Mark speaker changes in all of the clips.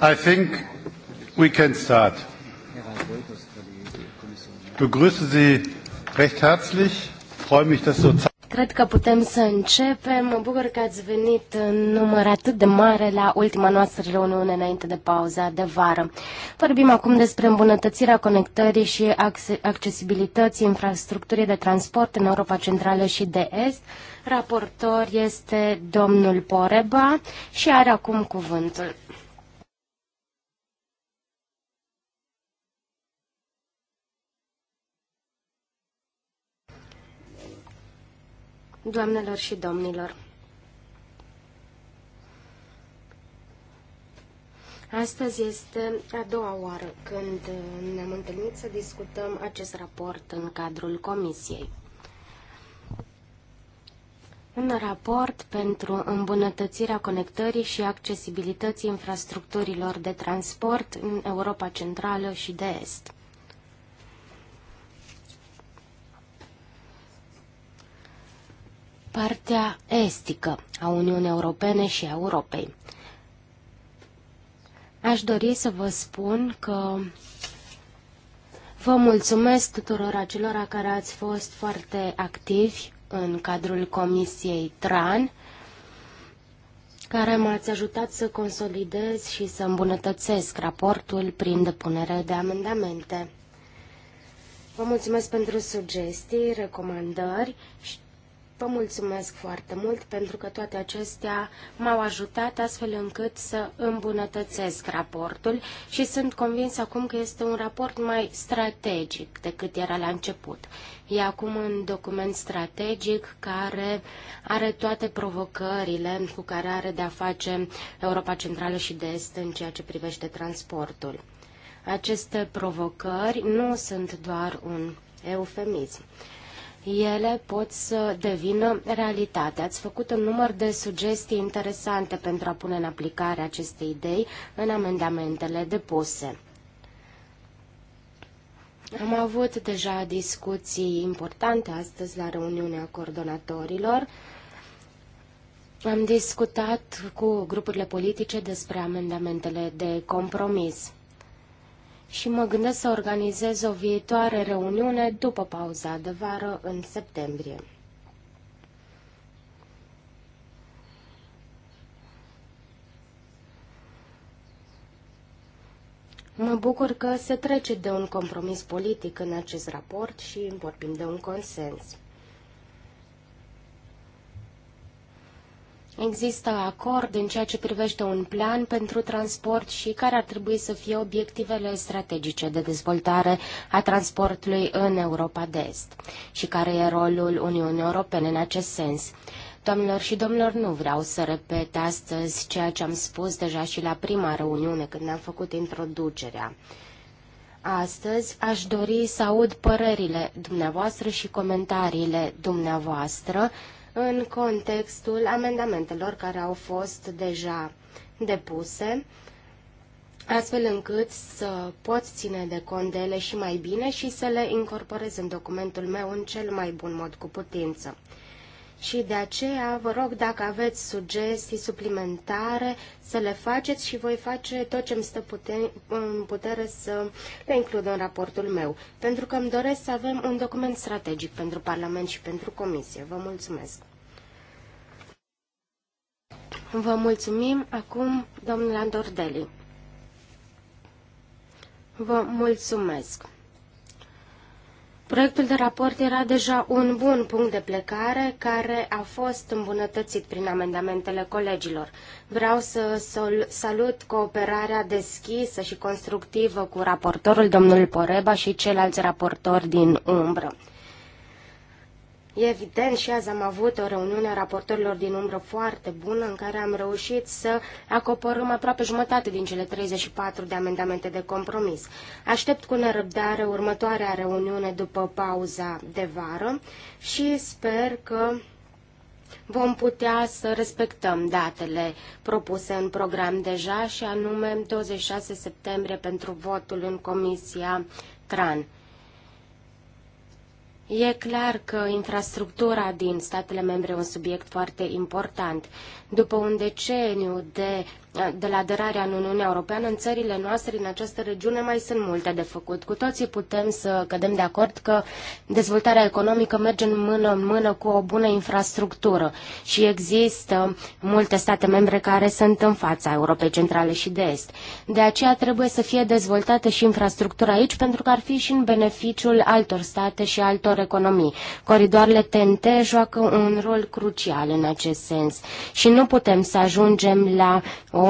Speaker 1: I think we can start. Ich begrüße Sie recht herzlich. Ich freue mich, dass so
Speaker 2: Cred că putem să începem. Mă bucur că ați venit în număr atât de mare la ultima noastră reuniune înainte de pauza de vară. Vorbim acum despre îmbunătățirea conectării și accesibilității infrastructurii de transport în Europa Centrală și de Est. Raportor este domnul Poreba și are acum cuvântul. doamnelor și domnilor. Astăzi este a doua oară când ne-am întâlnit să discutăm acest raport în cadrul comisiei. Un raport pentru îmbunătățirea conectării și accesibilității infrastructurilor de transport în Europa Centrală și de Est. partea estică a Uniunii Europene și a Europei. Aș dori să vă spun că vă mulțumesc tuturor acelora care ați fost foarte activi în cadrul Comisiei TRAN, care m-ați ajutat să consolidez și să îmbunătățesc raportul prin depunere de amendamente. Vă mulțumesc pentru sugestii, recomandări și Vă mulțumesc foarte mult pentru că toate acestea m-au ajutat astfel încât să îmbunătățesc raportul și sunt convins acum că este un raport mai strategic decât era la început. E acum un document strategic care are toate provocările cu care are de-a face Europa Centrală și de Est în ceea ce privește transportul. Aceste provocări nu sunt doar un eufemism ele pot să devină realitate. Ați făcut un număr de sugestii interesante pentru a pune în aplicare aceste idei în amendamentele depuse. Am avut deja discuții importante astăzi la reuniunea coordonatorilor. Am discutat cu grupurile politice despre amendamentele de compromis și mă gândesc să organizez o viitoare reuniune după pauza de vară în septembrie. Mă bucur că se trece de un compromis politic în acest raport și vorbim de un consens. Există acord în ceea ce privește un plan pentru transport și care ar trebui să fie obiectivele strategice de dezvoltare a transportului în Europa de Est și care e rolul Uniunii Europene în acest sens. Domnilor și domnilor, nu vreau să repet astăzi ceea ce am spus deja și la prima reuniune când am făcut introducerea. Astăzi aș dori să aud părerile dumneavoastră și comentariile dumneavoastră în contextul amendamentelor care au fost deja depuse, astfel încât să pot ține de cont de ele și mai bine și să le incorporez în documentul meu în cel mai bun mod cu putință și de aceea vă rog dacă aveți sugestii suplimentare să le faceți și voi face tot ce îmi stă în putere să le includ în raportul meu, pentru că îmi doresc să avem un document strategic pentru Parlament și pentru Comisie. Vă mulțumesc! Vă mulțumim acum, domnul Deli. Vă mulțumesc! Proiectul de raport era deja un bun punct de plecare care a fost îmbunătățit prin amendamentele colegilor. Vreau să salut cooperarea deschisă și constructivă cu raportorul domnul Poreba și ceilalți raportori din umbră. Evident, și azi am avut o reuniune a raportorilor din umbră foarte bună, în care am reușit să acoperăm aproape jumătate din cele 34 de amendamente de compromis. Aștept cu nerăbdare următoarea reuniune după pauza de vară și sper că vom putea să respectăm datele propuse în program deja și anume 26 septembrie pentru votul în Comisia TRAN. E clar că infrastructura din statele membre e un subiect foarte important. După un deceniu de, de la aderarea în Uniunea Europeană, în țările noastre, în această regiune, mai sunt multe de făcut. Cu toții putem să cădem de acord că dezvoltarea economică merge în mână în mână cu o bună infrastructură și există multe state membre care sunt în fața Europei Centrale și de Est. De aceea trebuie să fie dezvoltată și infrastructura aici pentru că ar fi și în beneficiul altor state și altor economii. Coridoarele TNT joacă un rol crucial în acest sens și nu nu putem să ajungem la o,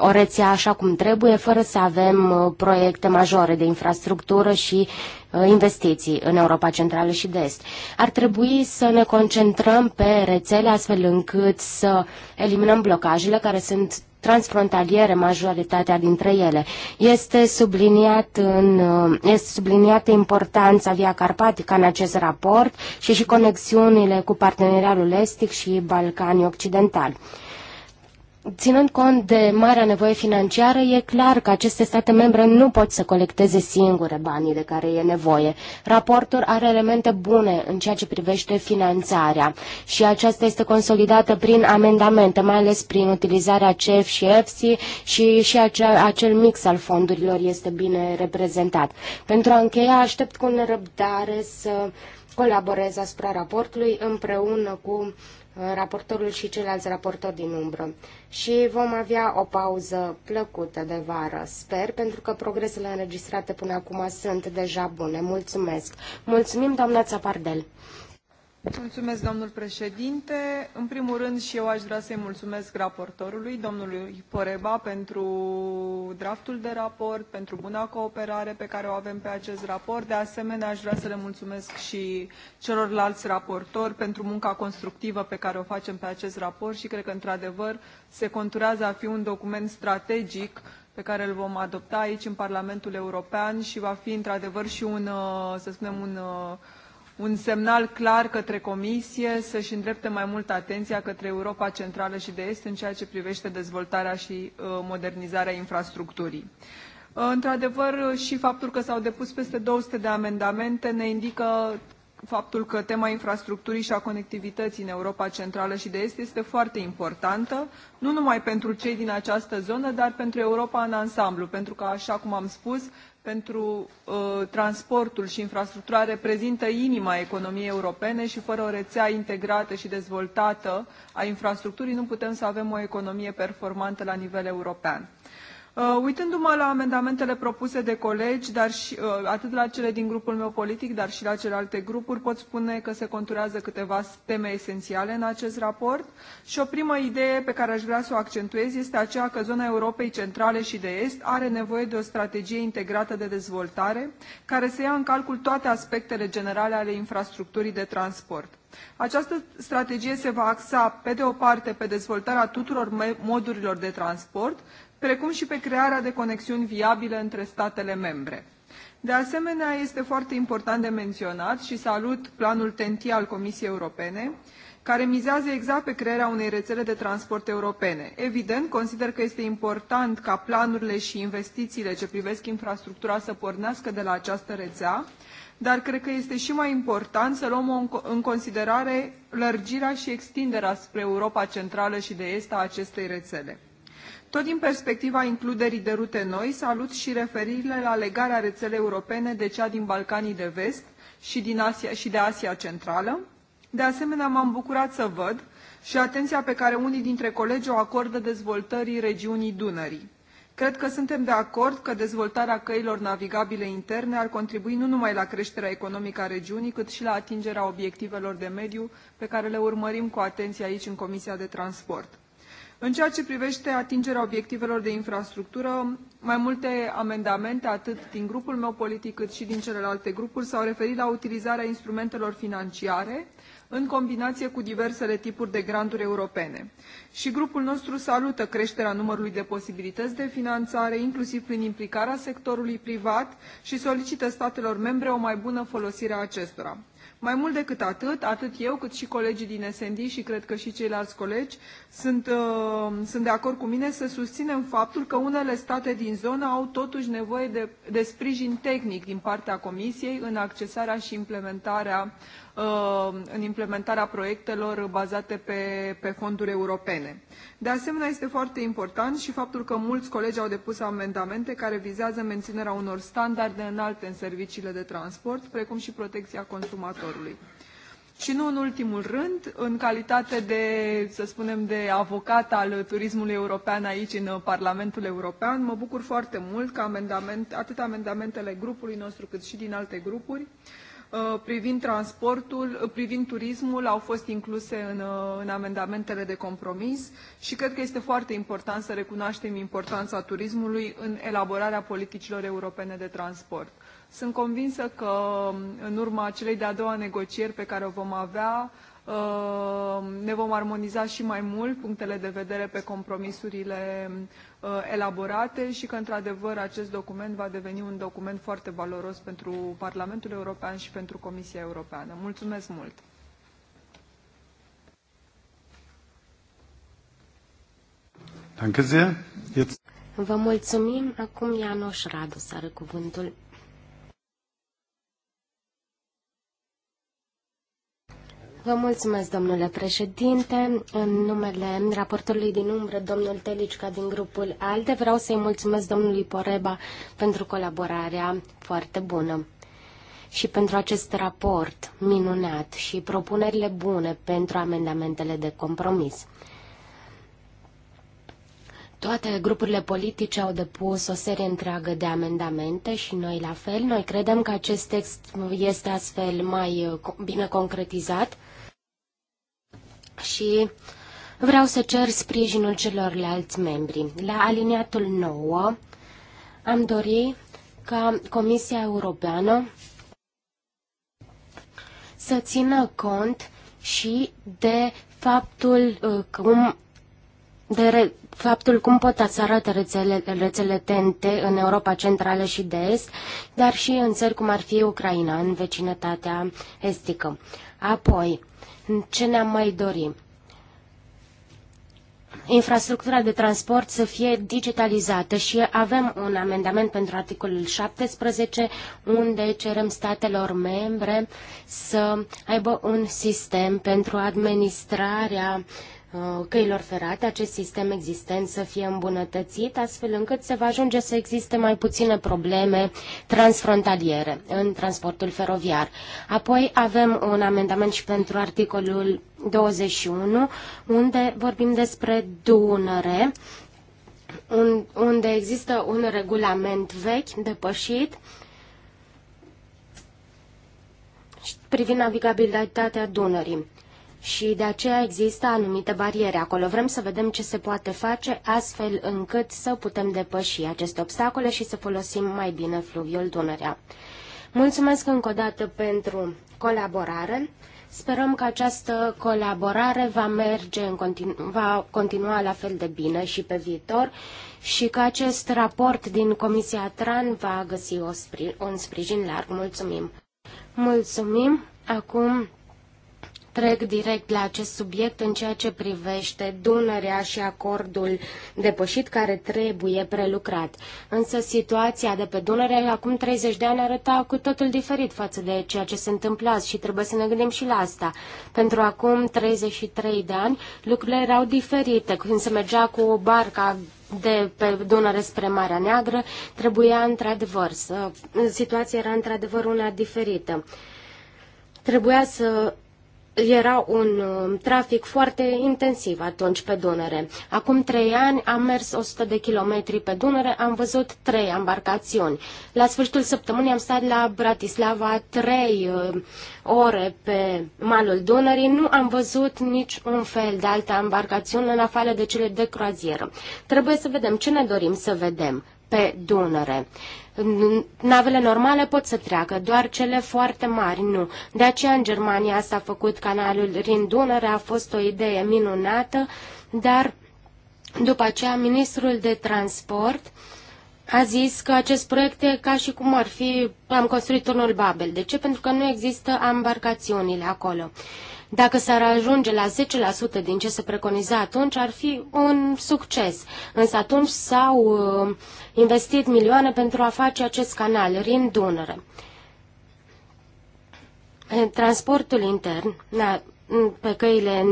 Speaker 2: o rețea așa cum trebuie, fără să avem uh, proiecte majore de infrastructură și uh, investiții în Europa Centrală și de Est. Ar trebui să ne concentrăm pe rețele astfel încât să eliminăm blocajele care sunt transfrontaliere majoritatea dintre ele. Este, subliniat în, uh, este subliniată importanța Via Carpatica în acest raport și și conexiunile cu parteneriatul estic și Balcanii Occidentali. Ținând cont de marea nevoie financiară, e clar că aceste state membre nu pot să colecteze singure banii de care e nevoie. Raportul are elemente bune în ceea ce privește finanțarea și aceasta este consolidată prin amendamente, mai ales prin utilizarea CEF și EFSI și, și acea, acel mix al fondurilor este bine reprezentat. Pentru a încheia, aștept cu nerăbdare să colaborez asupra raportului împreună cu raportorul și ceilalți raportori din umbră. Și vom avea o pauză plăcută de vară, sper, pentru că progresele înregistrate până acum sunt deja bune. Mulțumesc! Mulțumim, doamna Țapardel! Mulțumesc,
Speaker 3: președinte. În primul rând și eu aș vrea să-i mulțumesc raportorului, domnului Poreba, pentru draftul de raport, pentru buna cooperare pe care o avem pe acest raport. De asemenea, aș vrea să le mulțumesc și celorlalți raportori pentru munca constructivă pe care o facem pe acest raport și cred că, într-adevăr, se conturează a fi un document strategic pe care îl vom adopta aici în Parlamentul European și va fi într-adevăr și un, să spunem, un un semnal clar către Comisie să-și îndrepte mai mult atenția către Europa Centrală și de Est în ceea ce privește dezvoltarea și uh, modernizarea infrastructurii. Uh, într-adevăr, uh, și faptul că s-au depus peste 200 de amendamente ne indică faptul că tema infrastructurii și a conectivității în Europa Centrală și de Est este foarte importantă, nu numai pentru cei din această zonă, dar pentru Europa în ansamblu, pentru că, așa cum am spus, pentru uh, transportul și infrastructura reprezintă inima economiei europene și fără o rețea integrată și dezvoltată a infrastructurii nu putem să avem o economie performantă la nivel european Uh, uitându-mă la amendamentele propuse de colegi, dar și, uh, atât la cele din grupul meu politic, dar și la celelalte grupuri, pot spune că se conturează câteva teme esențiale în acest raport și o primă idee pe care aș vrea să o accentuez este aceea că zona Europei Centrale și de Est are nevoie de o strategie integrată de dezvoltare care să ia în calcul toate aspectele generale ale infrastructurii de transport. Această strategie se va axa, pe de o parte, pe dezvoltarea tuturor modurilor de transport precum și pe crearea de conexiuni viabile între statele membre. De asemenea, este foarte important de menționat și salut planul TEN-T al Comisiei Europene, care mizează exact pe crearea unei rețele de transport europene. Evident, consider că este important ca planurile și investițiile ce privesc infrastructura să pornească de la această rețea, dar cred că este și mai important să luăm în considerare lărgirea și extinderea spre Europa Centrală și de Est a acestei rețele. Tot din perspectiva includerii de rute noi, salut și referirile la legarea rețelei europene de cea din Balcanii de Vest și, din Asia, și de Asia Centrală. De asemenea, m-am bucurat să văd și atenția pe care unii dintre colegi o acordă dezvoltării regiunii Dunării. Cred că suntem de acord că dezvoltarea căilor navigabile interne ar contribui nu numai la creșterea economică a regiunii, cât și la atingerea obiectivelor de mediu pe care le urmărim cu atenție aici în Comisia de Transport. În ceea ce privește atingerea obiectivelor de infrastructură, mai multe amendamente, atât din grupul meu politic cât și din celelalte grupuri, s-au referit la utilizarea instrumentelor financiare în combinație cu diversele tipuri de granturi europene. Și grupul nostru salută creșterea numărului de posibilități de finanțare, inclusiv prin implicarea sectorului privat și solicită statelor membre o mai bună folosire a acestora. Mai mult decât atât, atât eu cât și colegii din SND și cred că și ceilalți colegi sunt, uh, sunt de acord cu mine să susținem faptul că unele state din zonă au totuși nevoie de, de sprijin tehnic din partea Comisiei în accesarea și implementarea uh, Uh, în implementarea proiectelor bazate pe, pe fonduri europene. De asemenea, este foarte important și faptul că mulți colegi au depus amendamente care vizează menținerea unor standarde înalte în serviciile de transport, precum și protecția consumatorului. Și nu în ultimul rând, în calitate de, să spunem, de avocat al turismului european aici în Parlamentul European, mă bucur foarte mult că amendament, atât amendamentele grupului nostru cât și din alte grupuri uh, Uh, privind transportul, uh, privind turismul, au fost incluse în, uh, în amendamentele de compromis și cred că este foarte important să recunoaștem importanța turismului în elaborarea politicilor europene de transport. Sunt convinsă că um, în urma celei de-a doua negocieri pe care o vom avea, Uh, ne vom armoniza și mai mult punctele de vedere pe compromisurile uh, elaborate și că, într-adevăr, acest document va deveni un document foarte valoros pentru Parlamentul European și pentru Comisia Europeană. Mulțumesc mult!
Speaker 2: Vă mulțumim. Acum Ianoș Radu să are cuvântul. Vă mulțumesc, domnule președinte. În numele raportorului din umbră, domnul Telicca din grupul ALDE, vreau să-i mulțumesc domnului Poreba pentru colaborarea foarte bună și pentru acest raport minunat și propunerile bune pentru amendamentele de compromis. Toate grupurile politice au depus o serie întreagă de amendamente și noi la fel. Noi credem că acest text este astfel mai bine concretizat și vreau să cer sprijinul celorlalți membri. La aliniatul 9 am dorit ca Comisia Europeană să țină cont și de faptul uh, cum de re, faptul cum pot să arate rețele, rețele TNT în Europa Centrală și de Est, dar și în țări cum ar fi Ucraina, în vecinătatea estică. Apoi, ce ne-am mai dori? infrastructura de transport să fie digitalizată și avem un amendament pentru articolul 17 unde cerem statelor membre să aibă un sistem pentru administrarea Uh, căilor ferate, acest sistem existent să fie îmbunătățit, astfel încât se va ajunge să existe mai puține probleme transfrontaliere în transportul feroviar. Apoi avem un amendament și pentru articolul 21, unde vorbim despre Dunăre, unde există un regulament vechi, depășit, privind navigabilitatea Dunării și de aceea există anumite bariere acolo. Vrem să vedem ce se poate face astfel încât să putem depăși aceste obstacole și să folosim mai bine fluviul Dunărea. Mulțumesc încă o dată pentru colaborare. Sperăm că această colaborare va merge în continu- va continua la fel de bine și pe viitor și că acest raport din Comisia TRAN va găsi o spri- un sprijin larg. Mulțumim! Mulțumim! Acum trec direct la acest subiect în ceea ce privește Dunărea și acordul depășit care trebuie prelucrat. Însă situația de pe Dunărea acum 30 de ani arăta cu totul diferit față de ceea ce se întâmplă și trebuie să ne gândim și la asta. Pentru acum 33 de ani lucrurile erau diferite. Când se mergea cu o barca de pe Dunăre spre Marea Neagră, trebuia într-adevăr să... Situația era într-adevăr una diferită. Trebuia să era un um, trafic foarte intensiv atunci pe Dunăre. Acum trei ani am mers 100 de kilometri pe Dunăre, am văzut trei embarcațiuni. La sfârșitul săptămânii am stat la Bratislava trei um, ore pe malul Dunării, nu am văzut nici un fel de altă embarcațiune în afară de cele de croazieră. Trebuie să vedem ce ne dorim să vedem pe Dunăre. Navele normale pot să treacă, doar cele foarte mari nu. De aceea în Germania s-a făcut canalul rin a fost o idee minunată, dar după aceea ministrul de transport a zis că acest proiect e ca și cum ar fi, am construit turnul Babel. De ce? Pentru că nu există ambarcațiunile acolo. Dacă s-ar ajunge la 10% din ce se preconiza atunci, ar fi un succes. Însă atunci s-au uh, investit milioane pentru a face acest canal, Rin-Dunăre. Transportul intern, pe căile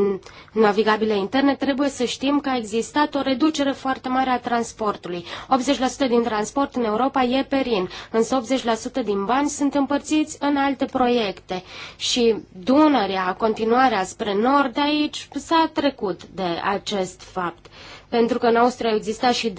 Speaker 2: navigabile interne, trebuie să știm că a existat o reducere foarte mare a transportului. 80% din transport în Europa e pe RIN, însă 80% din bani sunt împărțiți în alte proiecte. Și Dunărea, continuarea spre nord de aici, s-a trecut de acest fapt. Pentru că în Austria exista și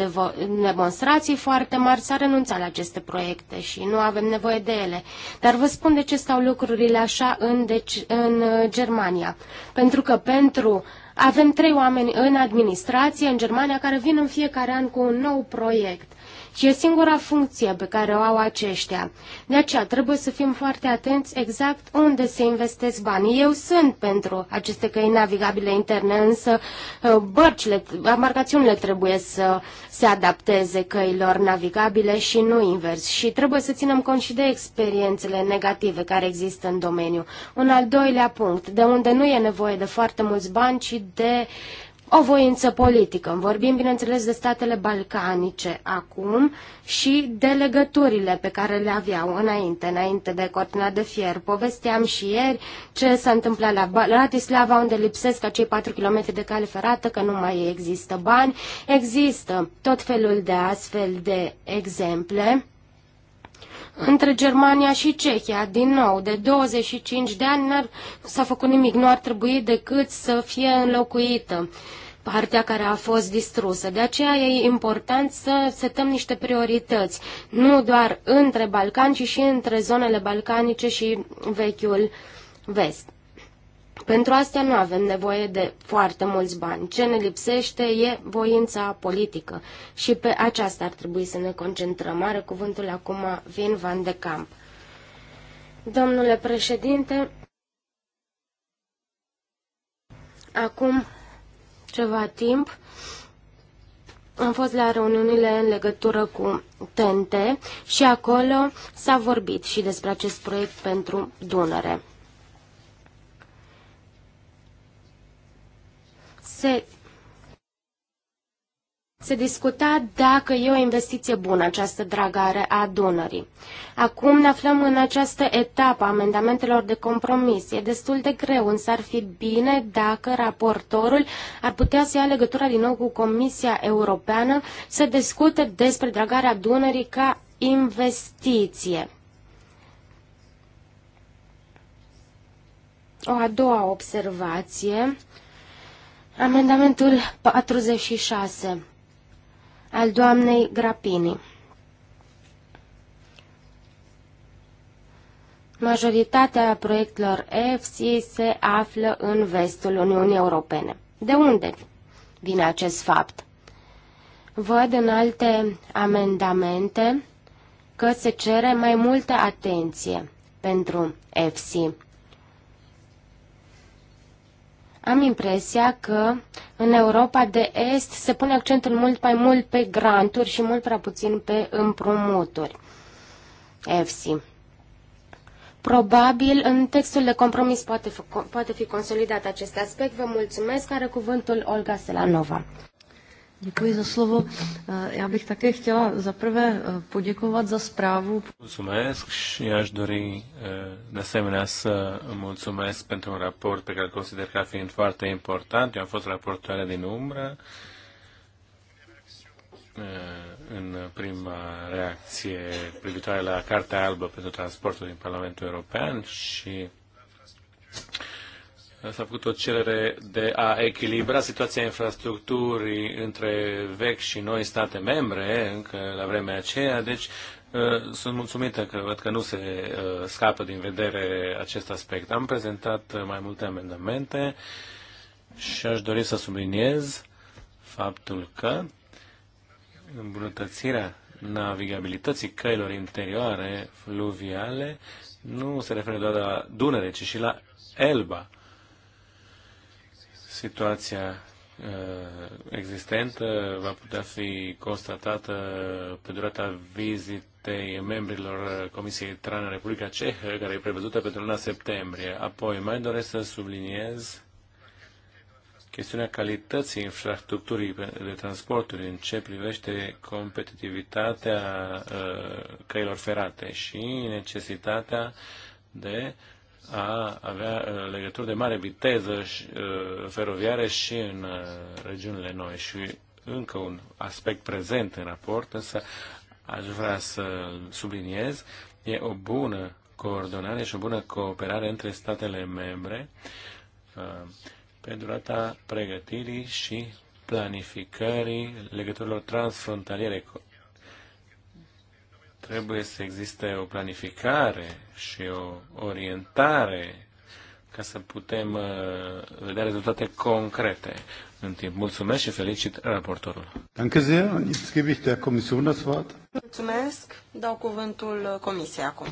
Speaker 2: demonstrații foarte mari, s-a renunțat la aceste proiecte și nu avem nevoie de ele. Dar vă spun de ce stau lucrurile așa în, deci, în uh, Germania. Pentru că pentru avem trei oameni în administrație în Germania care vin în fiecare an cu un nou proiect ci e singura funcție pe care o au aceștia. De aceea trebuie să fim foarte atenți exact unde se investesc banii. Eu sunt pentru aceste căi navigabile interne, însă uh, bărcile, amarcațiunile trebuie să se adapteze căilor navigabile și nu invers. Și trebuie să ținem cont și de experiențele negative care există în domeniu. Un al doilea punct, de unde nu e nevoie de foarte mulți bani, ci de uh, o voință politică. Vorbim, bineînțeles, de statele balcanice acum și de legăturile pe care le aveau înainte, înainte de cortina de fier. Povesteam și ieri ce s-a întâmplat la Bratislava, unde lipsesc acei 4 km de cale ferată, că nu mai există bani. Există tot felul de astfel de exemple între Germania și Cehia, din nou, de 25 de ani nu s-a făcut nimic, nu ar trebui decât să fie înlocuită partea care a fost distrusă. De aceea e important să setăm niște priorități, nu doar între Balcani, ci și între zonele balcanice și vechiul vest. Pentru asta nu avem nevoie de foarte mulți bani. Ce ne lipsește e voința politică și pe aceasta ar trebui să ne concentrăm. Are cuvântul acum Vin Van de Camp. Domnule președinte, acum ceva timp am fost la reuniunile în legătură cu TNT și acolo s-a vorbit și despre acest proiect pentru Dunăre. se, se discuta dacă e o investiție bună această dragare a Dunării. Acum ne aflăm în această etapă a amendamentelor de compromis. E destul de greu, însă ar fi bine dacă raportorul ar putea să ia legătura din nou cu Comisia Europeană să discute despre dragarea Dunării ca investiție. O a doua observație Amendamentul 46 al doamnei Grapini. Majoritatea proiectelor EFSI se află în vestul Uniunii Europene. De unde vine acest fapt? Văd în alte amendamente că se cere mai multă atenție pentru EFSI. Am impresia că în Europa de Est se pune accentul mult mai mult pe granturi și mult prea puțin pe împrumuturi. FC. Probabil în textul de compromis poate poate fi consolidat acest aspect. Vă mulțumesc. Are cuvântul Olga Selanova. Děkuji za slovo. Eh, já bych také chtěla zaprvé eh, poděkovat za zprávu.
Speaker 4: Mulțumesc și aș dori eh, de asemenea să mulțumesc pentru un raport pe care îl consider ca fiind foarte important. Eu am fost raportoare din umbră în prima reacție privitoare la Cartea Albă pentru Transportul din Parlamentul European și s-a făcut o cerere de a echilibra situația infrastructurii între vechi și noi state membre, încă la vremea aceea, deci uh, sunt mulțumită că văd că nu se uh, scapă din vedere acest aspect. Am prezentat uh, mai multe amendamente și aș dori să subliniez faptul că îmbunătățirea navigabilității căilor interioare fluviale nu se referă doar la Dunăre, ci și la Elba situația uh, existentă va putea fi constatată pe durata vizitei membrilor Comisiei Trană în Republica Cehă, care e prevăzută pentru luna septembrie. Apoi, mai doresc să subliniez chestiunea calității infrastructurii de transporturi în ce privește competitivitatea uh, căilor ferate și necesitatea de a avea uh, legături de mare viteză uh, feroviare și în uh, regiunile noi. Și încă un aspect prezent în raport, însă aș vrea să subliniez, e o bună coordonare și o bună cooperare între statele membre pe durata pregătirii și planificării legăturilor transfrontaliere Trebuie să existe o planificare și o orientare ca să putem uh, vedea rezultate concrete în timp. Mulțumesc și felicit raportorul.
Speaker 5: Mulțumesc. Dau cuvântul Comisiei acum.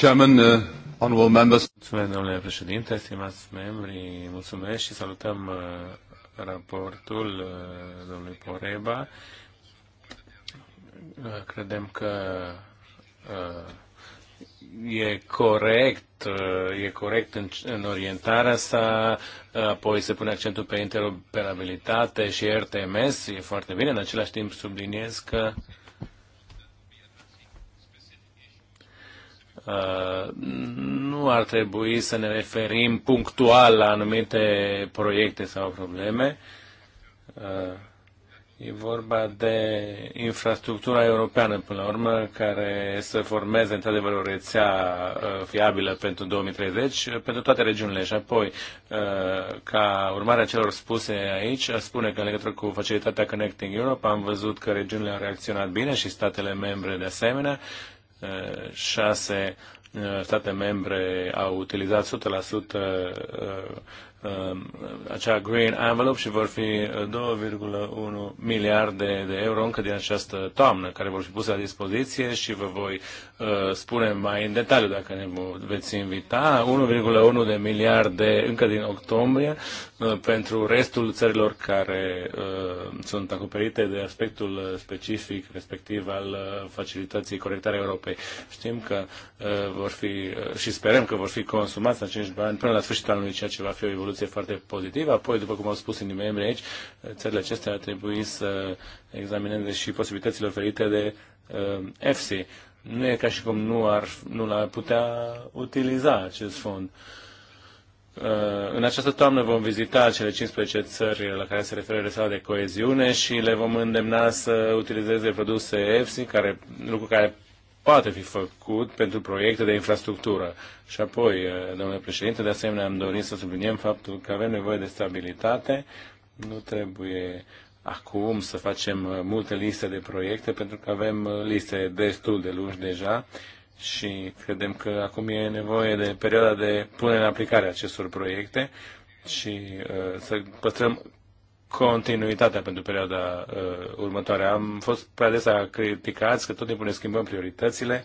Speaker 4: Chairman, uh, honorable members. Mulțumesc, domnule președinte, stimați membri, mulțumesc și salutăm uh, raportul uh, domnului Poreba Uh, credem că uh, e corect, uh, e corect în, în orientarea sa, apoi se pune accentul pe interoperabilitate și RTMS, e foarte bine, în același timp subliniez că Uh, nu ar trebui să ne referim punctual la anumite proiecte sau probleme. Uh, E vorba de infrastructura europeană, până la urmă, care să formeze, într-adevăr, o rețea uh, fiabilă pentru 2030, uh, pentru toate regiunile. Și apoi, uh, ca urmare a celor spuse aici, spune că în legătură cu facilitatea Connecting Europe am văzut că regiunile au reacționat bine și statele membre de asemenea. Șase state membre au utilizat 100% Um, acea green envelope și vor fi 2,1 uh, miliarde de euro încă din această toamnă care vor fi puse la dispoziție și vă voi uh, spune mai în detaliu dacă ne veți invita. 1,1 de miliarde încă din octombrie uh, pentru restul țărilor care sunt acoperite de aspectul specific respectiv al facilității corectare Europei. Știm că vor fi și sperăm că vor fi consumați acești bani până la sfârșitul anului, ceea ce va fi o evoluție evoluție foarte pozitivă. Apoi, după cum au spus în membri aici, țările acestea ar trebui să examineze și posibilitățile oferite de uh, EFSI. Nu e ca și cum nu ar, nu ar putea utiliza acest fond. Uh, în această toamnă vom vizita cele 15 țări la care se referă rețeaua de coeziune și le vom îndemna să utilizeze produse EFSI, care, lucru care poate fi făcut pentru proiecte de infrastructură. Și apoi, eh, domnule președinte, de asemenea am dorit să subliniem faptul că avem nevoie de stabilitate, nu trebuie acum să facem eh, multe liste de proiecte, pentru că avem eh, liste destul de lungi deja și credem că acum e nevoie de perioada de punere în aplicare a acestor proiecte și uh, să păstrăm continuitatea pentru perioada uh, următoare. Am fost prea des criticați că tot timpul ne schimbăm prioritățile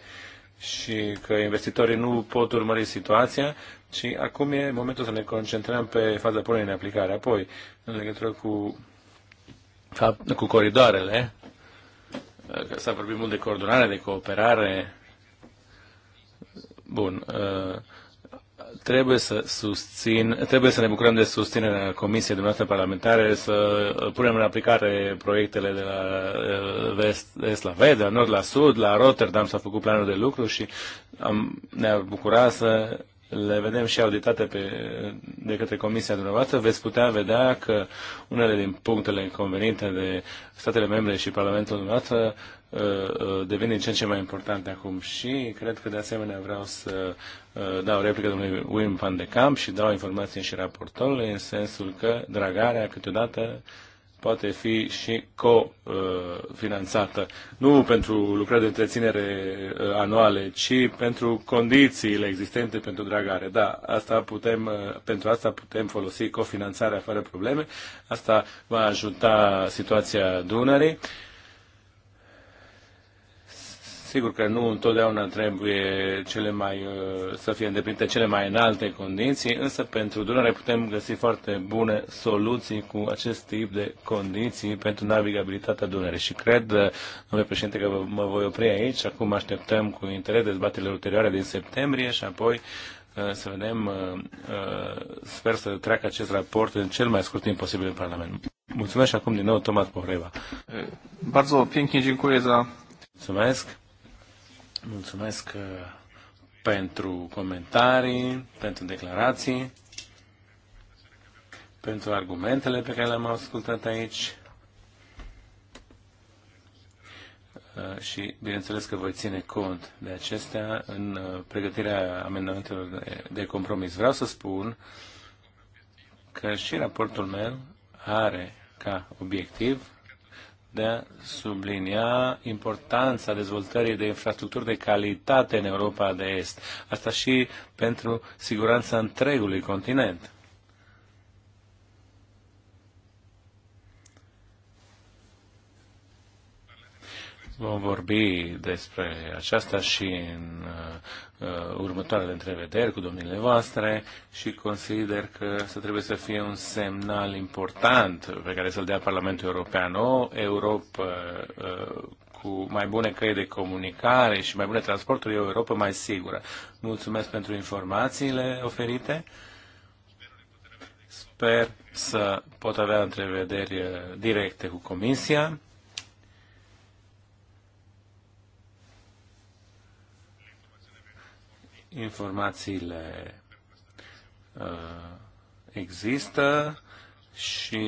Speaker 4: și că investitorii nu pot urmări situația și acum e momentul să ne concentrăm pe faza punerii în aplicare. Apoi, în legătură cu, cu coridoarele, uh, că s-a vorbit mult de coordonare, de cooperare. Bun. Uh, trebuie să susțin, trebuie să ne bucurăm de susținerea Comisiei dumneavoastră parlamentare, să punem în aplicare proiectele de la eh, vest, est la vest, de la nord la sud, la Rotterdam s au făcut planuri de lucru și am, ne-ar bucura să le vedem și auditate pe, de către Comisia dumneavoastră, veți putea vedea că unele din punctele convenite de statele membre și Parlamentul dumneavoastră uh, uh, devin din ce în ce mai importante acum și cred că de asemenea vreau să uh, dau replică domnului Wim van de Camp și dau informații și raportorului în sensul că dragarea câteodată poate fi și cofinanțată. Nu pentru lucrări de întreținere uh, anuale, ci pentru condițiile existente pentru dragare. Da, asta putem, uh, pentru asta putem folosi cofinanțarea fără probleme. Asta va ajuta situația Dunării. Sigur că nu întotdeauna trebuie cele mai, uh, să fie îndeplinite cele mai înalte condiții, însă pentru Dunăre putem găsi foarte bune soluții cu acest tip de condiții pentru navigabilitatea Dunării. Și cred, uh, domnule președinte, că mă voi opri aici. Acum așteptăm cu interes dezbaterile ulterioare din septembrie și apoi uh, să vedem, sper să treacă acest raport în cel mai scurt timp posibil în Parlament. Mulțumesc și acum din nou Tomat Pohreva. Bardzo pięknie dziękuję za Mulțumesc Mulțumesc uh, pentru comentarii, pentru declarații, pentru argumentele pe care le-am ascultat aici. Uh, și bineînțeles că voi ține cont de acestea în uh, pregătirea amendamentelor de compromis. Vreau să spun că și raportul meu are ca obiectiv de a sublinia importanța dezvoltării de infrastructuri de calitate în Europa de Est. Asta și pentru siguranța întregului continent. Vom vorbi despre aceasta și în uh, uh, următoarele întrevederi cu domnile voastre și consider că să trebuie să fie un semnal important pe care să-l dea Parlamentul European. O Europa uh, cu mai bune căi de comunicare și mai bune transporturi, e o Europa mai sigură. Mulțumesc pentru informațiile oferite. Sper să pot avea întrevederi uh, directe cu Comisia informațiile uh, există, și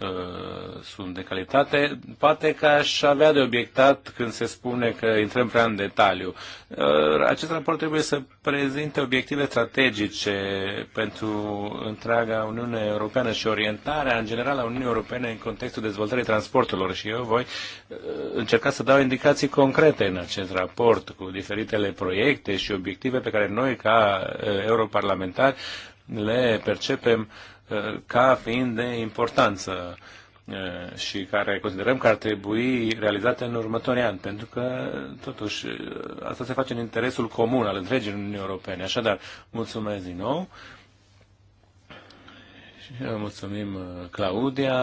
Speaker 4: uh, sunt de calitate, poate că aș avea de obiectat când se spune că intrăm prea în detaliu. Uh, acest raport trebuie să prezinte obiective strategice pentru întreaga Uniune Europeană și orientarea în general a Uniunii Europene în contextul dezvoltării transporturilor și eu voi uh, încerca să dau indicații concrete în acest raport cu diferitele proiecte și obiective pe care noi ca uh, europarlamentari le percepem uh, Uh, ca fiind de importanță uh, și care considerăm că ar trebui realizate în următorii ani, pentru că, totuși, uh, asta se face în interesul comun al întregii Uniunii Europene. Așadar, mulțumesc din nou. Mulțumim, Claudia,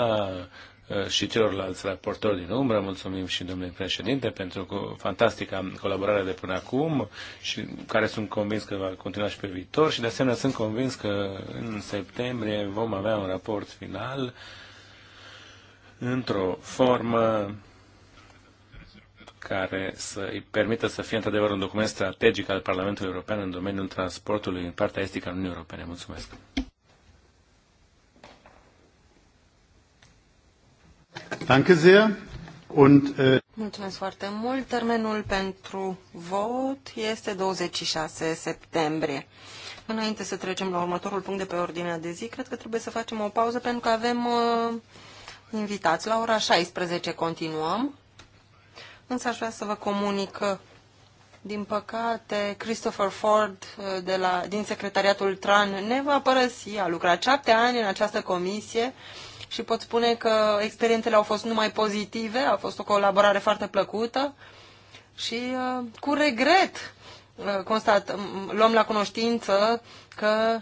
Speaker 4: Uh, și celorlalți raportori din umbră. Mulțumim și domnului președinte pentru fantastica colaborare de până acum și care sunt convins că va continua și pe viitor și de asemenea sunt convins că în septembrie vom avea un raport final într-o formă care să îi permită să fie într-adevăr un document strategic al Parlamentului European în domeniul transportului în partea estică a Uniunii Europene. Mulțumesc!
Speaker 1: Danke sehr. Und, äh,
Speaker 5: Mulțumesc foarte mult. Termenul pentru vot este 26 septembrie. Înainte să trecem la următorul punct de pe ordinea de zi, cred că trebuie să facem o pauză pentru că avem uh, invitați. La ora 16 continuăm, însă aș vrea să vă comunic că, din păcate, Christopher Ford uh, de la, din secretariatul TRAN ne va părăsi. A lucrat șapte ani în această comisie. Uh, și pot spune că experiențele au fost numai pozitive, a fost o colaborare foarte plăcută și uh, cu regret uh, constat, luăm la cunoștință că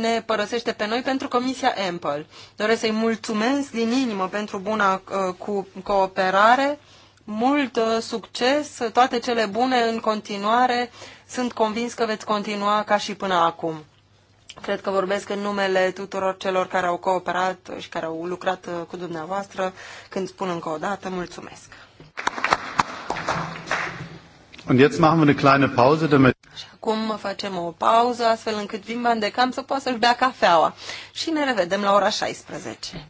Speaker 5: ne părăsește pe noi pentru Comisia Ample. Doresc să-i mulțumesc din inimă pentru buna uh, cu cooperare, mult succes, toate cele bune în continuare. Sunt convins că veți continua ca și până acum. Cred că vorbesc în numele tuturor celor care au cooperat și care au lucrat uh, cu dumneavoastră. Când spun încă o dată, mulțumesc.
Speaker 1: Und jetzt machen wir eine kleine Pause, damit... Și
Speaker 5: acum facem o pauză, astfel încât Wim Van de Kamp să poată să-și bea cafeaua. Și ne revedem la ora 16.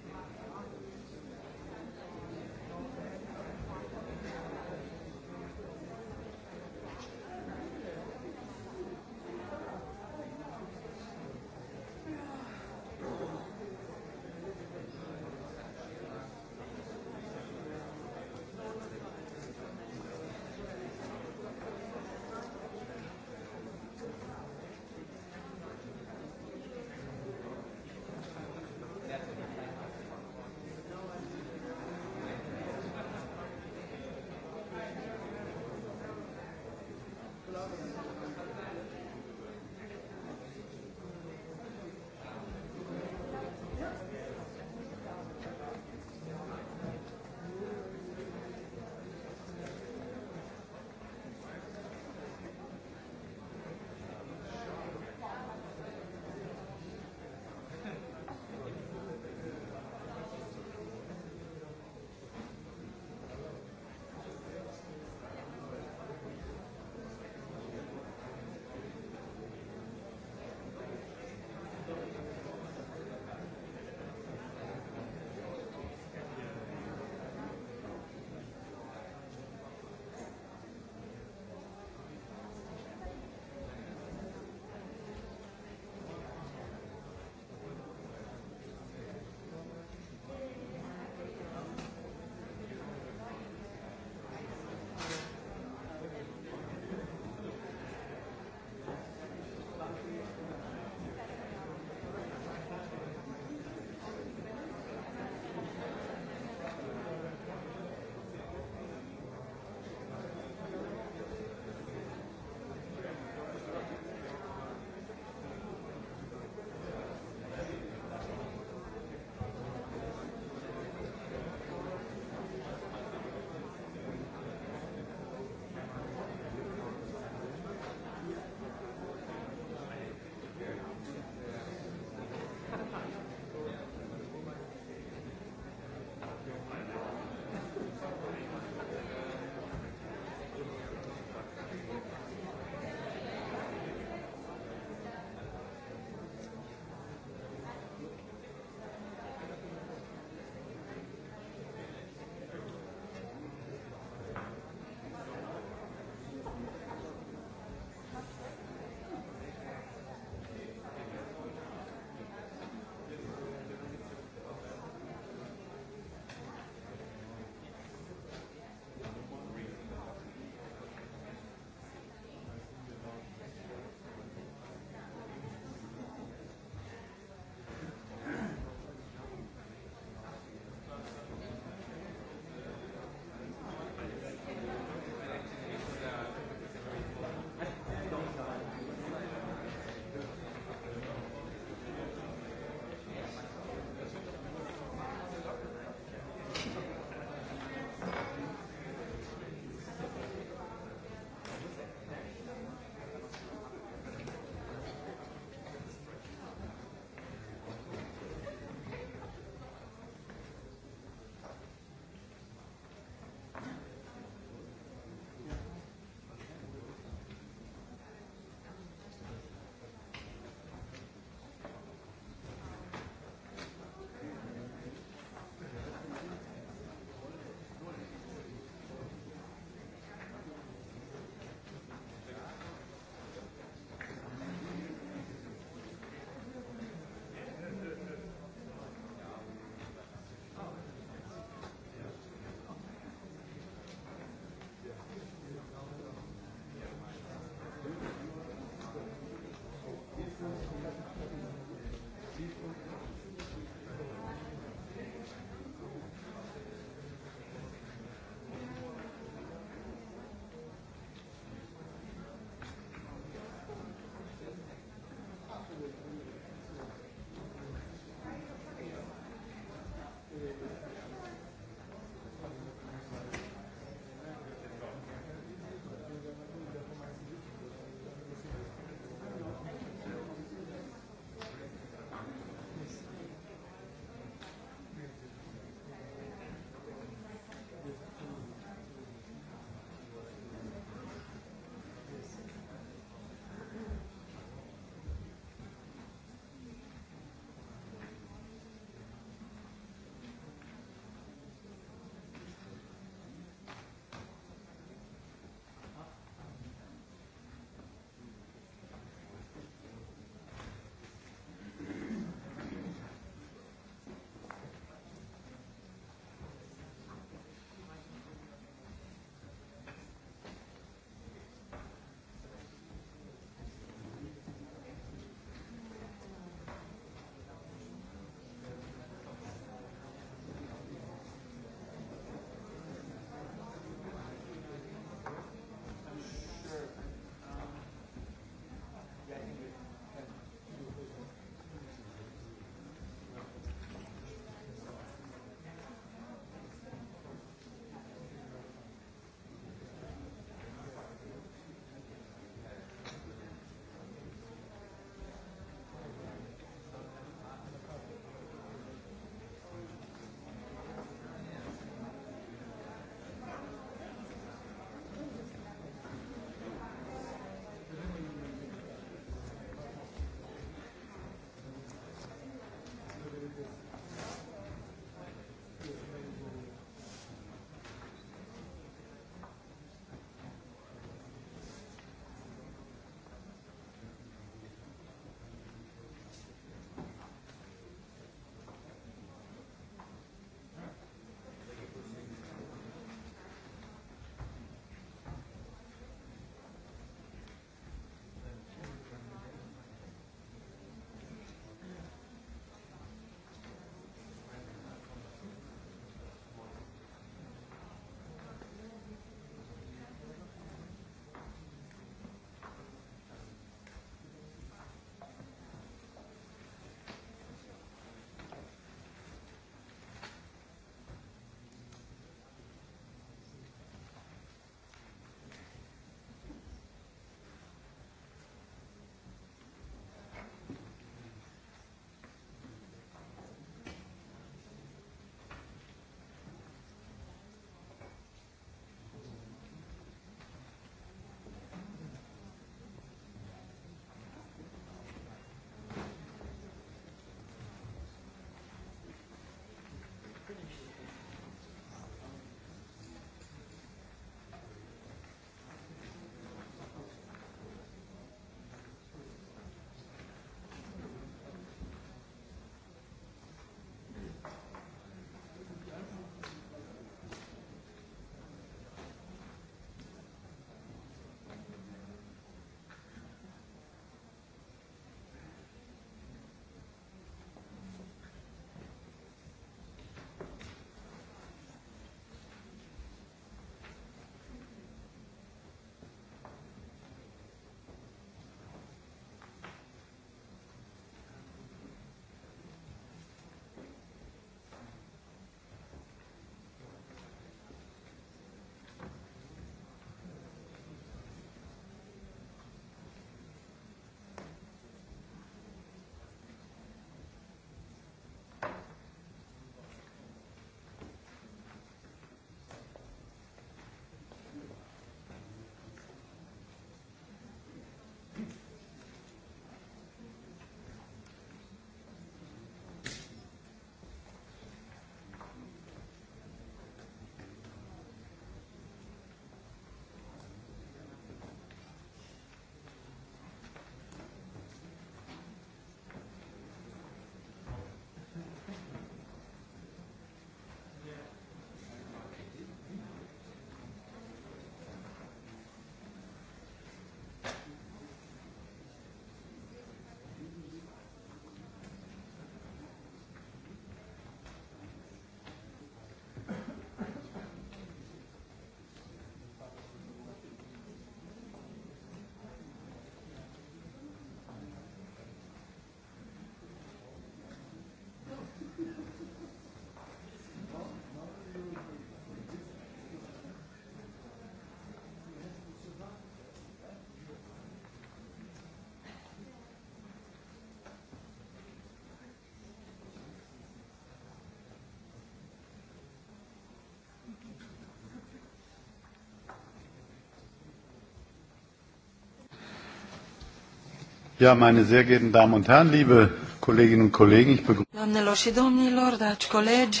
Speaker 1: Ja, meine sehr geehrten Damen und Herren, liebe Kolleginnen und Kollegen, ich begrüße.
Speaker 5: Doamnelor și domnilor, dragi colegi,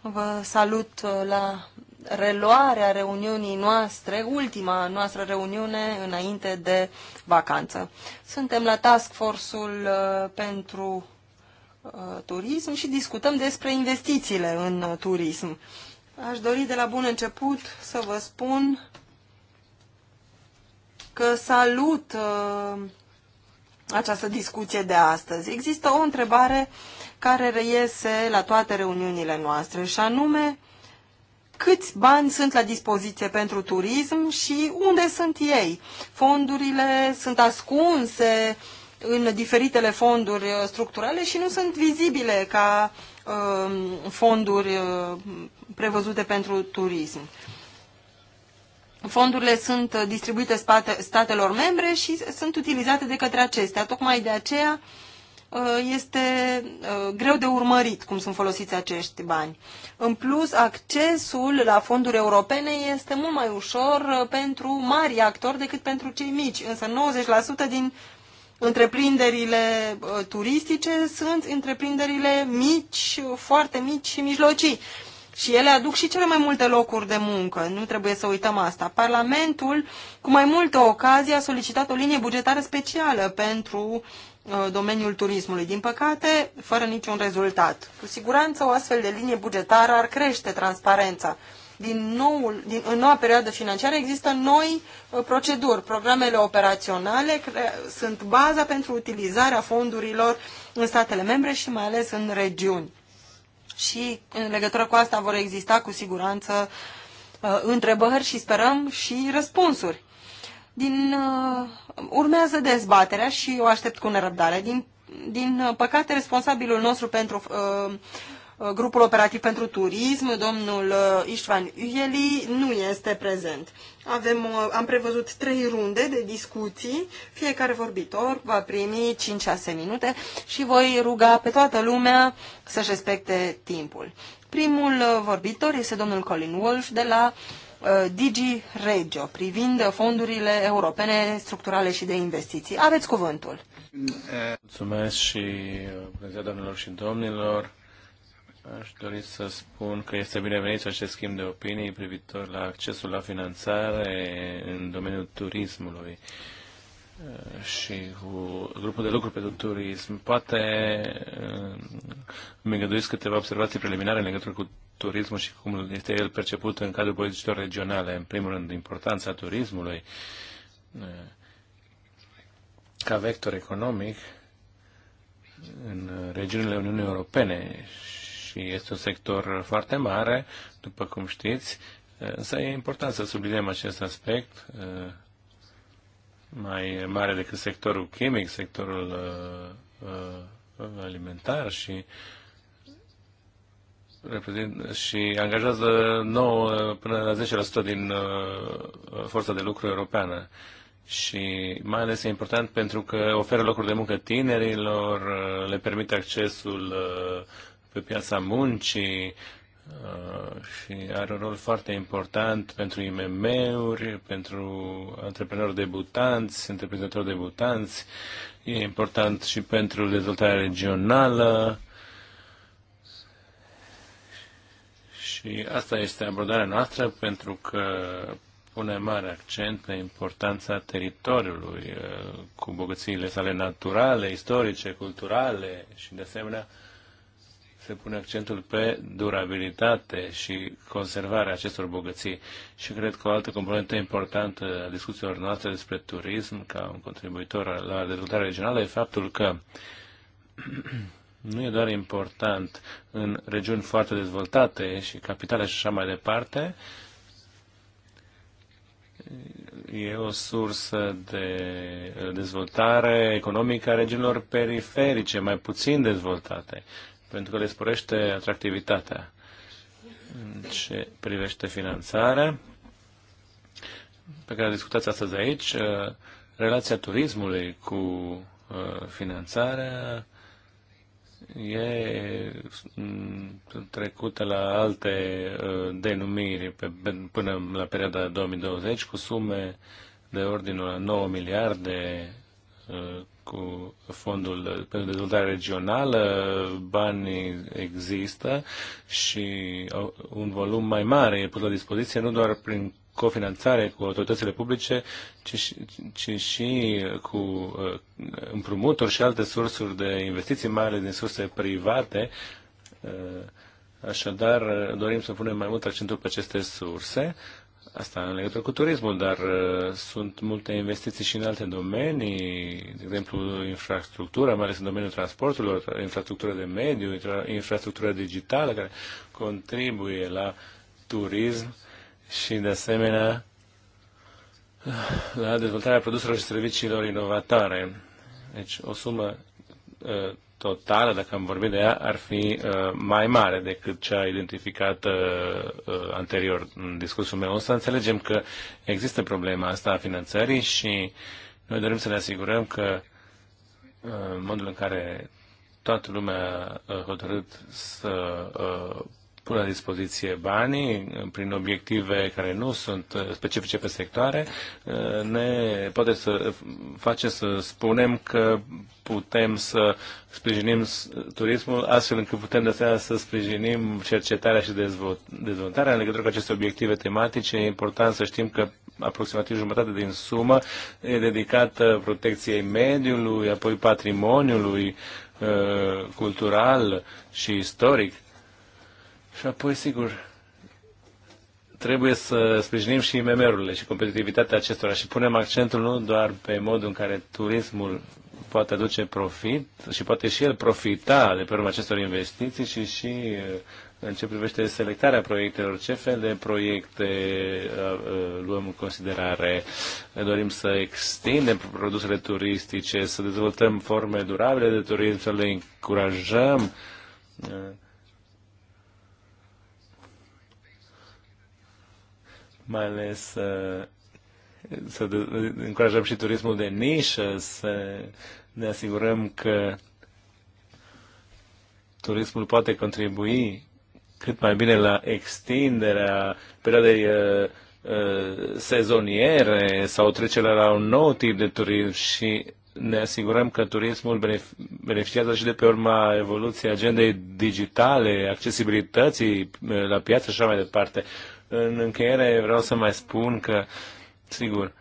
Speaker 5: vă salut uh, la reluarea reuniunii noastre, ultima noastră reuniune înainte de vacanță. Suntem la Task Force-ul uh, pentru uh, turism și discutăm despre investițiile în turism. Aș dori de la bun început să vă spun că salut uh, această discuție de astăzi. Există o întrebare care reiese la toate reuniunile noastre și anume câți bani sunt la dispoziție pentru turism și unde sunt ei. Fondurile sunt ascunse în diferitele fonduri uh, structurale și nu sunt vizibile ca uh, fonduri uh, prevăzute pentru turism. Uh, fondurile sunt uh, distribuite statelor membre și sunt utilizate de către acestea. Tocmai de aceea uh, este uh, greu de urmărit cum sunt folosiți acești bani. În plus, accesul la fonduri europene este mult mai ușor pentru mari actori decât pentru cei mici, însă 90% din întreprinderile turistice sunt întreprinderile mici, foarte mici și mijlocii. Și ele aduc și cele mai multe locuri de muncă, nu trebuie să uităm asta. Parlamentul, cu mai multă ocazie a solicitat o linie bugetară specială pentru uh, domeniul turismului. Din păcate, fără niciun rezultat. Cu siguranță, o astfel de linie bugetară ar crește transparența. Din noul, din, în noua perioadă financiară există noi uh, proceduri. Programele operaționale sunt baza pentru utilizarea fondurilor în statele membre și mai ales în regiuni și în legătură cu asta vor exista cu siguranță uh, întrebări și sperăm și răspunsuri. Din, uh, urmează dezbaterea și o aștept cu nerăbdare. Din, din uh, păcate, responsabilul nostru pentru uh, Uh, grupul operativ pentru turism, domnul uh, Istvan Ueli, nu este prezent. Avem, uh, am prevăzut trei runde de discuții, fiecare vorbitor va primi 5-6 minute și voi ruga pe toată lumea să-și respecte timpul. Primul vorbitor este domnul Colin Wolf de la Digi Regio, privind fondurile europene structurale și de investiții. Aveți cuvântul.
Speaker 4: Mulțumesc și bună ziua, și domnilor. Aș dori să spun că este binevenit acest schimb de opinii privitor la accesul la finanțare în domeniul turismului uh, și cu grupul de lucru pentru turism. Poate uh, mi îngăduiți câteva observații preliminare în legătură cu turismul și cum este el perceput în cadrul politicilor regionale. În primul rând, importanța turismului uh, ca vector economic în regiunile Uniunii Europene și este un sector foarte mare, după cum știți, însă e important să subliniem acest aspect eh, mai mare decât sectorul chimic, sectorul eh, eh, alimentar și și angajează 9 până la 10% din forța de lucru europeană și mai ales e important pentru că oferă locuri de muncă tinerilor, le permite accesul pe piața muncii uh, și are un rol foarte important pentru IMM-uri, pentru antreprenori debutanți, întreprinzători debutanți. E important și pentru dezvoltarea regională. Și asta este abordarea noastră pentru că pune mare accent pe importanța teritoriului, uh, cu bogățiile sale naturale, istorice, culturale și, de asemenea, se pune accentul pe durabilitate și conservarea acestor bogății. Și cred că o altă componentă importantă a discuțiilor noastre despre turism, ca un contribuitor la dezvoltarea regională, e faptul că nu e doar important în regiuni foarte dezvoltate și capitale și așa mai departe, E o sursă de dezvoltare economică a regiunilor periferice, mai puțin dezvoltate pentru că le sporește atractivitatea. În ce privește finanțarea, pe care discutați astăzi aici, uh, relația turismului cu uh, finanțarea e mm, trecută la alte uh, denumiri pe, până la perioada 2020 cu sume de ordinul a 9 miliarde Uh, cu fondul pentru dezvoltare regională, banii există și un volum mai mare e pus la dispoziție, nu doar prin cofinanțare cu autoritățile publice, ci, și, ci și cu uh, împrumuturi și alte sursuri de investiții, mai ales din surse private. Uh, așadar, dorim să punem mai mult accentul pe aceste surse asta în legătură cu turismul, dar uh, sunt multe investiții și în alte domenii, de exemplu infrastructura, mai ales în domeniul transporturilor, infrastructura de mediu, infrastructura digitală care contribuie la turism și de asemenea la dezvoltarea produselor și serviciilor inovatoare. Deci o sumă uh, totală, dacă am vorbit de ea, ar fi uh, mai mare decât cea identificată uh, uh, anterior în discursul meu. O să înțelegem că există problema asta a finanțării și noi dorim să ne asigurăm că modul în care toată lumea a hotărât să pun la dispoziție banii uh, prin obiective care nu sunt uh, specifice pe sectoare, uh, ne poate să face să spunem că putem să sprijinim turismul astfel încât putem de asemenea să sprijinim cercetarea și dezvoltarea în legătură cu aceste obiective tematice. E important să știm că aproximativ jumătate din sumă e dedicată protecției mediului, apoi patrimoniului cultural și istoric și apoi, sigur, trebuie să sprijinim și IMM-urile și competitivitatea acestora și punem accentul nu doar pe modul în care turismul poate aduce profit și poate și el profita de pe urma acestor investiții și și uh, în ce privește selectarea proiectelor, ce fel de proiecte uh, uh, luăm în considerare, ne dorim să extindem produsele turistice, să dezvoltăm forme durabile de turism, să le încurajăm mai ales să încurajăm și turismul de nișă, să ne asigurăm că turismul poate contribui cât mai bine la extinderea perioadei uh, uh, sezoniere sau trecerea la un nou tip de turism și ne asigurăm că turismul beneficiază și de pe urma evoluției agendei digitale, accesibilității uh, la piață și așa mai departe. În încheiere vreau să mai spun că, sigur,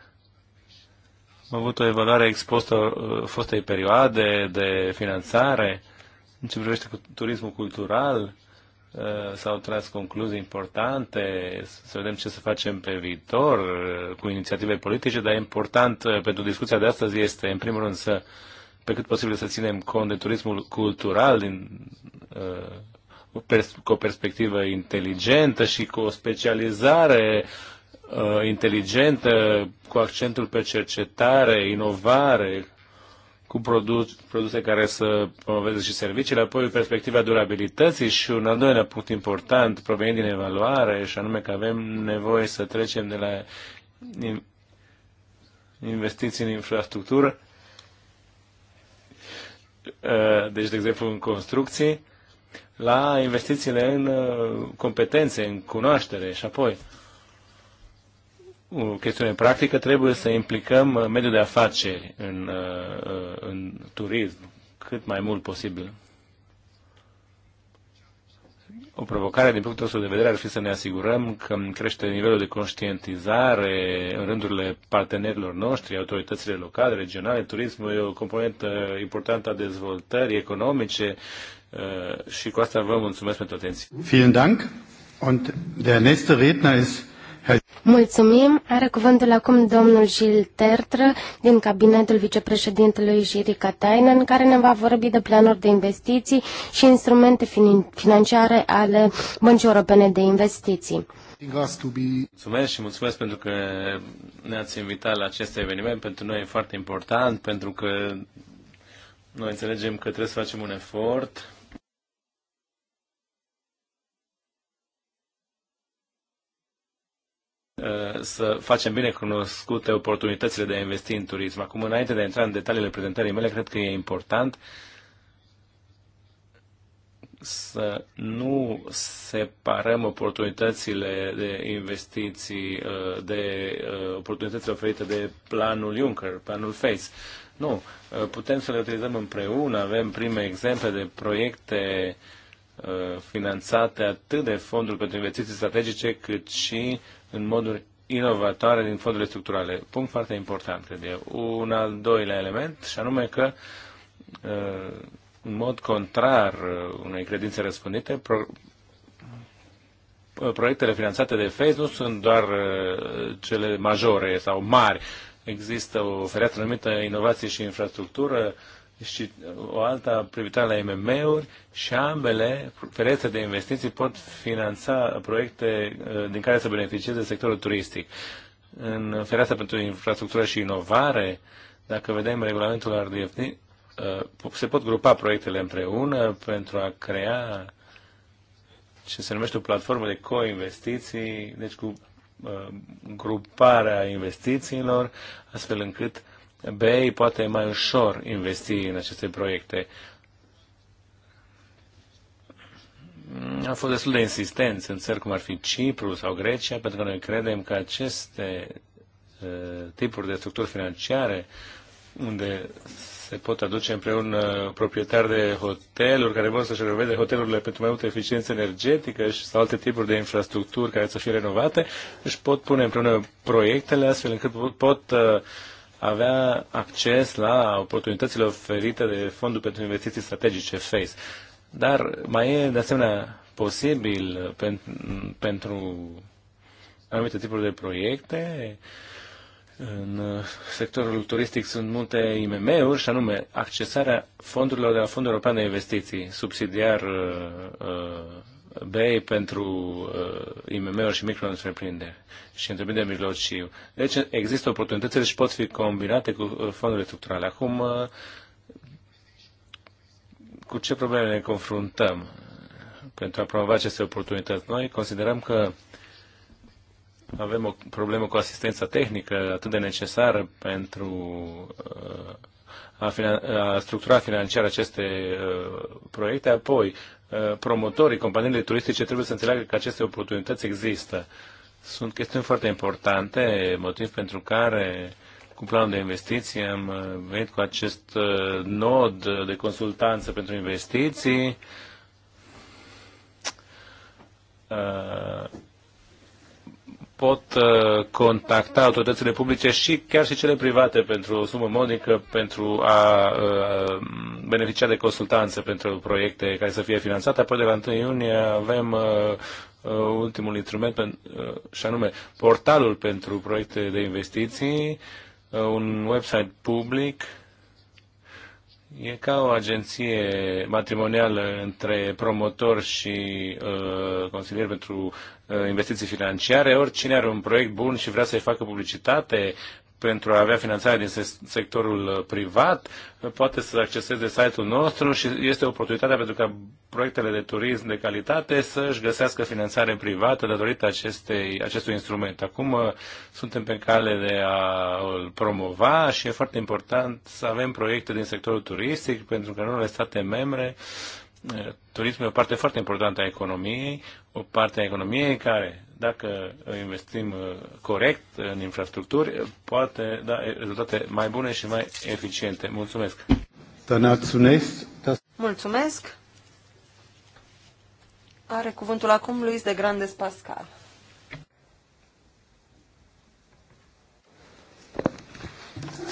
Speaker 4: am avut o evaluare expostă fostei perioade de finanțare în ce privește cu turismul cultural, s-au tras concluzii importante, să vedem ce să facem pe viitor cu inițiative politice, dar important pentru discuția de astăzi este, în primul rând, să pe cât posibil să ținem cont de turismul cultural din cu o perspectivă inteligentă și cu o specializare uh, inteligentă, cu accentul pe cercetare, inovare, cu produse, produse care să promoveze și serviciile, apoi perspectiva durabilității și un al doilea punct important provenind din evaluare, și anume că avem nevoie să trecem de la investiții în infrastructură, uh, deci, de exemplu, în construcții, la investițiile în uh, competențe, în cunoaștere și apoi o chestiune practică, trebuie să implicăm uh, mediul de afaceri în, uh, în turism cât mai mult posibil. O provocare din punctul nostru de vedere ar fi să ne asigurăm că crește nivelul de conștientizare în rândurile partenerilor noștri, autoritățile locale, regionale. Turismul e o componentă importantă a dezvoltării economice Eh, și cu asta vă mulțumesc pentru atenție.
Speaker 1: Vielen Dank. Und der nächste Redner ist
Speaker 2: Mulțumim. Are cuvântul acum domnul Gil Tertră din cabinetul vicepreședintelui Jiri Katainen, care ne va vorbi de planuri de investiții și instrumente financiare ale Băncii Europene de Investiții.
Speaker 4: Mulțumesc și mulțumesc pentru că ne-ați invitat la acest eveniment. Pentru noi e foarte important, pentru că noi înțelegem că trebuie să facem un efort Eh, să facem bine cunoscute oportunitățile de a investi în turism. Acum, înainte de a intra în detaliile prezentării mele, cred că e important să nu separăm oportunitățile de investiții eh, de eh, oportunitățile oferite de planul Juncker, planul FACE. Nu, putem să le utilizăm împreună, avem prime exemple de proiecte finanțate atât de fondul pentru investiții strategice, cât și în moduri inovatoare din fondurile structurale. Punct foarte important, cred eu. Un al doilea element, și anume că uh, în mod contrar uh, unei credințe răspândite, pro uh, proiectele finanțate de FACE nu sunt doar cele majore sau mari. Există o fereastră numită inovație și infrastructură, și o alta privitoare la IMM-uri și ambele ferețe de investiții pot finanța proiecte uh, din care să beneficieze sectorul turistic. În fereastra pentru infrastructură și inovare, dacă vedem regulamentul RDFD, uh, se pot grupa proiectele împreună pentru a crea ce se numește o platformă de co-investiții, deci cu uh, gruparea investițiilor, astfel încât BEI poate mai ușor investi în aceste proiecte. Am fost destul de insistenți în țări cum ar fi Cipru sau Grecia, pentru că noi credem că aceste uh, tipuri de structuri financiare unde se pot aduce împreună proprietari de hoteluri care vor să-și renoveze hotelurile pentru mai multă eficiență energetică și sau alte tipuri de infrastructuri care să fie renovate, își pot pune împreună proiectele astfel încât pot uh, avea acces la oportunitățile oferite de Fondul pentru Investiții Strategice, FACE. Dar mai e de asemenea posibil pen, pentru anumite tipuri de proiecte. În sectorul turistic sunt multe IMM-uri și anume accesarea fondurilor de la Fondul European de Investiții, subsidiar uh, uh BEI pentru uh, IMM-uri și micro-întreprinderi și întreprinderi mijlociu. Deci există oportunitățile și pot fi combinate cu uh, fondurile structurale. Acum, uh, cu ce probleme ne confruntăm pentru a promova aceste oportunități? Noi considerăm că avem o problemă cu asistența tehnică atât de necesară pentru uh, a, finan- a structura financiar aceste uh, proiecte, apoi Uh, promotorii, companiile turistice trebuie să înțeleagă că aceste oportunități există. Sunt chestiuni foarte importante, motiv pentru care cu planul de investiții am uh, venit cu acest uh, nod de consultanță pentru investiții pot uh, contacta autoritățile publice și chiar și cele private pentru o sumă modică pentru a uh, beneficia de consultanțe pentru proiecte care să fie finanțate. Apoi de la 1 iunie avem uh, ultimul instrument și anume portalul pentru proiecte de investiții, un website public E ca o agenție matrimonială între promotor și uh, consilier pentru uh, investiții financiare. Oricine are un proiect bun și vrea să-i facă publicitate, pentru a avea finanțare din sectorul uh, privat, uh, poate să acceseze site-ul nostru și este oportunitatea pentru ca proiectele de turism de calitate să-și găsească finanțare privată datorită acestei, acestui instrument. Acum uh, suntem pe cale de a îl promova și e foarte important să avem proiecte din sectorul turistic, pentru că în unele state membre turismul e o parte foarte importantă a economiei, o parte a economiei care dacă investim uh, corect în infrastructuri, poate da rezultate mai bune și mai eficiente. Mulțumesc!
Speaker 5: Mulțumesc! Are cuvântul acum Luis de Grandes Pascal.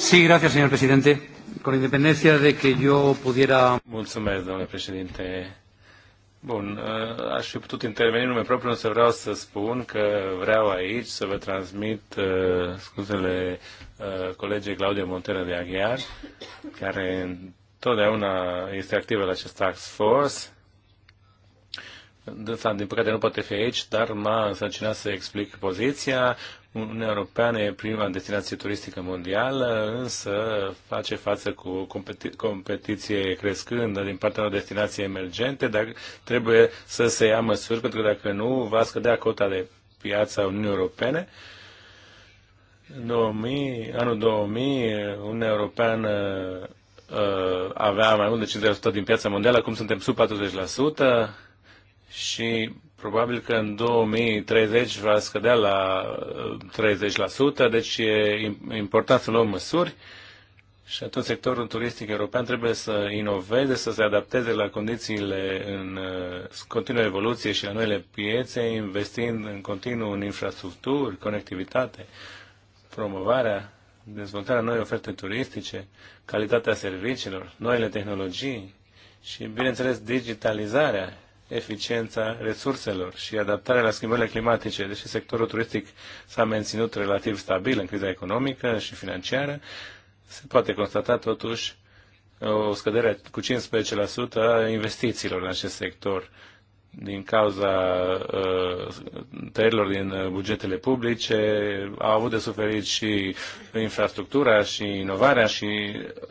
Speaker 4: Sí, gracias, señor presidente. Con independencia de que yo pudiera... Mulțumesc, domnule președinte Bun, ă, aș fi putut interveni nume propriu, însă vreau să spun că vreau aici să vă transmit ă, scuzele ă, colegii Claudia Montera de Aghiar, care întotdeauna este activă la acest task force Dânsa, din păcate, nu poate fi aici, dar m-a însărcinat să explic poziția. Uniunea Europeană e prima destinație turistică mondială, însă face față cu competi- competiție crescândă din partea unor destinații emergente, dar trebuie să se ia măsuri, pentru că dacă nu, va scădea cota de piața Uniunii Europene. 2000, anul 2000, Uniunea Europeană uh, avea mai mult de 50% din piața mondială, acum suntem sub 40% și probabil că în 2030 va scădea la 30%, deci e important să luăm măsuri și atunci sectorul turistic european trebuie să inoveze, să se adapteze la condițiile în uh, continuă evoluție și la noile piețe, investind în continuu în infrastructuri, conectivitate, promovarea, dezvoltarea noi oferte turistice, calitatea serviciilor, noile tehnologii și, bineînțeles, digitalizarea eficiența resurselor și adaptarea la schimbările climatice. Deși sectorul turistic s-a menținut relativ stabil în criza economică și financiară, se poate constata totuși o scădere cu 15% a investițiilor în acest sector din cauza uh, tăierilor din uh, bugetele publice, a avut de suferit și infrastructura și inovarea și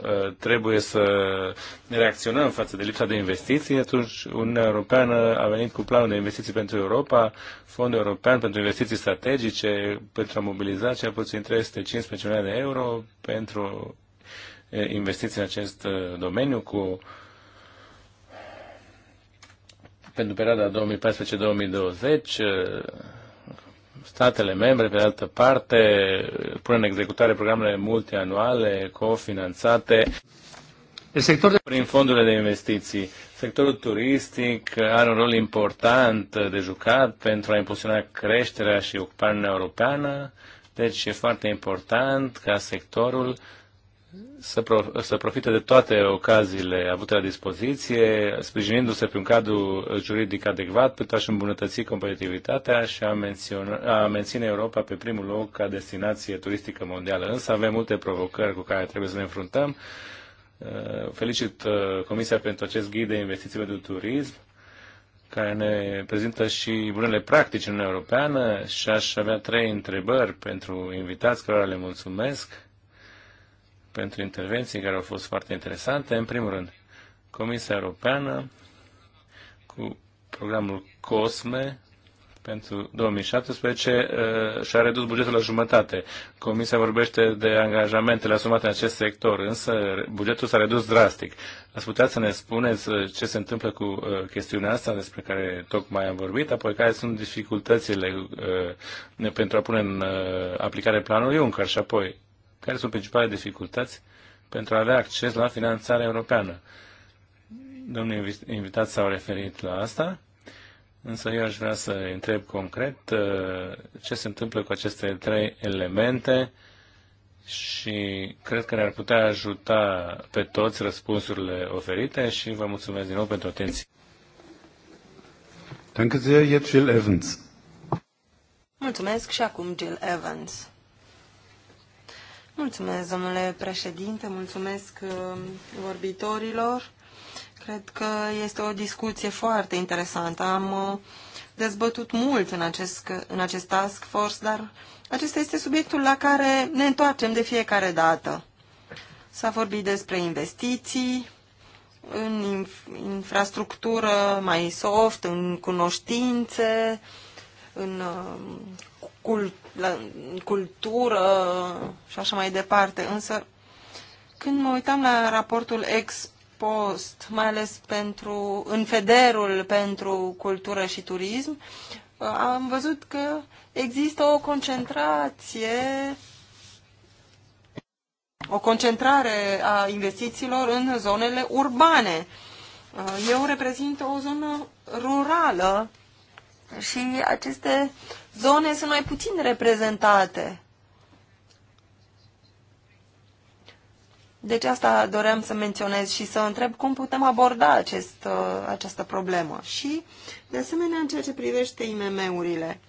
Speaker 4: uh, trebuie să reacționăm față de lipsa de investiții. Atunci Uniunea Europeană a venit cu planul de investiții pentru Europa, Fondul European pentru Investiții Strategice, pentru a mobiliza cel puțin 315 milioane de euro pentru eh, investiții în acest eh, domeniu cu pentru perioada 2014-2020, eh, statele membre, pe de altă parte, pun în executare programele multianuale cofinanțate El sector de... prin fondurile de investiții. Sectorul turistic are un rol important de jucat pentru a impulsiona creșterea și ocuparea europeană, deci e foarte important ca sectorul să, pro, să profite de toate ocaziile avute la dispoziție, sprijinindu-se pe un cadru juridic adecvat pentru a-și îmbunătăți competitivitatea și a, menționa, a menține Europa pe primul loc ca destinație turistică mondială. Însă avem multe provocări cu care trebuie să ne înfruntăm. Uh, felicit uh, Comisia pentru acest ghid de investiții pentru turism care ne prezintă și bunele practici în Uniunea Europeană și aș avea trei întrebări pentru invitați, care le mulțumesc pentru intervenții care au fost foarte interesante. În primul rând, Comisia Europeană cu programul COSME pentru 2017 uh, și-a redus bugetul la jumătate. Comisia vorbește de angajamentele asumate în acest sector, însă bugetul s-a redus drastic. Ați putea să ne spuneți uh, ce se întâmplă cu uh, chestiunea asta despre care tocmai am vorbit, apoi care sunt dificultățile pentru a pune în aplicare planul Juncker și apoi care sunt principalele dificultăți pentru a avea acces la finanțarea europeană. Domnul invitat s-au referit la asta, însă eu aș vrea să întreb concret uh, ce se întâmplă cu aceste trei elemente și cred că ne-ar putea ajuta pe toți răspunsurile oferite și vă mulțumesc din nou pentru atenție.
Speaker 1: Danke sehr, jetzt Jill Evans.
Speaker 5: Mulțumesc și acum Jill Evans. Mulțumesc, domnule președinte, mulțumesc uh, vorbitorilor. Cred că este o discuție foarte interesantă. Am uh, dezbătut mult în acest, în acest task force, dar acesta este subiectul la care ne întoarcem de fiecare dată. S-a vorbit despre investiții în infrastructură mai soft, în cunoștințe, în uh, cultură la cultură și așa mai departe. Însă, când mă uitam la raportul ex post, mai ales pentru, în federul pentru cultură și turism, am văzut că există o concentrație o concentrare a investițiilor în zonele urbane. Eu reprezint o zonă rurală și aceste zone sunt mai puțin reprezentate. Deci asta doream să menționez și să întreb cum putem aborda acest, uh, această problemă. Și, de asemenea, în ceea ce privește IMM-urile,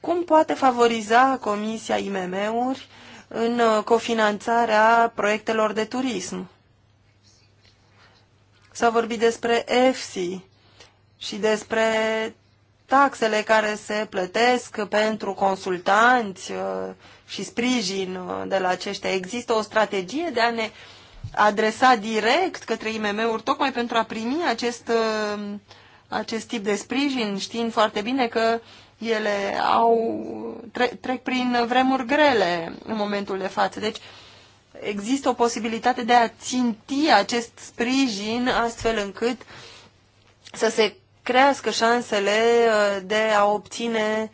Speaker 5: cum poate favoriza Comisia IMM-uri în uh, cofinanțarea proiectelor de turism? S-a vorbit despre EFSI și despre taxele care se plătesc pentru consultanți uh, și sprijin uh, de la aceștia. Există o strategie de a ne adresa direct către IMM-uri tocmai pentru a primi acest, uh, acest tip de sprijin, știind foarte bine că ele au, tre, trec prin vremuri grele în momentul de față. Deci există o posibilitate de a ținti acest sprijin astfel încât să se crească șansele uh, de a obține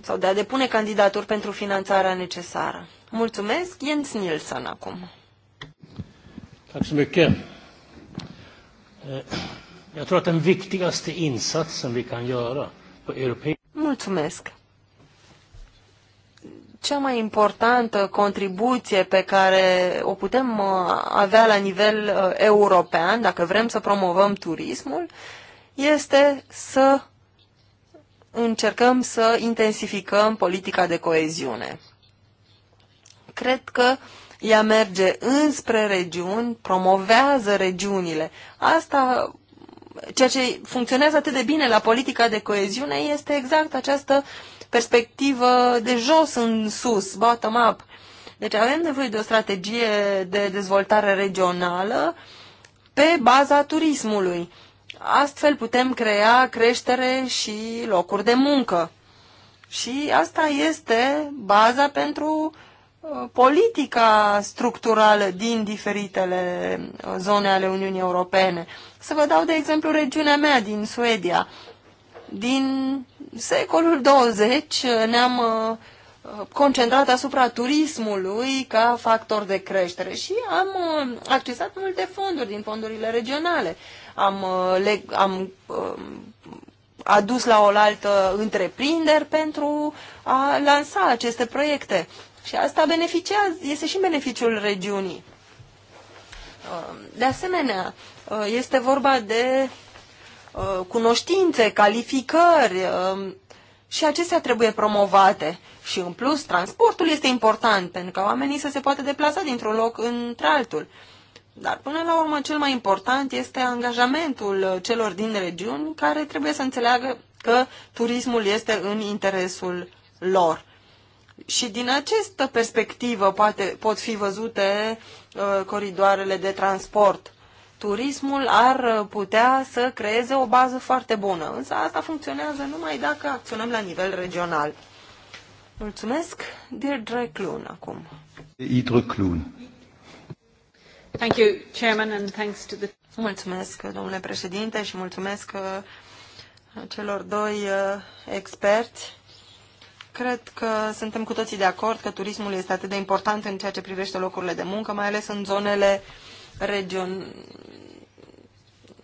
Speaker 5: sau de a depune candidaturi pentru finanțarea necesară. Mulțumesc, Jens Nilsson acum.
Speaker 4: Mulțumesc. så mycket. Eh, jag tror att den viktigaste insatsen vi kan göra på europeisk... Mulțumesc
Speaker 5: cea mai importantă contribuție pe care o putem uh, avea la nivel uh, european, dacă vrem să promovăm turismul, este să încercăm să intensificăm politica de coeziune. Cred că ea merge înspre regiuni, promovează regiunile. Asta, ceea ce funcționează atât de bine la politica de coeziune, este exact această uh, perspectivă de jos în sus, bottom-up. Deci avem nevoie de o strategie de dezvoltare regională pe baza turismului. Astfel putem crea creștere și locuri de muncă. Și asta este baza pentru uh, politica structurală din diferitele uh, zone ale Uniunii Europene. Să vă dau de exemplu regiunea mea din Suedia. Din secolul 20 ne-am uh, concentrat asupra turismului ca factor de creștere și am uh, accesat multe fonduri din fondurile regionale. Am, uh, le, am adus la oaltă întreprinderi pentru a lansa aceste proiecte. Și asta beneficiază, este și beneficiul regiunii. De asemenea, este vorba de Uh, cunoștințe, calificări um, și acestea trebuie promovate. Și în plus, transportul este important pentru ca oamenii să se poată deplasa dintr-un loc într-altul. Dar până la urmă, cel mai important este angajamentul celor din regiuni care trebuie să înțeleagă că turismul este în interesul lor. Și din această perspectivă poate, pot fi văzute uh, coridoarele de transport turismul ar putea să creeze o bază foarte bună. Însă asta funcționează numai dacă acționăm la nivel regional. Mulțumesc. Deirdre Clun acum.
Speaker 1: Deirdre Clun.
Speaker 5: Thank you, Chairman, and thanks to the... Mulțumesc, domnule președinte, și mulțumesc uh, celor doi uh, experți. Cred că suntem cu toții de acord că turismul este atât de important în ceea ce privește locurile de muncă, mai ales în zonele uh, region,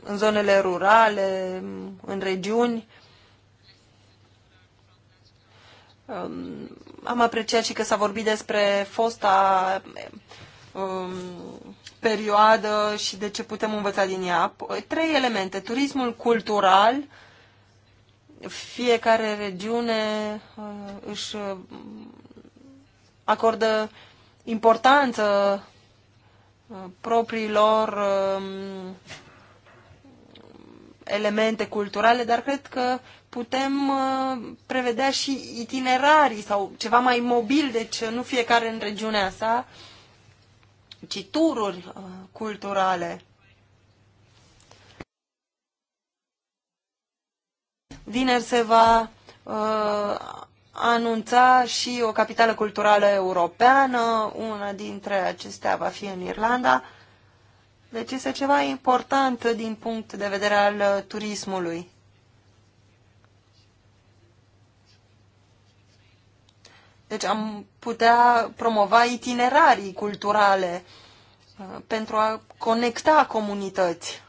Speaker 5: în zonele rurale, în regiuni. Um, am apreciat și că s-a vorbit despre fosta um, perioadă și de ce putem învăța din ea. Trei elemente. Turismul cultural, fiecare regiune uh, își um, acordă importanță propriilor um, elemente culturale, dar cred că putem uh, prevedea și itinerarii sau ceva mai mobil, deci nu fiecare în regiunea sa, ci tururi uh, culturale. Vineri se va uh, anunța și o capitală culturală europeană, una dintre acestea va fi în Irlanda. Deci este ceva important din punct de vedere al turismului. Deci am putea promova itinerarii culturale uh, pentru a conecta comunități.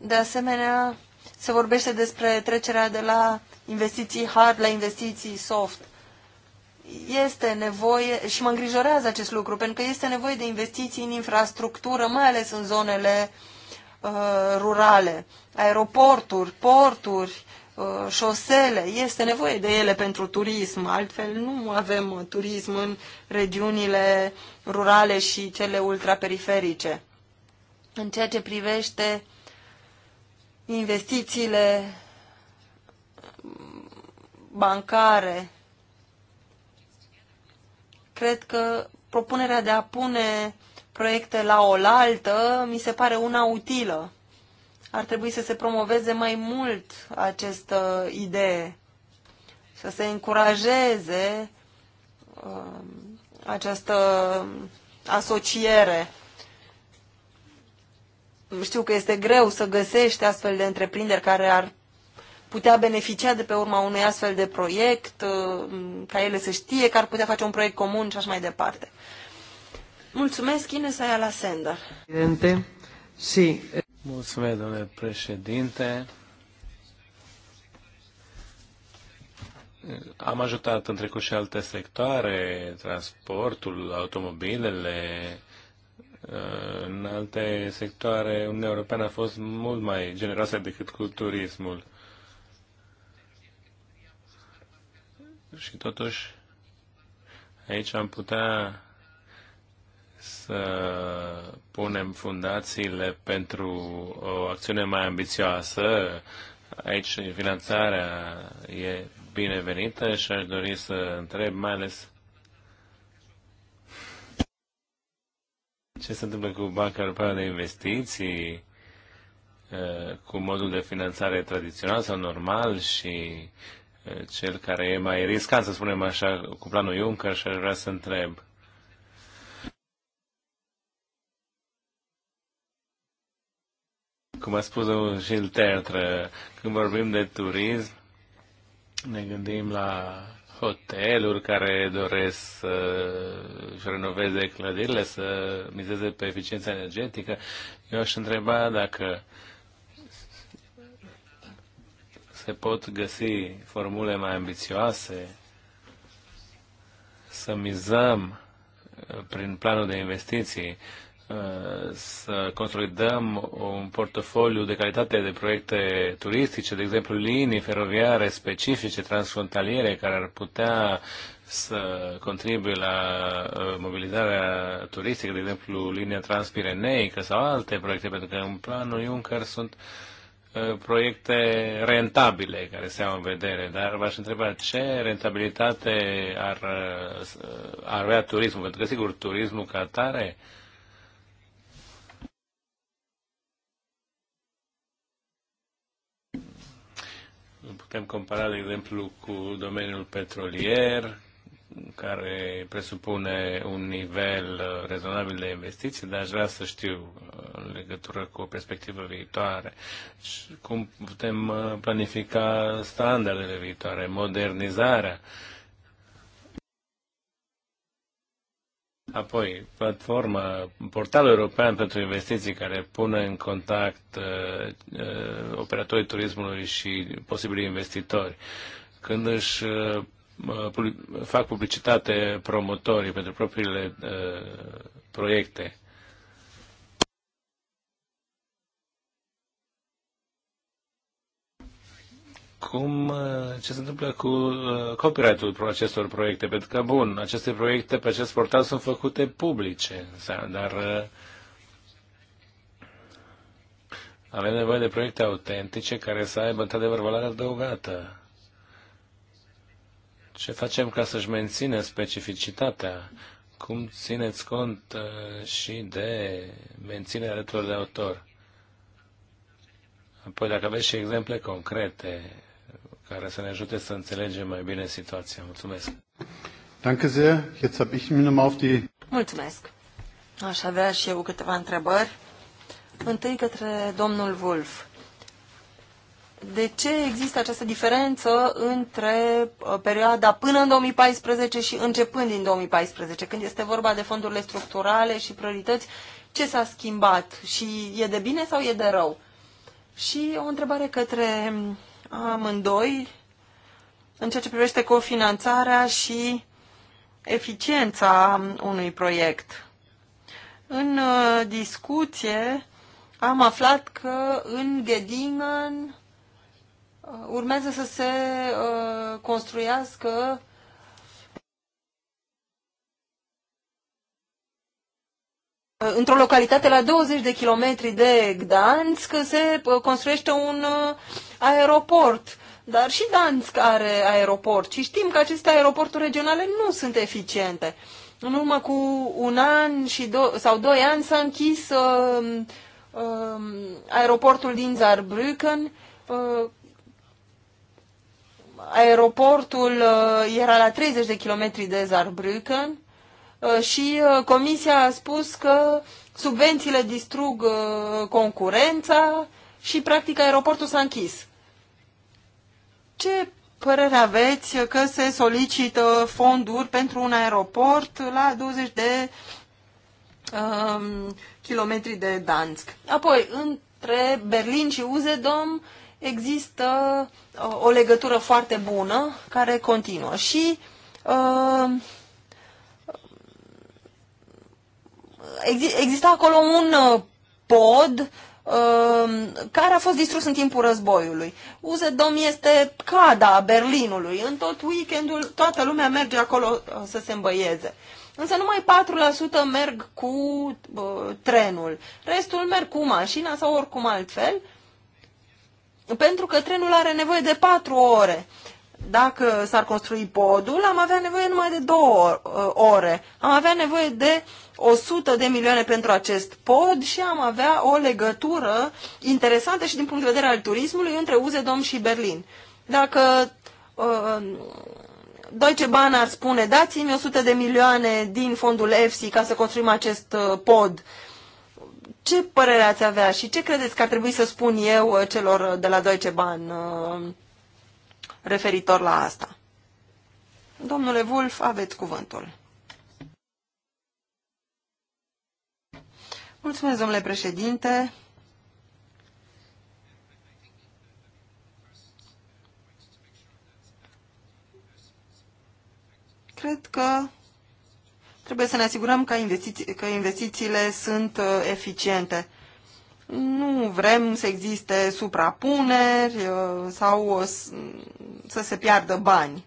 Speaker 5: De asemenea, se vorbește despre trecerea de la investiții hard la investiții soft. Este nevoie, și mă îngrijorează acest lucru, pentru că este nevoie de investiții în infrastructură, mai ales în zonele uh, rurale, aeroporturi, porturi, uh, șosele. Este nevoie de ele pentru turism, altfel nu avem uh, turism în regiunile rurale și cele ultraperiferice. În ceea ce privește investițiile bancare. Cred că propunerea de a pune proiecte la oaltă mi se pare una utilă. Ar trebui să se promoveze mai mult această idee, să se încurajeze uh, această asociere știu că este greu să găsești astfel de întreprinderi care ar putea beneficia de pe urma unui astfel de proiect, uh, ca ele să știe că ar putea face un proiect comun și așa mai departe. Mulțumesc, Ines la Sender.
Speaker 4: Presidente, Mulțumesc, domnule președinte. Am ajutat în trecut și alte sectoare, transportul, automobilele, în alte sectoare, Uniunea Europeană a fost mult mai generoasă decât cu turismul. Și totuși, aici am putea să punem fundațiile pentru o acțiune mai ambițioasă. Aici finanțarea e binevenită și aș dori să întreb mai ales Ce se întâmplă cu Banca Europeană de Investiții, eh, cu modul de finanțare tradițional sau normal și eh, cel care e mai riscant, să spunem așa, cu planul Juncker și aș vrea să întreb. Cum a spus un Gilles Tertre, când vorbim de turism, ne gândim la hoteluri care doresc să și renoveze clădirile, să mizeze pe eficiența energetică. Eu aș întreba dacă se pot găsi formule mai ambițioase, să mizăm prin planul de investiții Uh, să consolidăm un portofoliu de calitate de proiecte turistice, de exemplu linii feroviare specifice, transfrontaliere, care ar putea să contribuie la uh, mobilizarea turistică, de exemplu linia transpireneică sau alte proiecte, pentru că în planul Juncker sunt uh, proiecte rentabile care se au în vedere, dar v-aș întreba ce rentabilitate ar, ar avea turismul, pentru că sigur turismul ca tare Putem compara, de exemplu, cu domeniul petrolier, care presupune un nivel uh, rezonabil de investiții, dar aș vrea să știu uh, în legătură cu o perspectivă viitoare cum putem uh, planifica standardele viitoare, modernizarea Apoi, platforma, portalul european pentru investiții care pune în contact uh, uh, operatorii turismului și posibili investitori. Când își uh, uh public, fac publicitate promotorii pentru propriile uh, proiecte, Cum uh, ce se întâmplă cu uh, copyright-ul acestor proiecte? Pentru că, bun, aceste proiecte pe acest portal sunt făcute publice, dar uh, avem nevoie de proiecte autentice care să aibă într-adevăr valoare adăugată. Ce facem ca să-și mențină specificitatea? Cum țineți cont și de menținerea drepturilor de autor? Apoi, dacă aveți și exemple concrete care să ne ajute să înțelegem mai bine situația. Mulțumesc!
Speaker 1: Danke sehr. Jetzt habe ich mir auf die...
Speaker 5: Mulțumesc! Aș avea și eu câteva întrebări. Întâi către domnul Wolf. De ce există această diferență între uh, perioada până în 2014 și începând din 2014, când este vorba de fondurile structurale și priorități? Ce s-a schimbat? Și e de bine sau e de rău? Și o întrebare către um, amândoi în ceea ce privește cofinanțarea și eficiența unui proiect. În uh, discuție am aflat că în Gedingen uh, urmează să se uh, construiască Uh, într-o localitate la 20 de kilometri de Gdansk se uh, construiește un uh, aeroport. Dar și Gdansk are aeroport și știm că aceste aeroporturi regionale nu sunt eficiente. În urmă cu un an și do- sau doi ani s-a închis uh, uh, aeroportul din Zarbrücken. Uh, aeroportul uh, era la 30 de kilometri de Zarbrücken Uh, și uh, Comisia a spus că subvențiile distrug uh, concurența și, practic, aeroportul s-a închis. Ce părere aveți că se solicită fonduri pentru un aeroport la 20 de um, kilometri de Dansk? Apoi, între Berlin și Uzedom există o legătură foarte bună care continuă și uh, exista acolo un uh, pod uh, care a fost distrus în timpul războiului. Uzedom este cada a Berlinului. În tot weekendul toată lumea merge acolo uh, să se îmbăieze. Însă numai 4% merg cu trenul. Restul merg cu mașina sau oricum altfel, pentru că trenul are nevoie de 4 ore dacă s-ar construi podul, am avea nevoie numai de două uh, ore. Am avea nevoie de 100 de milioane pentru acest pod și am avea o legătură interesantă și din punct de vedere al turismului între Uzedom și Berlin. Dacă uh, Deutsche Bahn ar spune, dați-mi 100 de milioane din fondul EFSI ca să construim acest uh, pod, ce părere ați avea și ce credeți că ar trebui să spun eu uh, celor de la Deutsche Bahn? Uh, referitor la asta. Domnule Wolf, aveți cuvântul. Mulțumesc, domnule președinte. Cred că trebuie să ne asigurăm că, investiți, că investițiile sunt uh, eficiente. Nu vrem să existe suprapuneri uh, sau să se piardă bani.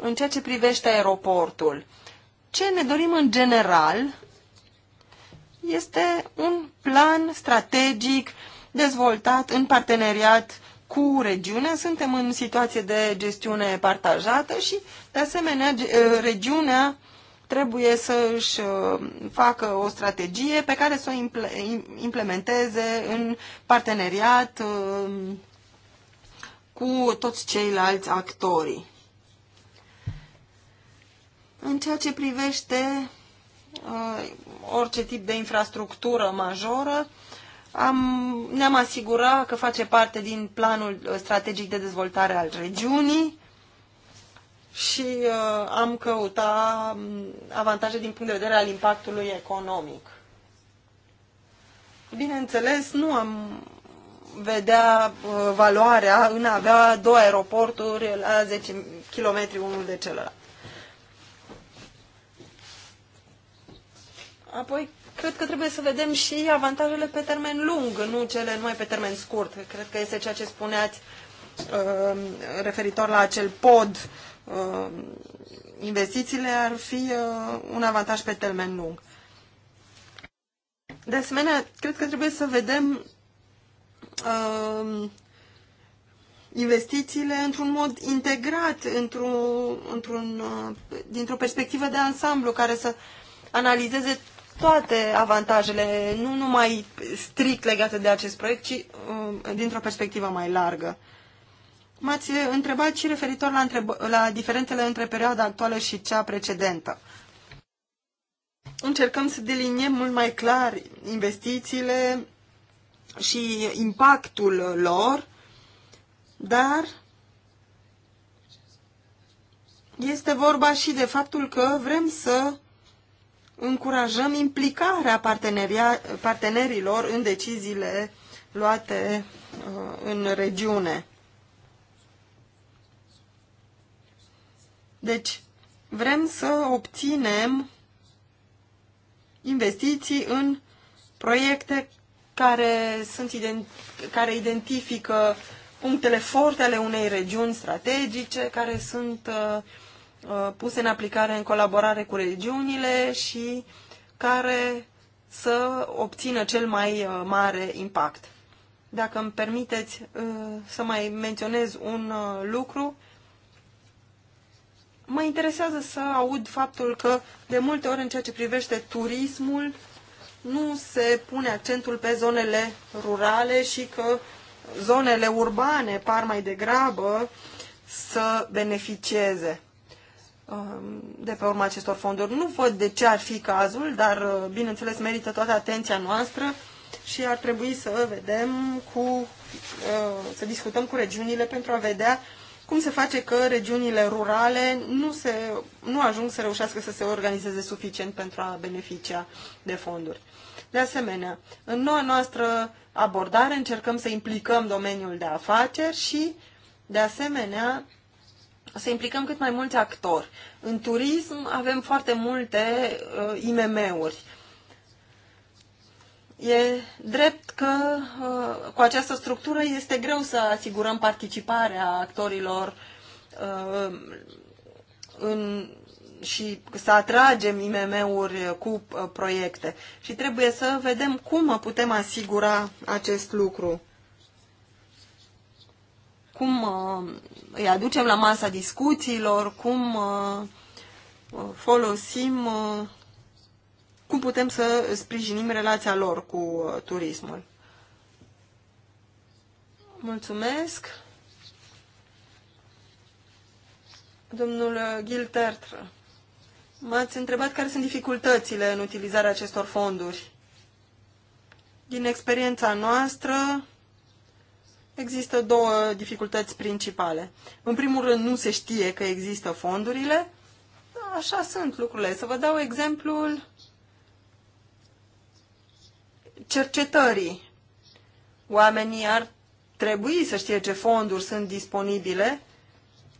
Speaker 5: În ceea ce privește aeroportul, ce ne dorim în general este un plan strategic dezvoltat în parteneriat cu regiunea, suntem în situație de gestiune partajată și, de asemenea, regiunea trebuie să își facă o strategie pe care să o implementeze în parteneriat cu toți ceilalți actorii. În ceea ce privește orice tip de infrastructură majoră, am, ne-am asigurat că face parte din planul uh, strategic de dezvoltare al regiunii și uh, am căutat um, avantaje din punct de vedere al impactului economic. Bineînțeles, nu am vedea uh, valoarea în a avea două aeroporturi la 10 km unul de celălalt. Apoi, cred că trebuie să vedem și avantajele pe termen lung, nu cele numai pe termen scurt. Cred că este ceea ce spuneați uh, referitor la acel pod. Uh, investițiile ar fi uh, un avantaj pe termen lung. De asemenea, cred că trebuie să vedem investițiile într-un mod integrat, într-un, într -un, dintr-o perspectivă de ansamblu care să analizeze toate avantajele, nu numai strict legate de acest proiect, ci um, dintr-o perspectivă mai largă. M-ați întrebat și referitor la, întreb- la diferențele între perioada actuală și cea precedentă. Încercăm să deliniem mult mai clar investițiile și impactul lor, dar este vorba și de faptul că vrem să încurajăm implicarea partenerilor în deciziile luate uh, în regiune. Deci, vrem să obținem investiții în proiecte care, sunt ident- care identifică punctele forte ale unei regiuni strategice, care sunt uh, Uh, puse în aplicare în colaborare cu regiunile și care să obțină cel mai uh, mare impact. Dacă îmi permiteți uh, să mai menționez un lucru, mă interesează să aud faptul că de multe ori în ceea ce privește turismul nu se pune accentul pe zonele rurale și că zonele urbane par mai degrabă să beneficieze. Um, de pe urma acestor fonduri. Nu văd de ce ar fi cazul, dar, uh, bineînțeles, merită toată atenția noastră și ar trebui să vedem cu, uh, să discutăm cu regiunile pentru a vedea cum se face că regiunile rurale nu, se, nu ajung să reușească să se organizeze suficient pentru a beneficia de fonduri. De asemenea, în noua noastră abordare încercăm să implicăm domeniul de afaceri și, de asemenea, să implicăm cât mai mulți actori. În turism avem foarte multe uh, IMM-uri. E drept că uh, cu această structură este greu să asigurăm participarea actorilor uh, în, și să atragem IMM-uri cu uh, proiecte. Și trebuie să vedem cum putem asigura acest lucru cum uh, îi aducem la masa discuțiilor, cum uh, uh, folosim, cum putem să sprijinim relația lor cu turismul. Mulțumesc. Domnul Giltertră, m-ați întrebat care sunt dificultățile în utilizarea acestor fonduri. Din experiența noastră, Există două dificultăți principale. În primul rând, nu se știe că există fondurile. Așa sunt lucrurile. Să vă dau exemplul cercetării. Oamenii ar trebui să știe ce fonduri sunt disponibile,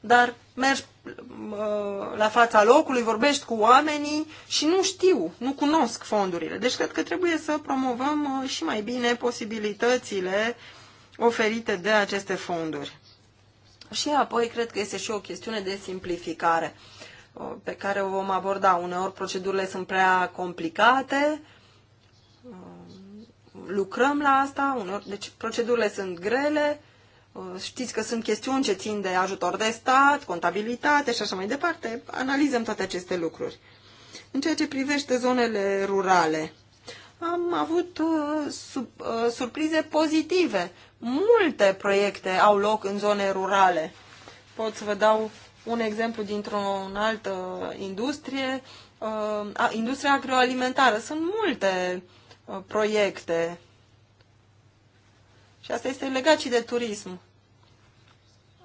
Speaker 5: dar mergi uh, la fața locului, vorbești cu oamenii și nu știu, nu cunosc fondurile. Deci cred că trebuie să promovăm uh, și mai bine posibilitățile uh, oferite de aceste fonduri. Și apoi cred că este și o chestiune de simplificare pe care o vom aborda. Uneori procedurile sunt prea complicate, lucrăm la asta, uneori, deci procedurile sunt grele, știți că sunt chestiuni ce țin de ajutor de stat, contabilitate și așa mai departe, analizăm toate aceste lucruri. În ceea ce privește zonele rurale, am avut uh, sub, uh, surprize pozitive. Multe proiecte au loc în zone rurale. Pot să vă dau un exemplu dintr-o altă industrie, uh, industria agroalimentară. Sunt multe proiecte. Și asta este legat și de turism.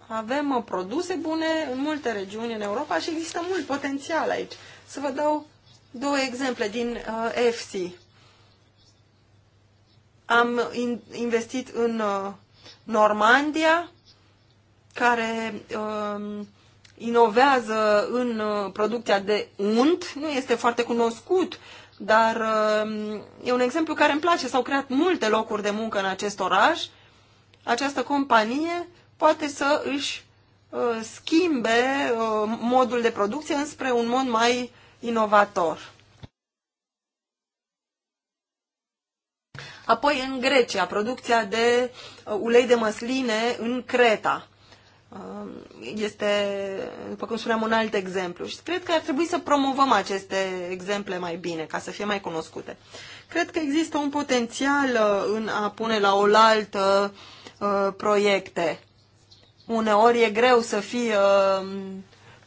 Speaker 5: Avem produse bune în multe regiuni în Europa și există mult potențial aici. Să vă dau două exemple din EFSI. Am investit în uh, Normandia, care um, inovează în uh, producția de unt. Nu este foarte cunoscut, dar um, e un exemplu care îmi place. S-au creat multe locuri de muncă în acest oraș. Această companie poate să își uh, schimbe modul de producție înspre un mod mai inovator. Apoi în Grecia, producția de uh, ulei de măsline în Creta. Uh, este, după cum spuneam, un alt exemplu și cred că ar trebui să promovăm aceste exemple mai bine, ca să fie mai cunoscute. Cred că există un potențial uh, în a pune la oaltă proiecte. Uneori e greu să fii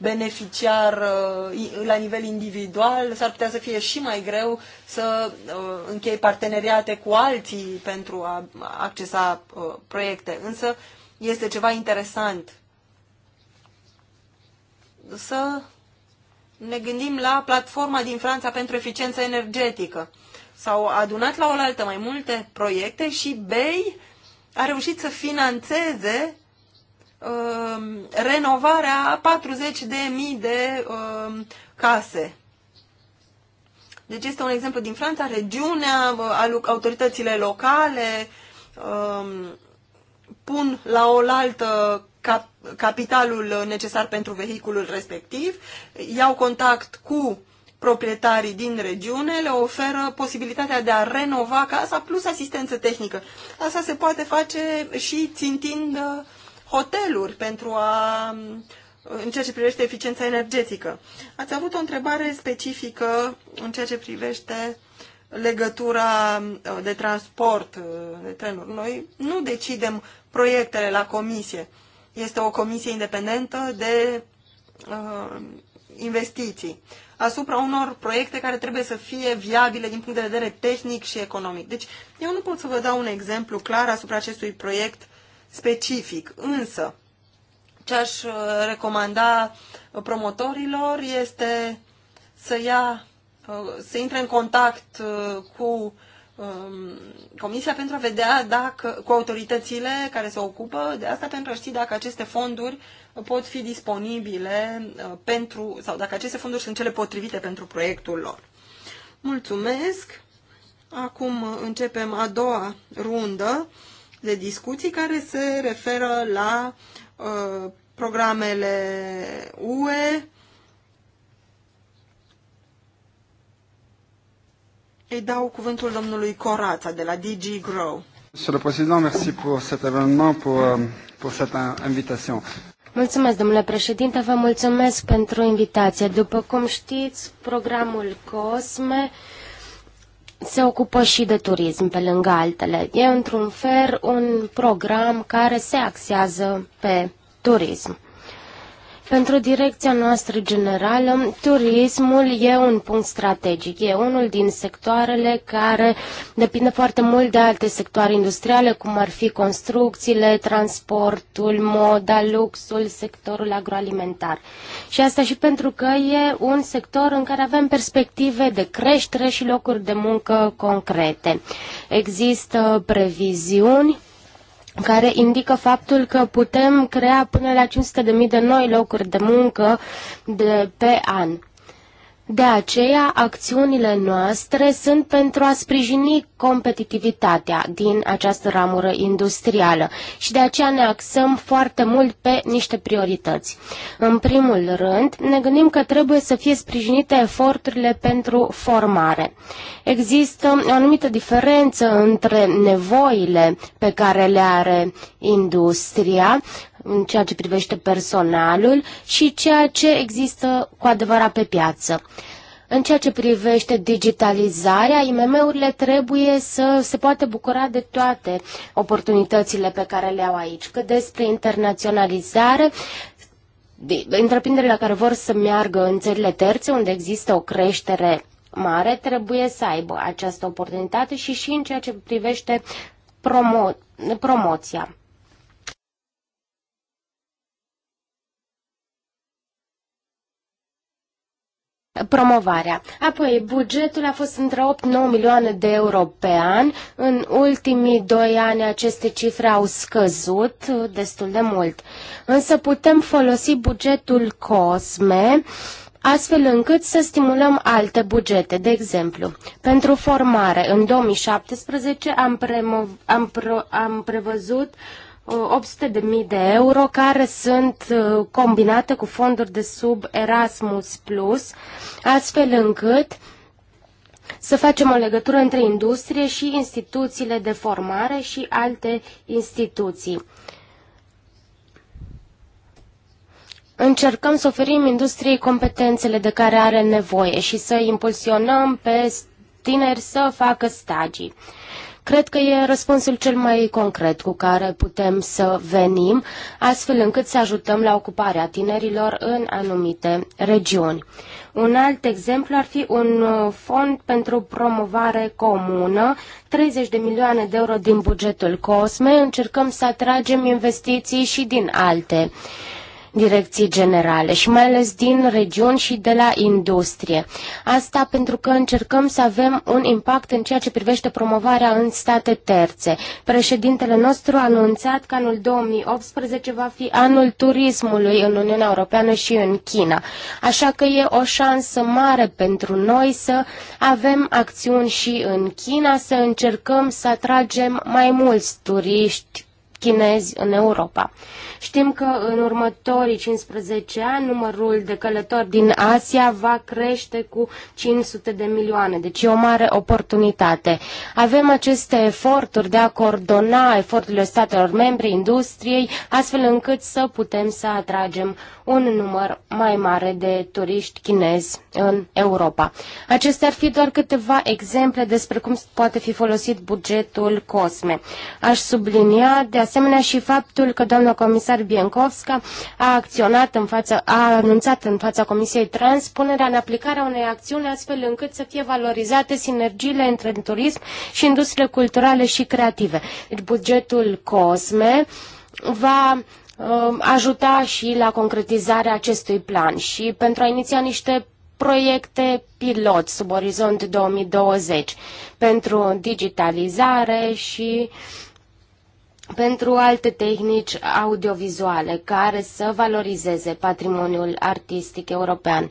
Speaker 5: beneficiar uh, la nivel individual, s-ar putea să fie și mai greu să uh, închei parteneriate cu alții pentru a accesa uh, proiecte. Însă este ceva interesant să ne gândim la platforma din Franța pentru eficiență energetică. S-au adunat la oaltă mai multe proiecte și BEI a reușit să financeze Um, renovarea a 40 de mii de uh, case. Deci este un exemplu din Franța, regiunea, uh, autoritățile locale um, pun la oaltă cap, capitalul necesar pentru vehiculul respectiv, iau contact cu proprietarii din regiune, le oferă posibilitatea de a renova casa plus asistență tehnică. Asta se poate face și țintind uh, hoteluri pentru a în ceea ce privește eficiența energetică. Ați avut o întrebare specifică în ceea ce privește legătura uh, de transport uh, de trenuri. Noi nu decidem proiectele la comisie. Este o comisie independentă de uh, investiții asupra unor proiecte care trebuie să fie viabile din punct de vedere tehnic și economic. Deci eu nu pot să vă dau un exemplu clar asupra acestui proiect specific. Însă, ce aș uh, recomanda promotorilor este să ia, uh, să intre în contact uh, cu um, Comisia pentru a vedea dacă, cu autoritățile care se ocupă de asta pentru a ști dacă aceste fonduri pot fi disponibile pentru, sau dacă aceste fonduri sunt cele potrivite pentru proiectul lor. Mulțumesc! Acum începem a doua rundă de discuții care se referă la uh, programele UE, Îi dau cuvântul domnului Corața de la DG Grow.
Speaker 2: Monsieur le Président, merci pour cet événement, pour, euh, pour cette invitation. Mulțumesc, domnule președinte, vă mulțumesc pentru invitație. După cum știți, programul COSME se ocupă și de turism pe lângă altele. E într-un fel un program care se axează pe turism. Pentru direcția noastră generală, turismul e un punct strategic. E unul din sectoarele care depinde foarte mult de alte sectoare industriale, cum ar fi construcțiile, transportul, moda, luxul, sectorul agroalimentar. Și asta și pentru că e un sector în care avem perspective de creștere și locuri de muncă concrete. Există previziuni care indică faptul că putem crea până la 500.000 de noi locuri de muncă de, pe an. De aceea, acțiunile noastre sunt pentru a sprijini competitivitatea din această ramură industrială și de aceea ne axăm foarte mult pe niște priorități. În primul rând, ne gândim că trebuie să fie sprijinite eforturile pentru formare. Există o anumită diferență între nevoile pe care le are industria în ceea ce privește personalul și ceea ce există cu adevărat pe piață. În ceea ce privește digitalizarea, IMM-urile trebuie să se poată bucura de toate oportunitățile pe care le au aici. Cât despre internaționalizare, întreprinderile care vor să meargă în țările terțe, unde există o creștere mare, trebuie să aibă această oportunitate și și în ceea ce privește promo- promoția. promovarea. Apoi, bugetul a fost între 8-9 milioane de euro pe an. În ultimii doi ani aceste cifre au scăzut destul de mult. Însă putem folosi bugetul COSME astfel încât să stimulăm alte bugete. De exemplu, pentru formare, în 2017 am, am, am prevăzut 800.000 uh, de euro care sunt uh, combinate cu fonduri de sub Erasmus+, Plus, astfel încât să facem o legătură între industrie și instituțiile de formare și alte instituții. Încercăm să oferim industriei competențele de care are nevoie și să impulsionăm pe tineri să facă stagii. Cred că e răspunsul cel mai concret cu care putem să venim, astfel încât să ajutăm la ocuparea tinerilor în anumite regiuni. Un alt exemplu ar fi un uh, fond pentru promovare comună, 30 de milioane de euro din bugetul COSME. Încercăm să atragem investiții și din alte uh, direcții generale și mai ales din regiuni și de la industrie. Asta pentru că încercăm să avem un impact în ceea ce privește promovarea în state terțe. Președintele nostru a anunțat că anul 2018 va fi anul turismului în Uniunea Europeană și în China. Așa că e o șansă mare pentru noi să avem acțiuni și în China, să încercăm să atragem mai mulți turiști chinezi în Europa. Știm că în următorii 15 ani numărul de călători din Asia va crește cu 500 de milioane, deci e o mare oportunitate. Avem aceste eforturi de a coordona eforturile statelor membre, industriei, astfel încât să putem să atragem un număr mai mare de turiști chinezi în Europa. Acestea ar fi doar câteva exemple despre cum poate fi folosit bugetul COSME. Aș sublinia de asemenea și faptul că doamna comisar comisar Biencovska a acționat în fața, a anunțat în fața Comisiei Trans punerea în aplicare a unei acțiuni astfel încât să fie valorizate sinergiile între turism și industriile culturale și creative. Deci bugetul COSME va um, ajuta și la concretizarea acestui plan și pentru a iniția niște proiecte pilot sub orizont 2020 pentru digitalizare și uh, pentru alte tehnici audiovizuale care să valorizeze patrimoniul artistic european.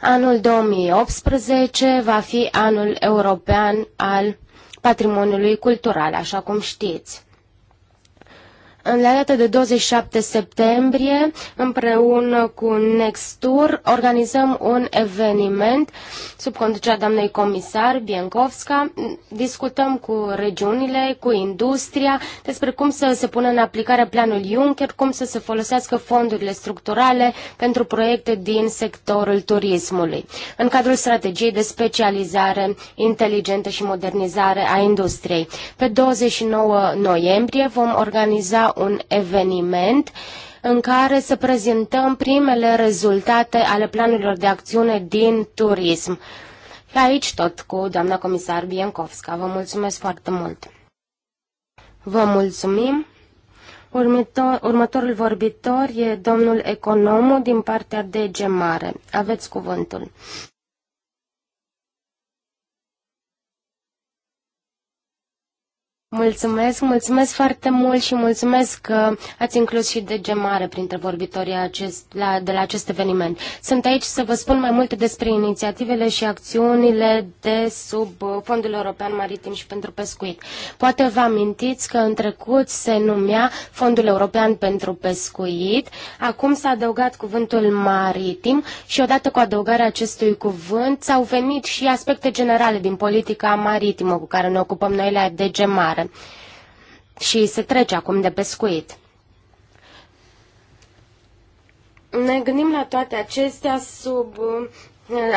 Speaker 2: Anul 2018 va fi anul european al patrimoniului cultural, așa cum știți. În la data de 27 septembrie, împreună cu Nextur, organizăm un eveniment sub conducerea doamnei comisar Biencovska. Discutăm cu regiunile, cu industria, despre cum să se pună în aplicare planul Juncker, cum să se folosească fondurile structurale pentru proiecte din sectorul turismului, în cadrul strategiei de specializare inteligentă și modernizare a industriei. Pe 29 noiembrie vom organiza un eveniment în care să prezentăm primele rezultate ale planurilor de acțiune din turism. Și aici tot cu doamna comisar Biencovska. Vă mulțumesc foarte mult! Vă mulțumim! Următor, următorul vorbitor e domnul economu din partea de gemare. Aveți cuvântul. Mulțumesc, mulțumesc foarte mult și mulțumesc că ați inclus și DG Mare printre vorbitorii acest, la, de la acest eveniment. Sunt aici să vă spun mai multe despre inițiativele și acțiunile de sub Fondul European Maritim și pentru Pescuit. Poate vă amintiți că în trecut se numea Fondul European pentru Pescuit, acum s-a adăugat cuvântul maritim și odată cu adăugarea acestui cuvânt s-au venit și aspecte generale din politica maritimă cu care ne ocupăm noi la DG Mare mare. Și se trece acum de pescuit. Ne gândim la toate acestea sub uh,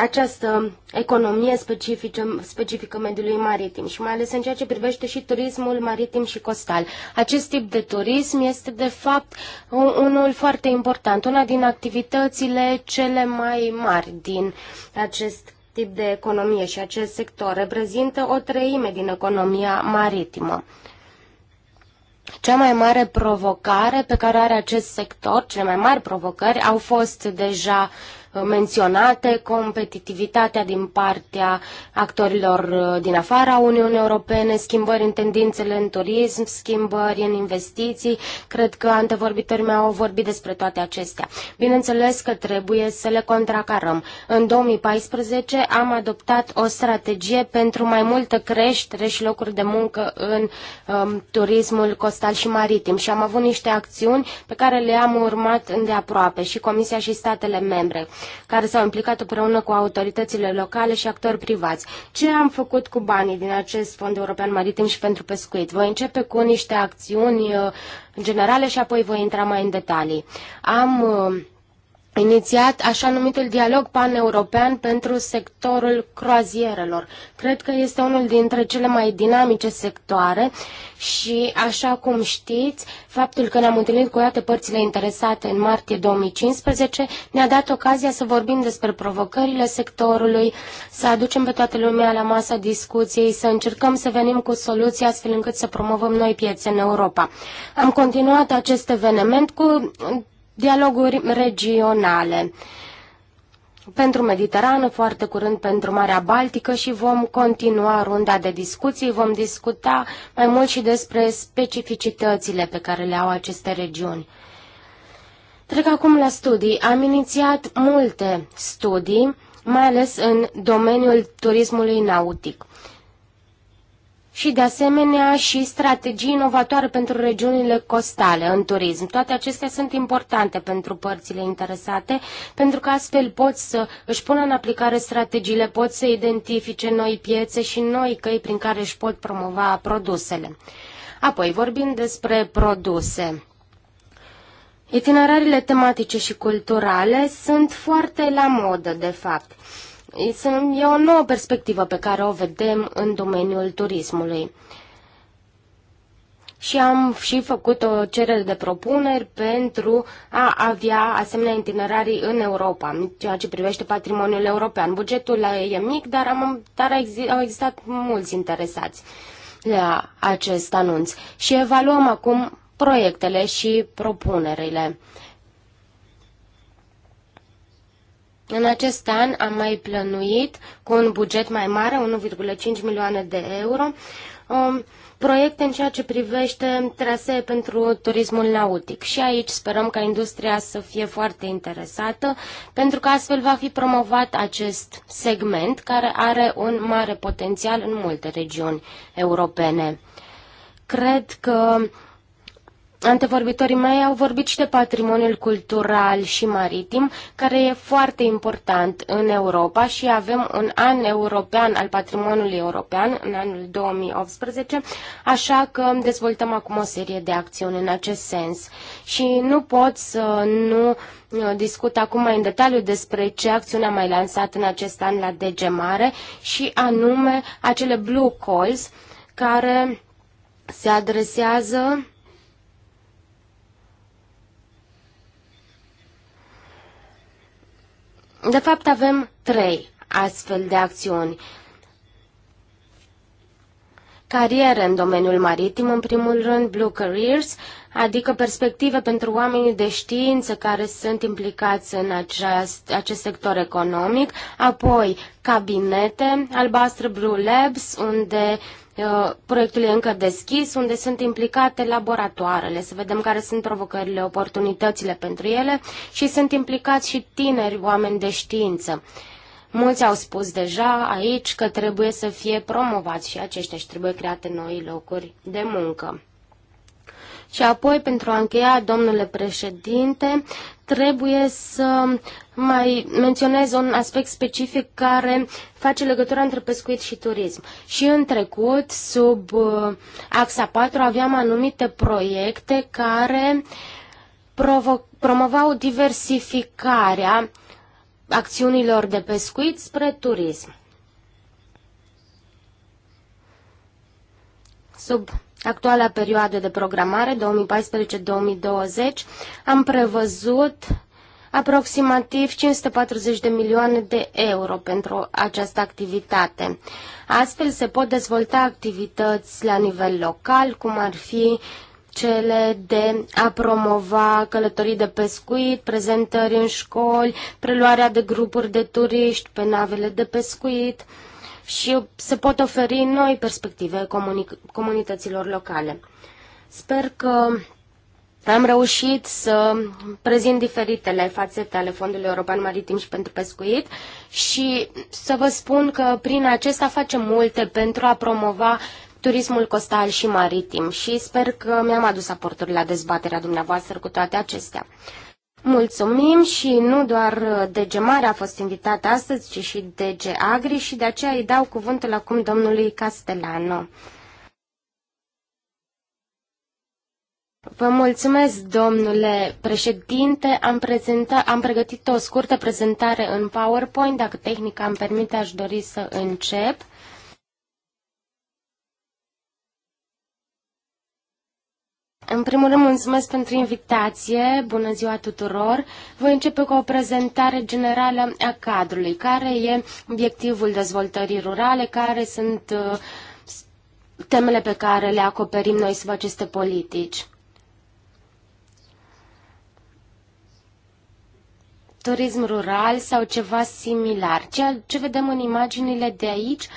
Speaker 2: această economie specifică, specifică mediului maritim și mai ales în ceea ce privește și turismul maritim și costal. Acest tip de turism este de fapt unul foarte important, una din activitățile cele mai mari din acest tip de economie și acest sector reprezintă o treime din economia maritimă. Cea mai mare provocare pe care are acest sector, cele mai mari provocări, au fost deja uh, Uh, menționate, competitivitatea din partea actorilor uh, din afara Uniunii Europene, schimbări în tendințele în turism, schimbări în investiții. Cred că antevorbitorii mei au vorbit despre toate acestea. Bineînțeles că trebuie să le contracarăm. În 2014 am adoptat o strategie pentru mai multă creștere și locuri de muncă în um, turismul costal și maritim și am avut niște acțiuni pe care le-am urmat îndeaproape și Comisia și statele membre care s-au implicat împreună cu autoritățile locale și actori privați. Ce am făcut cu banii din acest Fond European Maritim și pentru Pescuit? Voi începe cu niște acțiuni uh, generale și apoi voi intra mai în detalii. Am uh, inițiat așa numitul dialog paneuropean pentru sectorul croazierelor. Cred că este unul dintre cele mai dinamice sectoare și, așa cum știți, faptul că ne-am întâlnit cu toate părțile interesate în martie 2015 ne-a dat ocazia să vorbim despre provocările sectorului, să aducem pe toată lumea la masa discuției, să încercăm să venim cu soluții astfel încât să promovăm noi piețe în Europa. Am continuat acest eveniment cu dialoguri regionale pentru Mediterană, foarte curând pentru Marea Baltică și vom continua runda de discuții. Vom discuta mai mult și despre specificitățile pe care le au aceste regiuni. Trec acum la studii. Am inițiat multe studii, mai ales în domeniul turismului nautic și de asemenea și strategii inovatoare pentru regiunile costale în turism. Toate acestea sunt importante pentru părțile interesate, pentru că astfel pot să își pună în aplicare strategiile, pot să identifice noi piețe și noi căi prin care își pot promova produsele. Apoi, vorbim despre produse. Itinerariile tematice și culturale sunt foarte la modă, de fapt. E o nouă perspectivă pe care o vedem în domeniul turismului. Și am și făcut o cerere de propuneri pentru a avea asemenea itinerarii în Europa, ceea ce privește patrimoniul european. Bugetul e mic, dar, am, dar au existat mulți interesați la acest anunț. Și evaluăm acum proiectele și propunerile În acest an am mai plănuit, cu un buget mai mare, 1,5 milioane de euro, um, proiecte în ceea ce privește trasee pentru turismul nautic. Și aici sperăm ca industria să fie foarte interesată, pentru că astfel va fi promovat acest segment care are un mare potențial în multe regiuni europene. Cred că Antevorbitorii mei au vorbit și de patrimoniul cultural și maritim, care e foarte important în Europa și avem un an european al patrimoniului european în anul 2018, așa că dezvoltăm acum o serie de acțiuni în acest sens. Și nu pot să nu uh, discut acum mai în detaliu despre ce acțiune am mai lansat în acest an la DG Mare și anume acele Blue Calls care se adresează De fapt, avem trei astfel de acțiuni. Cariere în domeniul maritim, în primul rând Blue Careers, adică perspective pentru oamenii de știință care sunt implicați în acest, acest sector economic, apoi cabinete, albastră Blue Labs, unde uh, Uh, proiectul e încă deschis, unde sunt implicate laboratoarele, să vedem care sunt provocările, oportunitățile pentru ele și sunt implicați și tineri oameni de știință. Mulți au spus deja aici că trebuie să fie promovați și aceștia și trebuie create noi locuri de muncă. Și apoi, pentru a încheia, domnule președinte, trebuie să mai menționez un aspect specific care face legătura între pescuit și turism. Și în trecut, sub uh, axa 4, aveam anumite proiecte care promovau diversificarea acțiunilor de pescuit spre turism. Sub actuala perioadă de programare 2014-2020 am prevăzut aproximativ 540 de milioane de euro pentru această activitate. Astfel se pot dezvolta activități la nivel local, cum ar fi cele de a promova călătorii de pescuit, prezentări în școli, preluarea de grupuri de turiști pe navele de pescuit, și se pot oferi noi perspective comuni- comunităților locale. Sper că am reușit să prezint diferitele fațete ale Fondului European Maritim și pentru Pescuit și să vă spun că prin acesta facem multe pentru a promova turismul costal și maritim și sper că mi-am adus aporturi la dezbaterea dumneavoastră cu toate acestea. Mulțumim și nu doar uh, DG Mare a fost invitat astăzi, ci și DG Agri și de aceea îi dau cuvântul acum domnului Castellano. Vă mulțumesc, domnule președinte. Am, prezenta, am pregătit o scurtă prezentare în PowerPoint. Dacă tehnica îmi permite, aș dori să încep. În primul rând, mulțumesc pentru invitație. Bună ziua tuturor! Voi începe cu o prezentare generală a cadrului, care e obiectivul dezvoltării rurale, care sunt uh, temele pe care le acoperim noi sub aceste politici. Turism rural sau ceva similar. Ceea ce vedem în imaginile de aici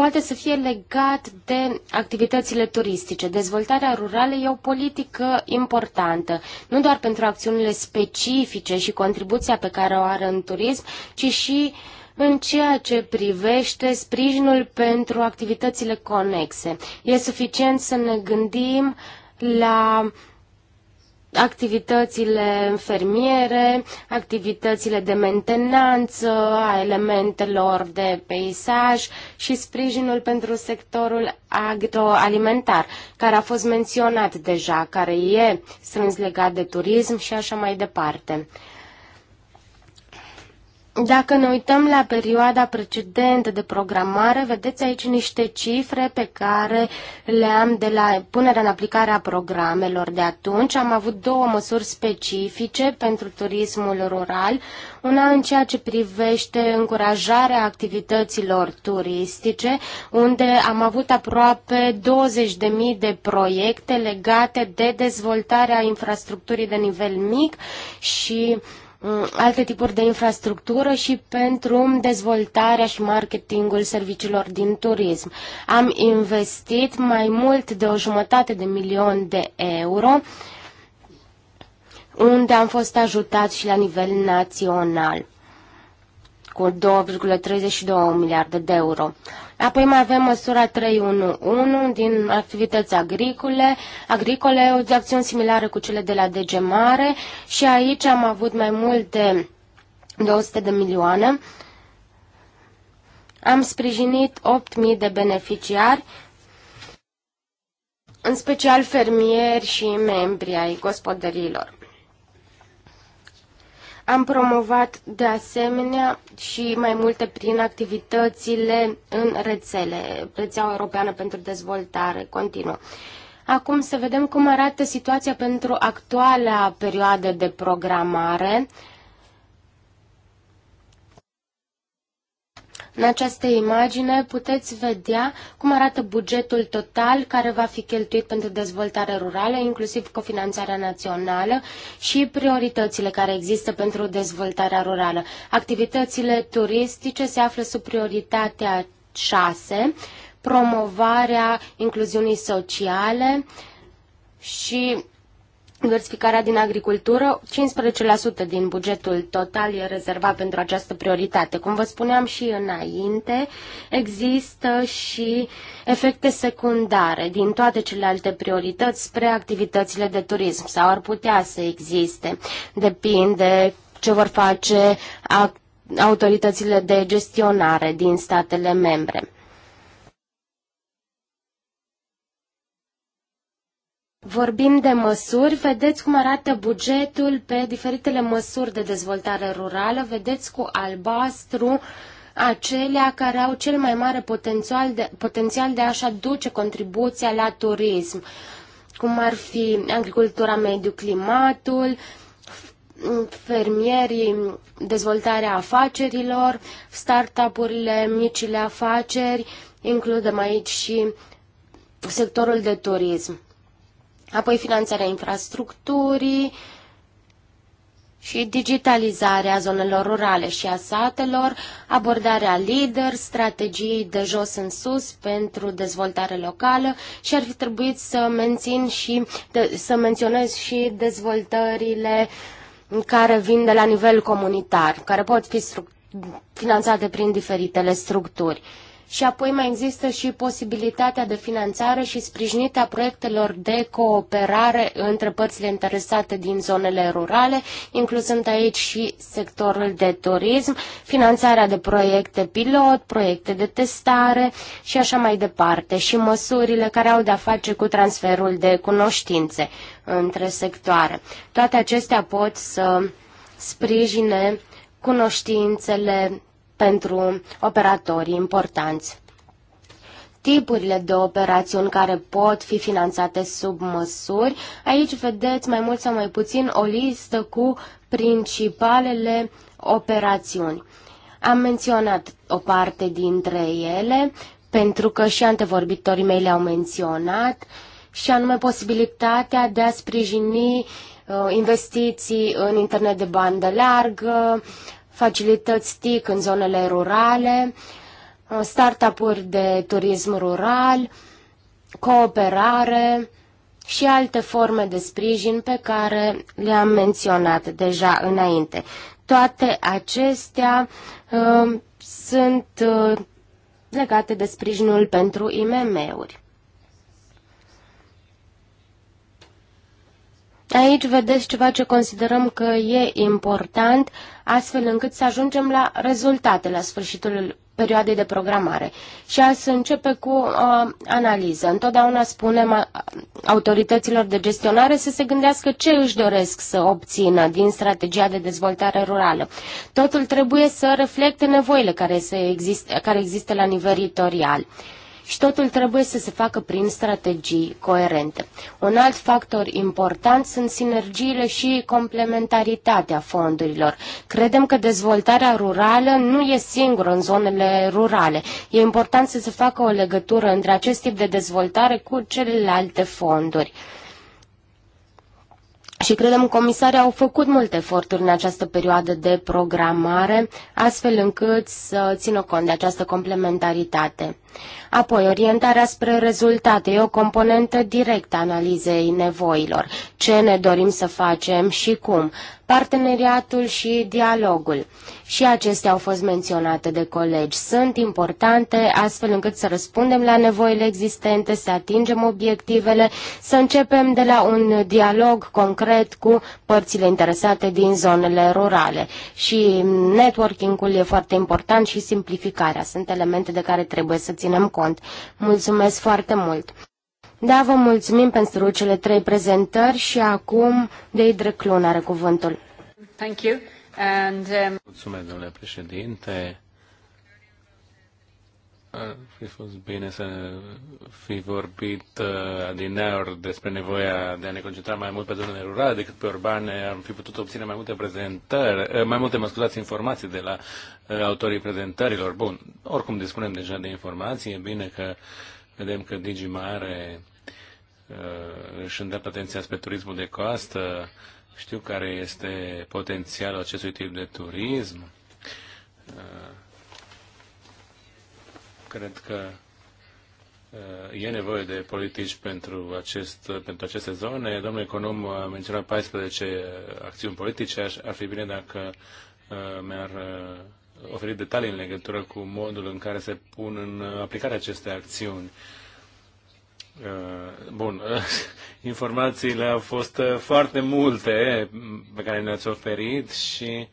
Speaker 2: poate să fie legat de activitățile turistice. Dezvoltarea rurală e o politică importantă, nu doar pentru acțiunile specifice și contribuția pe care o are în turism, ci și în ceea ce privește sprijinul pentru activitățile conexe. E suficient să ne gândim la uh, activitățile fermiere, activitățile de mentenanță a elementelor de peisaj și sprijinul pentru sectorul agroalimentar, care a fost menționat deja, care e strâns legat de turism și așa mai departe. Dacă ne uităm la perioada precedentă de programare, vedeți aici niște cifre pe care le am de la punerea în aplicare a programelor de atunci. Am avut două măsuri specifice pentru turismul rural, una în ceea ce privește încurajarea activităților turistice, unde am avut aproape 20.000 de proiecte legate de dezvoltarea infrastructurii de nivel mic și uh, Uh, alte tipuri de infrastructură și pentru dezvoltarea și marketingul serviciilor din turism. Am investit mai mult de o jumătate de milion de euro unde am fost ajutați și la nivel național cu 2,32 miliarde de euro. Apoi mai avem măsura 311 din activități agricole, agricole, o acțiune similară cu cele de la DG Mare și aici am avut mai multe 200 de milioane. Am sprijinit 8.000 de beneficiari, în special fermieri și membri ai gospodăriilor. Am promovat de asemenea și mai multe prin activitățile în rețele, rețeaua europeană pentru dezvoltare continuă. Acum să vedem cum arată situația pentru actuala perioadă de programare În această imagine puteți vedea cum arată bugetul total care va fi cheltuit pentru dezvoltare rurală, inclusiv cofinanțarea națională și prioritățile care există pentru dezvoltarea rurală. Activitățile turistice se află sub prioritatea 6, promovarea incluziunii sociale și diversificarea din agricultură, 15% din bugetul total e rezervat pentru această prioritate. Cum vă spuneam și înainte, există și efecte secundare din toate celelalte priorități spre activitățile de turism sau ar putea să existe. Depinde ce vor face autoritățile de gestionare din statele membre. vorbim de măsuri, vedeți cum arată bugetul pe diferitele măsuri de dezvoltare rurală, vedeți cu albastru acelea care au cel mai mare potențial de, potențial de a-și aduce contribuția la turism, cum ar fi agricultura, mediu, climatul, fermierii, dezvoltarea afacerilor, startup-urile, micile afaceri, includem aici și sectorul de turism apoi finanțarea infrastructurii și digitalizarea zonelor rurale și a satelor, abordarea lider, strategii de jos în sus pentru dezvoltare locală și ar fi trebuit să, mențin și, de, să menționez și dezvoltările care vin de la nivel comunitar, care pot fi finanțate prin diferitele structuri și apoi mai există și posibilitatea de finanțare și sprijinit a proiectelor de cooperare între părțile interesate din zonele rurale, incluzând aici și sectorul de turism, finanțarea de proiecte pilot, proiecte de testare și așa mai departe, și măsurile care au de-a face cu transferul de cunoștințe între sectoare. Toate acestea pot să sprijine cunoștințele pentru operatorii importanți. Tipurile de operațiuni care pot fi finanțate sub măsuri, aici vedeți mai mult sau mai puțin o listă cu principalele operațiuni. Am menționat o parte dintre ele, pentru că și antevorbitorii mei le-au menționat, și anume posibilitatea de a sprijini uh, investiții în internet de bandă largă, facilități TIC în zonele rurale, uh, startup-uri de turism rural, cooperare și alte forme de sprijin pe care le-am menționat deja înainte. Toate acestea uh, sunt uh, legate de sprijinul pentru IMM-uri. Aici vedeți ceva ce considerăm că e important, astfel încât să ajungem la rezultate la sfârșitul perioadei de programare. Și azi să începe cu uh, analiză. Întotdeauna spunem uh, autorităților de gestionare să se gândească ce își doresc să obțină din strategia de dezvoltare rurală. Totul trebuie să reflecte nevoile care, se existe, care există la nivel teritorial. Uh, și totul trebuie să se facă prin strategii coerente. Un alt factor important sunt sinergiile și complementaritatea fondurilor. Credem că dezvoltarea rurală nu e singură în zonele rurale. E important să se facă o legătură între acest tip de dezvoltare cu celelalte fonduri. Și credem că comisarii au făcut multe eforturi în această perioadă de programare, astfel încât să țină cont de această complementaritate. Apoi, orientarea spre rezultate e o componentă directă a analizei nevoilor, ce ne dorim să facem și cum, parteneriatul și dialogul. Și acestea au fost menționate de colegi. Sunt importante astfel încât să răspundem la nevoile existente, să atingem obiectivele, să începem de la un dialog concret cu părțile interesate din zonele rurale. Și networking-ul e foarte important și simplificarea sunt elemente de care trebuie să ținem cont. Mulțumesc foarte mult! Da, vă mulțumim pentru cele trei prezentări și acum Deidre Clun are cuvântul.
Speaker 3: Thank you. And, um...
Speaker 4: Mulțumesc, domnule președinte ar fi fost bine să fi vorbit uh, adineori despre nevoia de a ne concentra mai mult pe zonele rurale decât pe urbane. Am fi putut obține mai multe prezentări, uh, mai multe, mă scuzați, informații de la uh, autorii prezentărilor. Bun, oricum dispunem deja de informații, e bine că vedem că Digimare își îndreaptă atenția spre turismul de coastă, știu care este potențialul acestui tip de turism Cred că uh, e nevoie de politici pentru, acest, pentru aceste zone. Domnul econom a menționat 14 uh, acțiuni politice. Ar, ar fi bine dacă uh, mi-ar oferi detalii în legătură cu modul în care se pun în aplicare aceste acțiuni. Bun, informațiile au fost foarte multe pe care ne-ați oferit și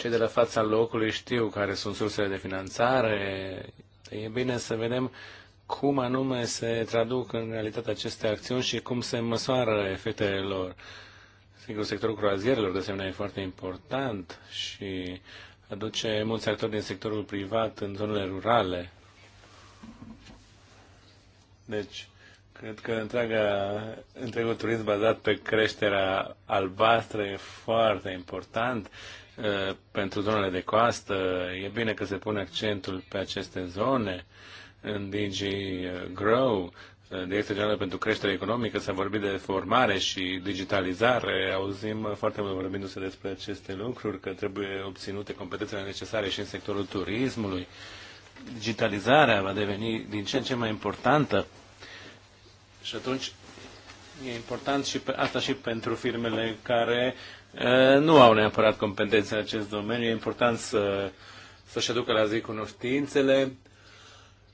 Speaker 4: cei de la fața locului știu care sunt sursele de finanțare. E bine să vedem cum anume se traduc în realitate aceste acțiuni și cum se măsoară efectele lor. Sigur, sectorul croazierelor, de asemenea, e foarte important și aduce mulți actori din sectorul privat în zonele rurale. Deci, cred că întreaga, întregul turism bazat pe creșterea albastră e foarte important Eh, pentru zonele de coastă. E bine că se pune accentul pe aceste zone. În Digi eh, Grow, eh, Direcția Generală pentru Creștere Economică, s-a vorbit de formare și digitalizare. Auzim foarte mult vorbindu-se despre aceste lucruri, că trebuie obținute competențele necesare și în sectorul turismului. Digitalizarea va deveni din ce în ce mai importantă și atunci e important și pe, asta și pentru firmele care nu au neapărat competențe în acest domeniu. E important să, să-și aducă la zi cunoștințele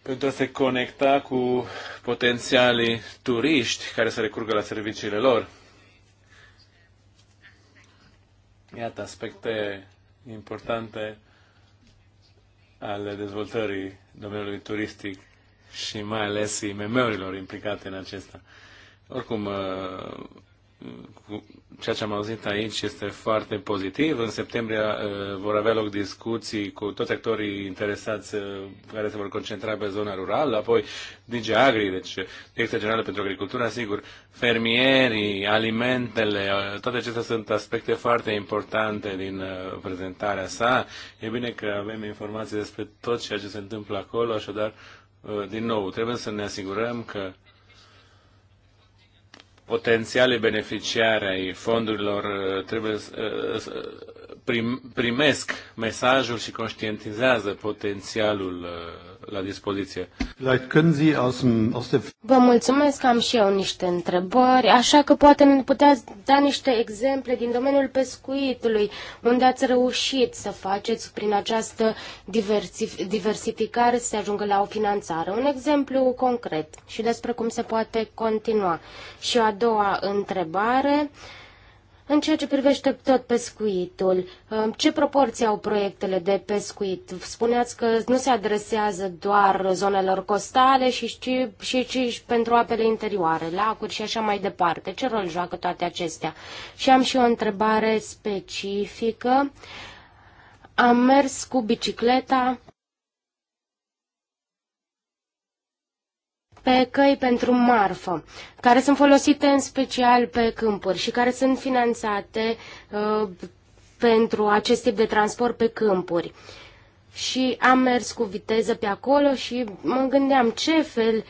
Speaker 4: pentru a se conecta cu potențialii turiști care să recurgă la serviciile lor. Iată aspecte importante ale dezvoltării domeniului turistic și mai ales IMM-urilor implicate în acesta. Oricum, ceea ce am auzit aici este foarte pozitiv. În septembrie uh, vor avea loc discuții cu toți actorii interesați uh, care se vor concentra pe zona rurală, apoi DG Agri, deci Direcția Generală pentru Agricultura, sigur, fermierii, alimentele, uh, toate acestea sunt aspecte foarte importante din prezentarea sa. E bine că avem informații despre tot ceea ce se întâmplă acolo, așadar, din nou, trebuie să ne asigurăm că potențiale beneficiari ai fondurilor uh, trebuie uh, să primesc mesajul și conștientizează potențialul uh, la dispoziție.
Speaker 2: Vă mulțumesc, am și eu niște întrebări, așa că poate ne puteți da niște exemple din domeniul pescuitului, unde ați reușit să faceți prin această diversificare să se ajungă la o finanțare. Un exemplu concret și despre cum se poate continua. Și a doua întrebare. În ceea ce privește tot pescuitul, um, ce proporție au proiectele de pescuit? Spuneați că nu se adresează doar zonelor costale și și, și, și pentru apele interioare, lacuri și așa mai departe. Ce rol joacă toate acestea? Și am și o întrebare specifică. Am mers cu bicicleta pe căi pentru marfă, care sunt folosite în special pe câmpuri și care sunt finanțate uh, pentru acest tip de transport pe câmpuri. Și am mers cu viteză pe acolo și mă gândeam ce fel uh,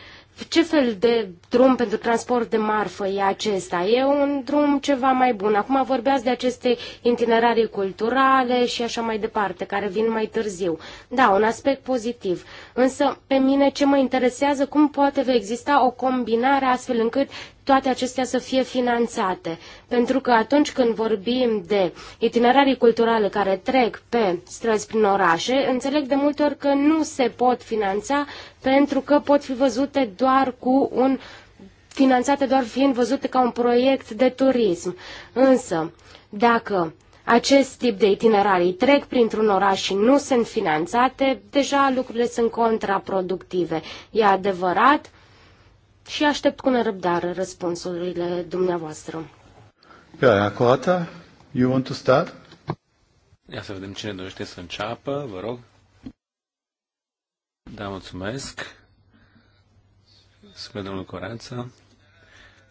Speaker 2: ce fel de drum pentru transport de marfă e acesta? E un drum ceva mai bun. Acum vorbeați de aceste itinerarii culturale și așa mai departe, care vin mai târziu. Da, un aspect pozitiv. Însă, pe mine ce mă interesează, cum poate exista o combinare astfel încât toate acestea să fie finanțate. Pentru că atunci când vorbim de itinerarii culturale care trec pe străzi prin orașe, înțeleg de multe ori că nu se pot finanța pentru că pot fi văzute doar cu un finanțate doar fiind văzute ca un proiect de turism. Însă, dacă acest tip de itinerarii trec printr-un oraș și nu sunt finanțate, deja lucrurile sunt contraproductive. E adevărat și aștept cu nerăbdare răspunsurile dumneavoastră.
Speaker 1: Yeah, Coata, you want to start?
Speaker 4: Ia să vedem cine dorește să înceapă, vă rog. Da, mulțumesc. Spre domnul Coranța.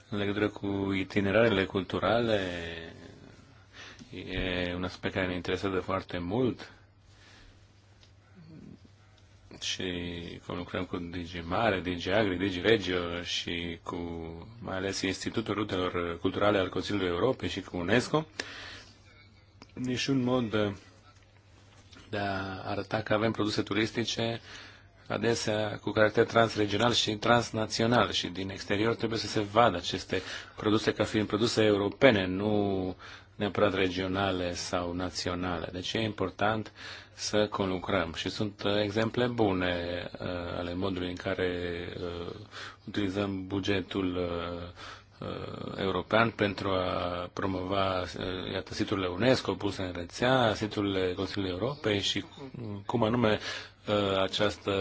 Speaker 4: În legătură cu itinerarele culturale, e un aspect care ne interesează foarte mult și lucrăm cu Digi Mare, Digi Agri, Digi Regio și cu mai ales Institutul Rutelor Culturale al Consiliului Europei și cu UNESCO. Niciun deci, mod de a arăta că avem produse turistice adesea cu caracter transregional și transnațional și din exterior trebuie să se vadă aceste produse ca fiind produse europene, nu neapărat regionale sau naționale. Deci e important uh, să conlucrăm. Și sunt uh, exemple bune uh, ale modului în care uh, utilizăm bugetul european pentru a promova, iată, siturile UNESCO puse în rețea, siturile Consiliului Europei și cum anume această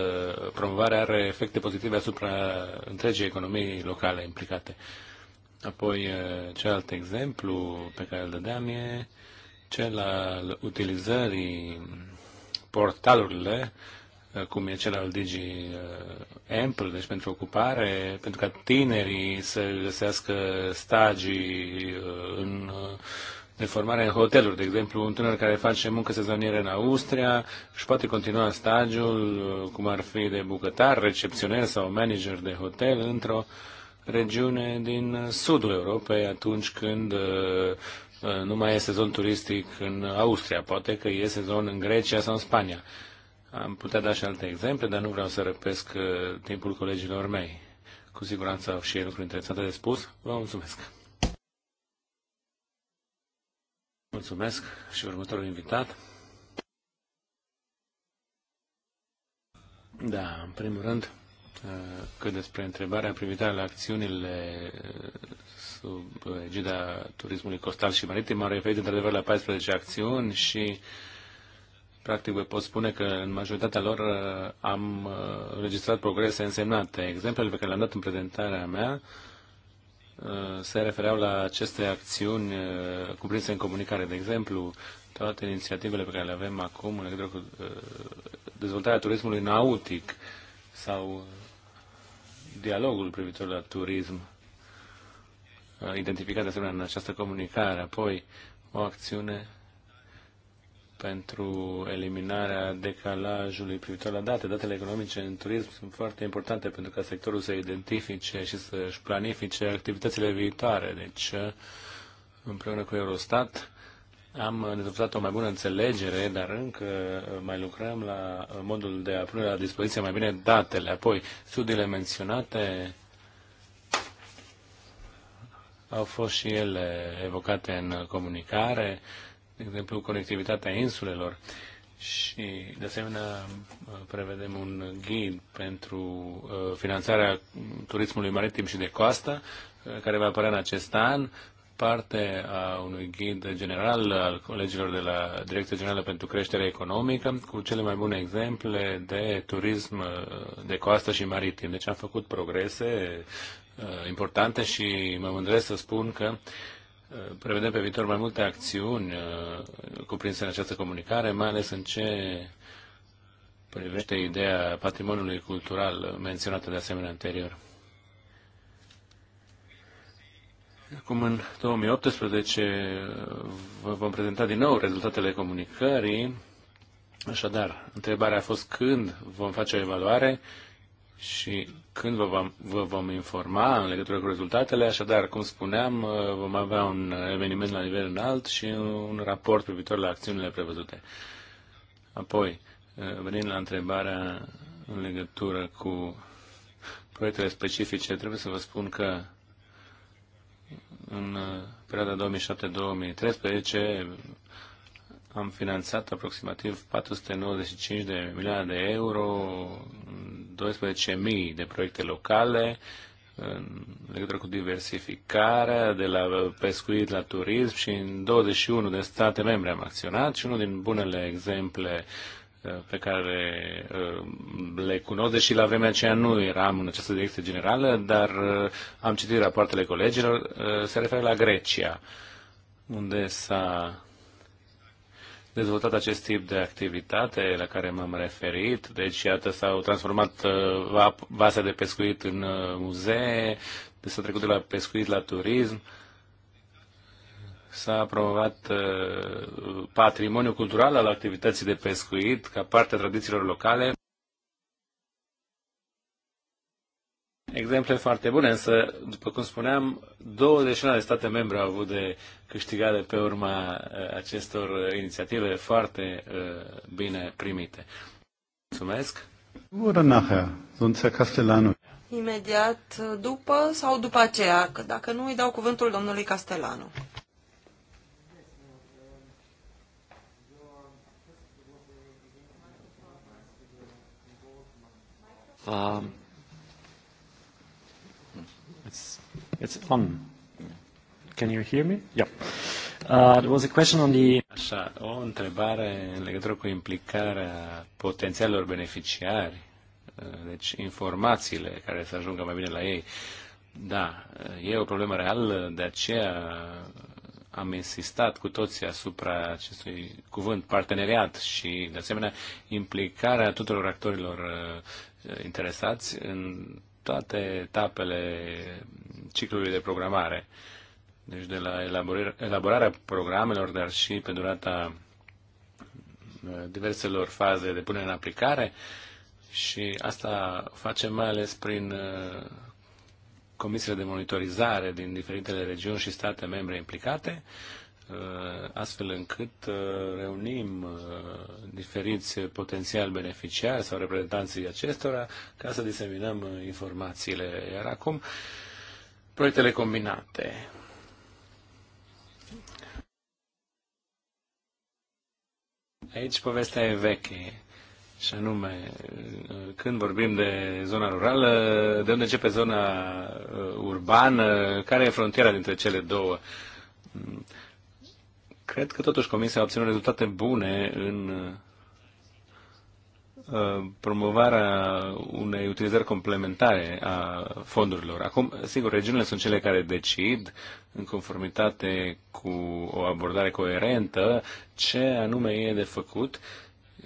Speaker 4: promovare are efecte pozitive asupra întregii economii locale implicate. Apoi, celălalt exemplu pe care îl dădeam e cel al utilizării portalurile, uh, cum e cel al Digi uh, Ample, deci pentru ocupare, pentru ca tinerii să găsească stagii uh, în de formare în hoteluri. De exemplu, un tânăr care face muncă sezonieră în Austria și poate continua stagiul, cum ar fi de bucătar, recepționer sau manager de hotel, într-o regiune din sudul Europei atunci când Uh, nu mai e sezon turistic în Austria, poate că e sezon în Grecia sau în Spania. Am putea da și alte exemple, dar nu vreau să răpesc uh, timpul colegilor mei. Cu siguranță au și ei lucruri interesante de spus. Vă mulțumesc! Mulțumesc și următorul invitat. Da, în primul rând, uh, că despre întrebarea privitoare la acțiunile sub uh, egida turismului costal și maritim. M-am referit într-adevăr la 14 acțiuni și practic vă pot spune că în majoritatea lor uh, am uh, registrat progrese însemnate. Exemplele pe care le-am dat în prezentarea mea se refereau la aceste acțiuni cuprinse în comunicare. De exemplu, toate inițiativele pe care le avem acum în legătură cu dezvoltarea turismului nautic sau dialogul privitor la turism Uh, identificat de asemenea în această comunicare, apoi o acțiune pentru eliminarea decalajului privitor la date. Datele economice în turism sunt foarte importante pentru ca sectorul să identifice și să-și planifice activitățile viitoare. Deci, uh, împreună cu Eurostat, am dezvoltat o mai bună înțelegere, dar încă mai lucrăm la modul de a pune la dispoziție mai bine datele. Apoi, studiile menționate au fost și ele evocate în comunicare, de exemplu conectivitatea insulelor și de asemenea prevedem un ghid pentru uh, finanțarea turismului maritim și de coastă uh, care va apărea în acest an parte a unui ghid general al colegilor de la Direcția Generală pentru Creștere Economică cu cele mai bune exemple de turism uh, de coastă și maritim. Deci am făcut progrese Uh, importante și mă mândresc să spun că uh, prevedem pe viitor mai multe acțiuni uh, cuprinse în această comunicare, mai ales în ce privește ideea patrimoniului cultural menționată de asemenea anterior. Acum, în 2018, vă vom prezenta din nou rezultatele comunicării. Așadar, întrebarea a fost când vom face o evaluare și când vă vom, vă vom informa în legătură cu rezultatele, așadar, cum spuneam, uh, vom avea un eveniment la nivel înalt și un raport privitor la acțiunile prevăzute. Apoi, uh, venind la întrebarea în legătură cu proiectele specifice, trebuie să vă spun că în uh, perioada 2007-2013 am finanțat aproximativ 495 de milioane de euro în 12.000 de proiecte locale în legătură cu diversificarea de la pescuit la turism și în 21 de state membre am acționat și unul din bunele exemple uh, pe care uh, le cunosc, deși la vremea aceea nu eram în această direcție generală, dar uh, am citit rapoartele colegilor, se referă la Grecia, unde s-a dezvoltat acest tip de activitate la care m-am referit. Deci, iată, s-au transformat uh, vase de pescuit în uh, muzee, s-a trecut de la pescuit la turism, s-a promovat uh, patrimoniul cultural al activității de pescuit ca parte a tradițiilor locale. exemple foarte bune, însă, după cum spuneam, 21 de state membre au avut de câștigare pe urma uh, acestor inițiative foarte uh, bine primite. Mulțumesc!
Speaker 1: Castellano.
Speaker 5: Imediat după sau după aceea, că dacă nu îi dau cuvântul domnului Castellano.
Speaker 4: Um. It's on. Can you hear me? Yeah. Uh, there was a question on the... Așa, o întrebare în legătură cu implicarea potențialilor beneficiari, uh, deci informațiile care să ajungă mai bine la ei. Da, uh, e o problemă reală, de aceea am insistat cu toții asupra acestui cuvânt, parteneriat și, de asemenea, implicarea tuturor actorilor uh, interesați în toate etapele ciclului de programare. Deci de la elaborarea programelor, dar și pe durata uh, diverselor faze de punere în aplicare și asta facem mai ales prin uh, comisiile de monitorizare din diferitele regiuni și state membre implicate Uh, astfel încât uh, reunim uh, diferiți potențial beneficiari sau reprezentanții acestora ca să diseminăm informațiile. Iar acum, proiectele combinate. Aici povestea e veche. Și anume, când vorbim de zona rurală, de unde începe zona urbană, care e frontiera dintre cele două? Mm. Cred că totuși Comisia a obținut rezultate bune în uh, promovarea unei utilizări complementare a fondurilor. Acum, sigur, regiunile sunt cele care decid, în conformitate cu o abordare coerentă, ce anume e de făcut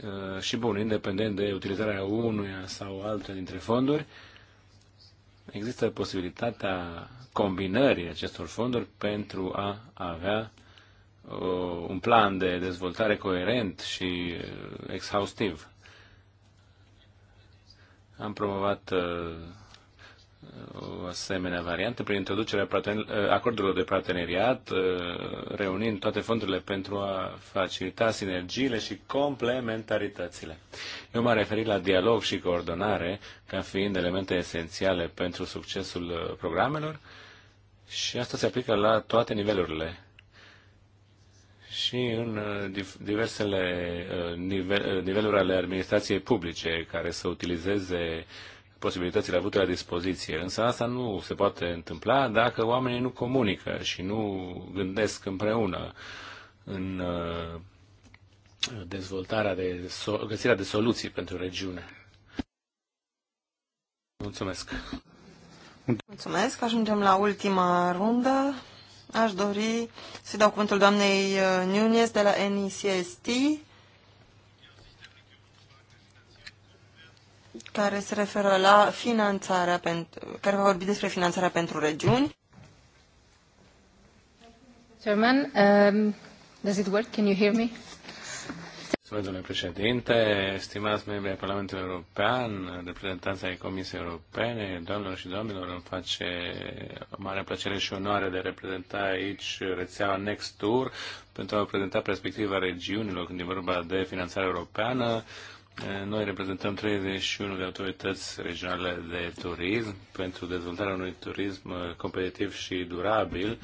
Speaker 4: uh, și, bun, independent de utilizarea unuia sau altă dintre fonduri, există posibilitatea combinării acestor fonduri pentru a avea Uh, un plan de dezvoltare coerent și uh, exhaustiv. Am promovat uh, o asemenea variantă prin introducerea acordurilor de parteneriat, reunind toate fondurile pentru a facilita sinergiile și complementaritățile. Eu m-am referit la dialog și coordonare ca fiind elemente esențiale pentru succesul programelor și asta se aplică la toate nivelurile și în uh, diversele uh, uh, niveluri ale administrației publice care să utilizeze posibilitățile avute la dispoziție. Însă asta nu se poate întâmpla dacă oamenii nu comunică și nu gândesc împreună în dezvoltarea de, găsirea de soluții pentru regiune. Mulțumesc!
Speaker 5: Mulțumesc! Ajungem la ultima rundă. Aș dori să dau cuvântul doamnei uh, Nunes de la NICST, care se referă la finanțarea pentru, care va vorbi despre finanțarea pentru regiuni. Chairman, um, does it work? Can you hear me?
Speaker 4: Mulțumesc, domnule președinte, stimați membri ai Parlamentului European, reprezentanța ai Comisiei Europene, doamnelor și domnilor, îmi face mare plăcere și onoare de a reprezenta aici rețeaua Next Tour pentru a prezenta perspectiva regiunilor când e vorba de finanțare europeană. Noi reprezentăm 31 de autorități regionale de turism pentru dezvoltarea unui turism competitiv și durabil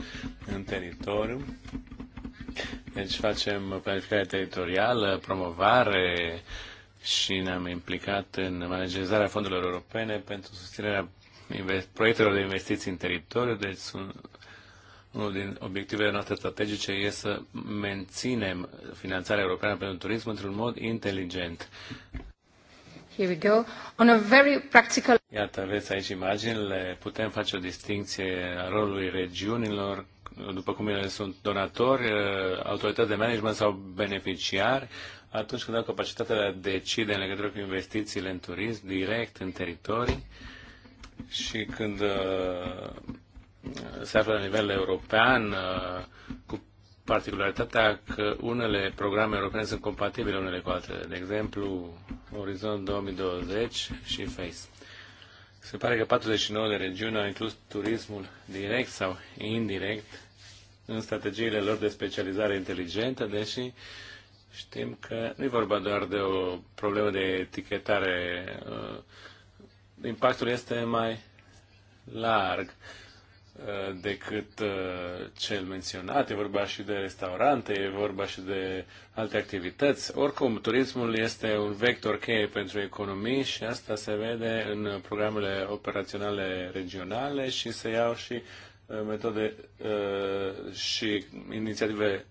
Speaker 4: în teritoriu deci facem planificare teritorială, promovare și ne-am implicat în managerizarea fondurilor europene pentru susținerea proiectelor de investiții în teritoriu, deci sunt unul din obiectivele noastre strategice e să menținem finanțarea europeană pentru turism într-un mod inteligent.
Speaker 2: Here we go. On a very practical...
Speaker 4: Iată, aveți aici imaginile. Putem face o distinție a rolului regiunilor după cum ele sunt donatori, autorități de management sau beneficiari, atunci când au capacitatea de a decide în legătură cu investițiile în turism, direct, în teritorii, și când se află la nivel european, cu particularitatea că unele programe europene sunt compatibile unele cu altele. De exemplu, Orizont 2020 și FACE. Se pare că 49 de regiuni au inclus turismul direct sau indirect în strategiile lor de specializare inteligentă, deși știm că nu e vorba doar de o problemă de etichetare. Uh, impactul este mai larg uh, decât uh, cel menționat. E vorba și de restaurante, e vorba și de alte activități. Oricum, turismul este un vector cheie pentru economii și asta se vede în programele operaționale regionale și se iau și Uh, metode uh, și inițiative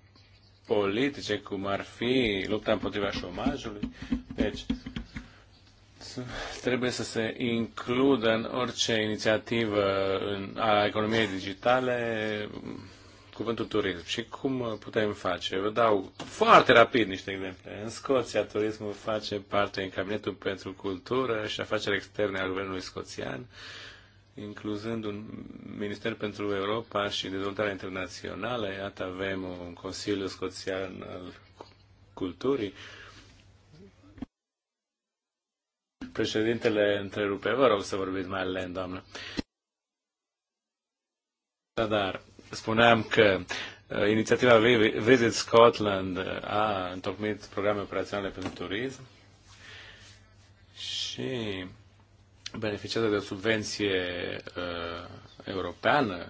Speaker 4: politice, cum ar fi lupta împotriva șomajului. Deci, trebuie să se includă în orice inițiativă a economiei digitale cuvântul turism. Și cum putem face? Vă dau foarte rapid niște exemple. În Scoția, turismul face parte în Cabinetul pentru Cultură și Afaceri Externe al Guvernului Scoțian. Uh, incluzând un Minister pentru Europa și Dezvoltare Internațională, iată avem un Consiliu Scoțian al Culturii. Președintele întrerupe, vă rog să vorbiți mai lent, doamnă. Dar spuneam că uh, inițiativa Visit Scotland uh, a întocmit programe operaționale pentru turism și beneficiază de o subvenție uh, europeană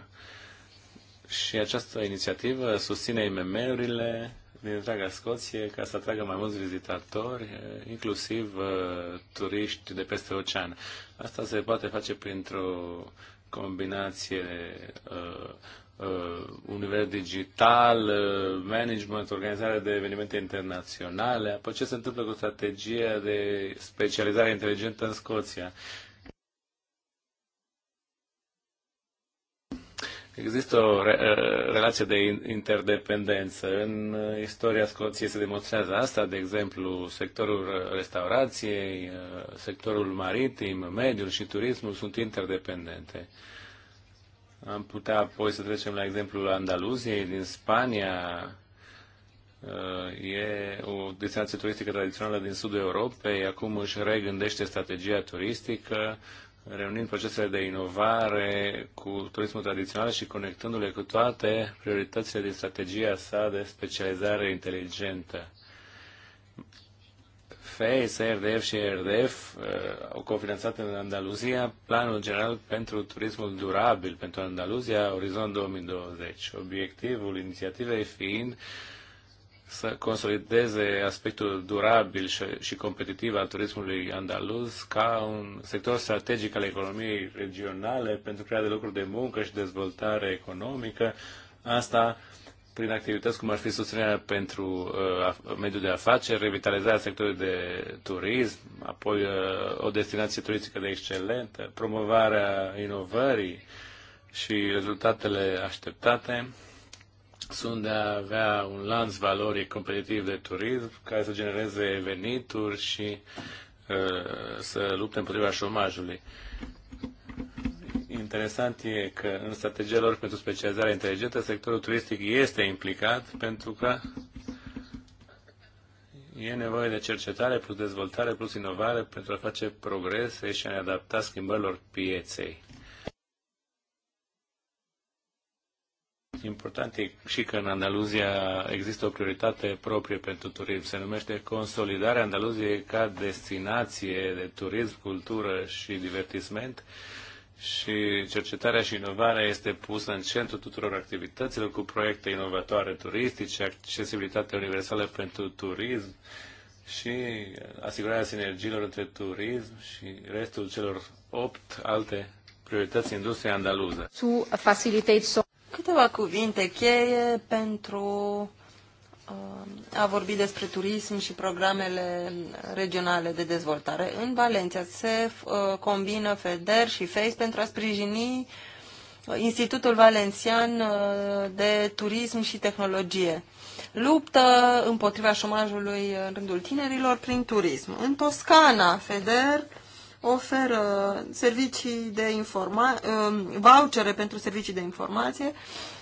Speaker 4: și această inițiativă susține IMM-urile din întreaga Scoție ca să atragă mai mulți vizitatori, uh, inclusiv uh, turiști de peste ocean. Asta se poate face printr-o combinație uh, uh, nivel digital, uh, management, organizarea de evenimente internaționale, apoi ce se întâmplă cu strategia de specializare inteligentă în Scoția. Există o re- relație de interdependență. În istoria Scoției se demonstrează asta, de exemplu, sectorul restaurației, sectorul maritim, mediul și turismul sunt interdependente. Am putea apoi să trecem la exemplul Andaluziei din Spania. E o destinație turistică tradițională din sudul Europei. Acum își regândește strategia turistică reunind procesele de inovare cu turismul tradițional și conectându-le cu toate prioritățile din strategia sa de specializare inteligentă. FACE, RDF și RDF uh, au cofinanțat în Andaluzia planul general pentru turismul durabil pentru Andaluzia Orizont 2020, obiectivul inițiativei fiind uh, să consolideze aspectul durabil și, și competitiv al turismului andaluz ca un sector strategic al economiei regionale pentru crearea de locuri de muncă și dezvoltare economică. Asta prin activități cum ar fi susținerea pentru uh, mediul de afaceri, revitalizarea sectorului de turism, apoi uh, o destinație turistică de excelentă, promovarea inovării și rezultatele așteptate sunt de a avea un lanț valoric competitiv de turism care să genereze venituri și uh, să lupte împotriva șomajului. Interesant e că în strategia lor pentru specializare inteligentă sectorul turistic este implicat pentru că e nevoie de cercetare plus dezvoltare plus inovare pentru a face progrese și a ne adapta schimbărilor pieței. Important e și că în Andaluzia există o prioritate proprie pentru turism. Se numește consolidarea Andaluziei ca destinație de turism, cultură și divertisment și cercetarea și inovarea este pusă în centrul tuturor activităților cu proiecte inovatoare turistice, accesibilitate universală pentru turism și asigurarea sinergiilor între turism și restul celor opt alte priorități industriei andaluză.
Speaker 5: To câteva cuvinte cheie pentru uh, a vorbi despre turism și programele regionale de dezvoltare. În Valencia se uh, combină FEDER și FACE pentru a sprijini uh, Institutul Valențian de Turism și Tehnologie. Luptă împotriva șomajului în rândul tinerilor prin turism. În Toscana, FEDER oferă servicii de informa um, vouchere pentru servicii de informație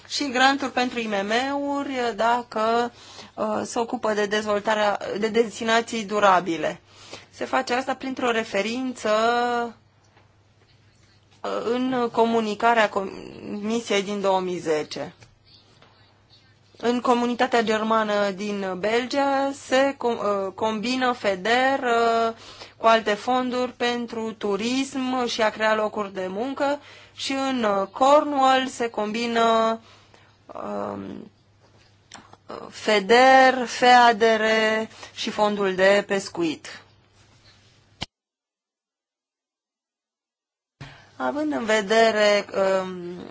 Speaker 5: și granturi pentru IMM-uri dacă uh, se ocupă de dezvoltarea de destinații durabile. Se face asta printr-o referință uh, în comunicarea Comisiei din 2010. În comunitatea germană din Belgia se uh, combină FEDER, cu alte fonduri pentru turism și a crea locuri de muncă și în uh, Cornwall se combină um, FEDER, FEADER și fondul de pescuit. Având în vedere um,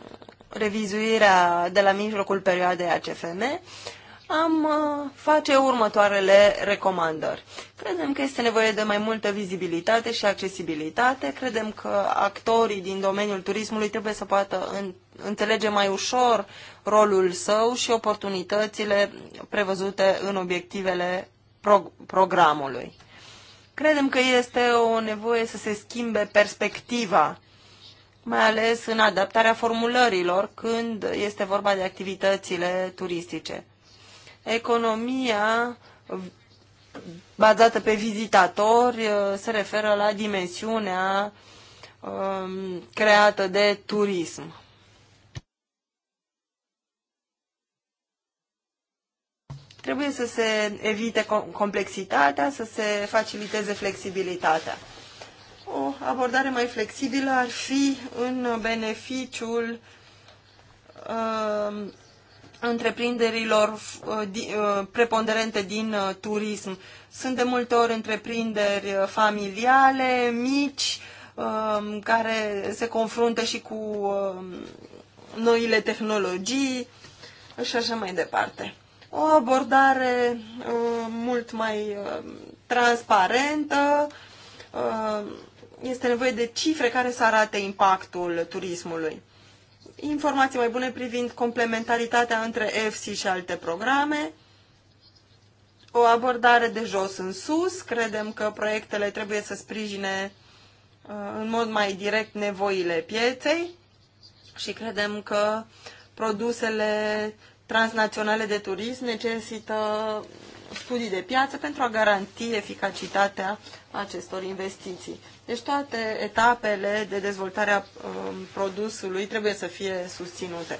Speaker 5: revizuirea de la mijlocul perioadei ACFM, am uh, face următoarele recomandări. Credem că este nevoie de mai multă vizibilitate și accesibilitate. Credem că actorii din domeniul turismului trebuie să poată înțelege mai ușor rolul său și oportunitățile prevăzute în obiectivele programului. Credem că este o nevoie să se schimbe perspectiva mai ales în adaptarea formulărilor când este vorba de activitățile turistice economia bazată pe vizitatori uh, se referă la dimensiunea um, creată de turism. Trebuie să se evite complexitatea, să se faciliteze flexibilitatea. O abordare mai flexibilă ar fi în beneficiul um, întreprinderilor uh, uh, preponderente din uh, turism. Sunt de multe ori întreprinderi familiale, mici, um, care se confruntă și cu um, noile tehnologii și așa mai departe. O abordare mult mai transparentă, este nevoie de cifre care să arate impactul turismului informații mai bune privind complementaritatea între EFSI și alte programe, o abordare de jos în sus, credem că proiectele trebuie să sprijine uh, în mod mai direct nevoile pieței și credem că produsele transnaționale de turism necesită studii de piață pentru a garanti eficacitatea acestor investiții. Deci toate etapele de dezvoltare a um, produsului trebuie să fie susținute.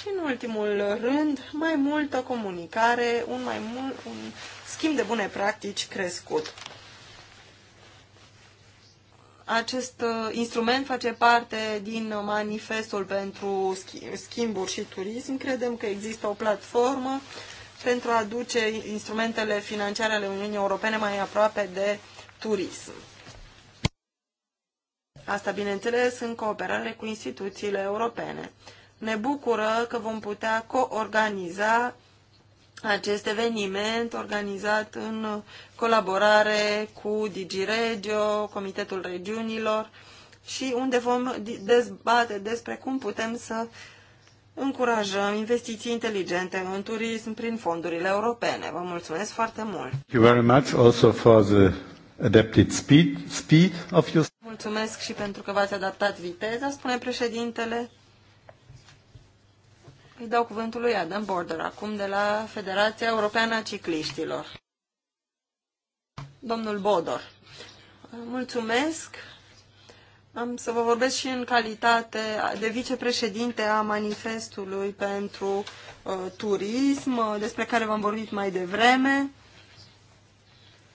Speaker 5: Și în ultimul rând, mai multă comunicare, un, mai mult, un schimb de bune practici crescut. Acest uh, instrument face parte din manifestul pentru schimburi și turism. Credem că există o platformă pentru a aduce instrumentele financiare ale Uniunii Europene mai aproape de turism. Asta, bineînțeles, în cooperare cu instituțiile europene. Ne bucură că vom putea coorganiza acest eveniment organizat în colaborare cu DigiRegio, Comitetul Regiunilor și unde vom dezbate despre cum putem să încurajăm investiții inteligente în turism prin fondurile europene. Vă mulțumesc foarte mult! Thank
Speaker 1: you very much also for the adapted speed, speed of your...
Speaker 5: Mulțumesc și pentru că v-ați adaptat viteza, spune președintele. Îi dau cuvântul lui Adam Border, acum de la Federația Europeană a Cicliștilor. Domnul Bodor, mulțumesc. Am să vă vorbesc și în calitate de vicepreședinte a manifestului pentru uh, turism, uh, despre care v-am vorbit mai devreme.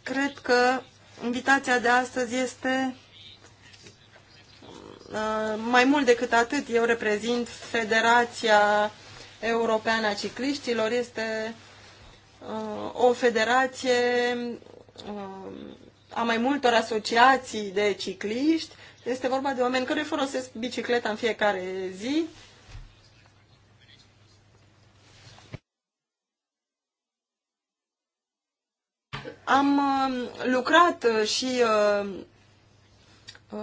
Speaker 5: Cred că invitația de astăzi este uh, mai mult decât atât. Eu reprezint Federația Europeană a Cicliștilor. Este uh, o federație uh, a mai multor asociații de cicliști este vorba de oameni care folosesc bicicleta în fiecare zi. Am uh, lucrat uh, și uh,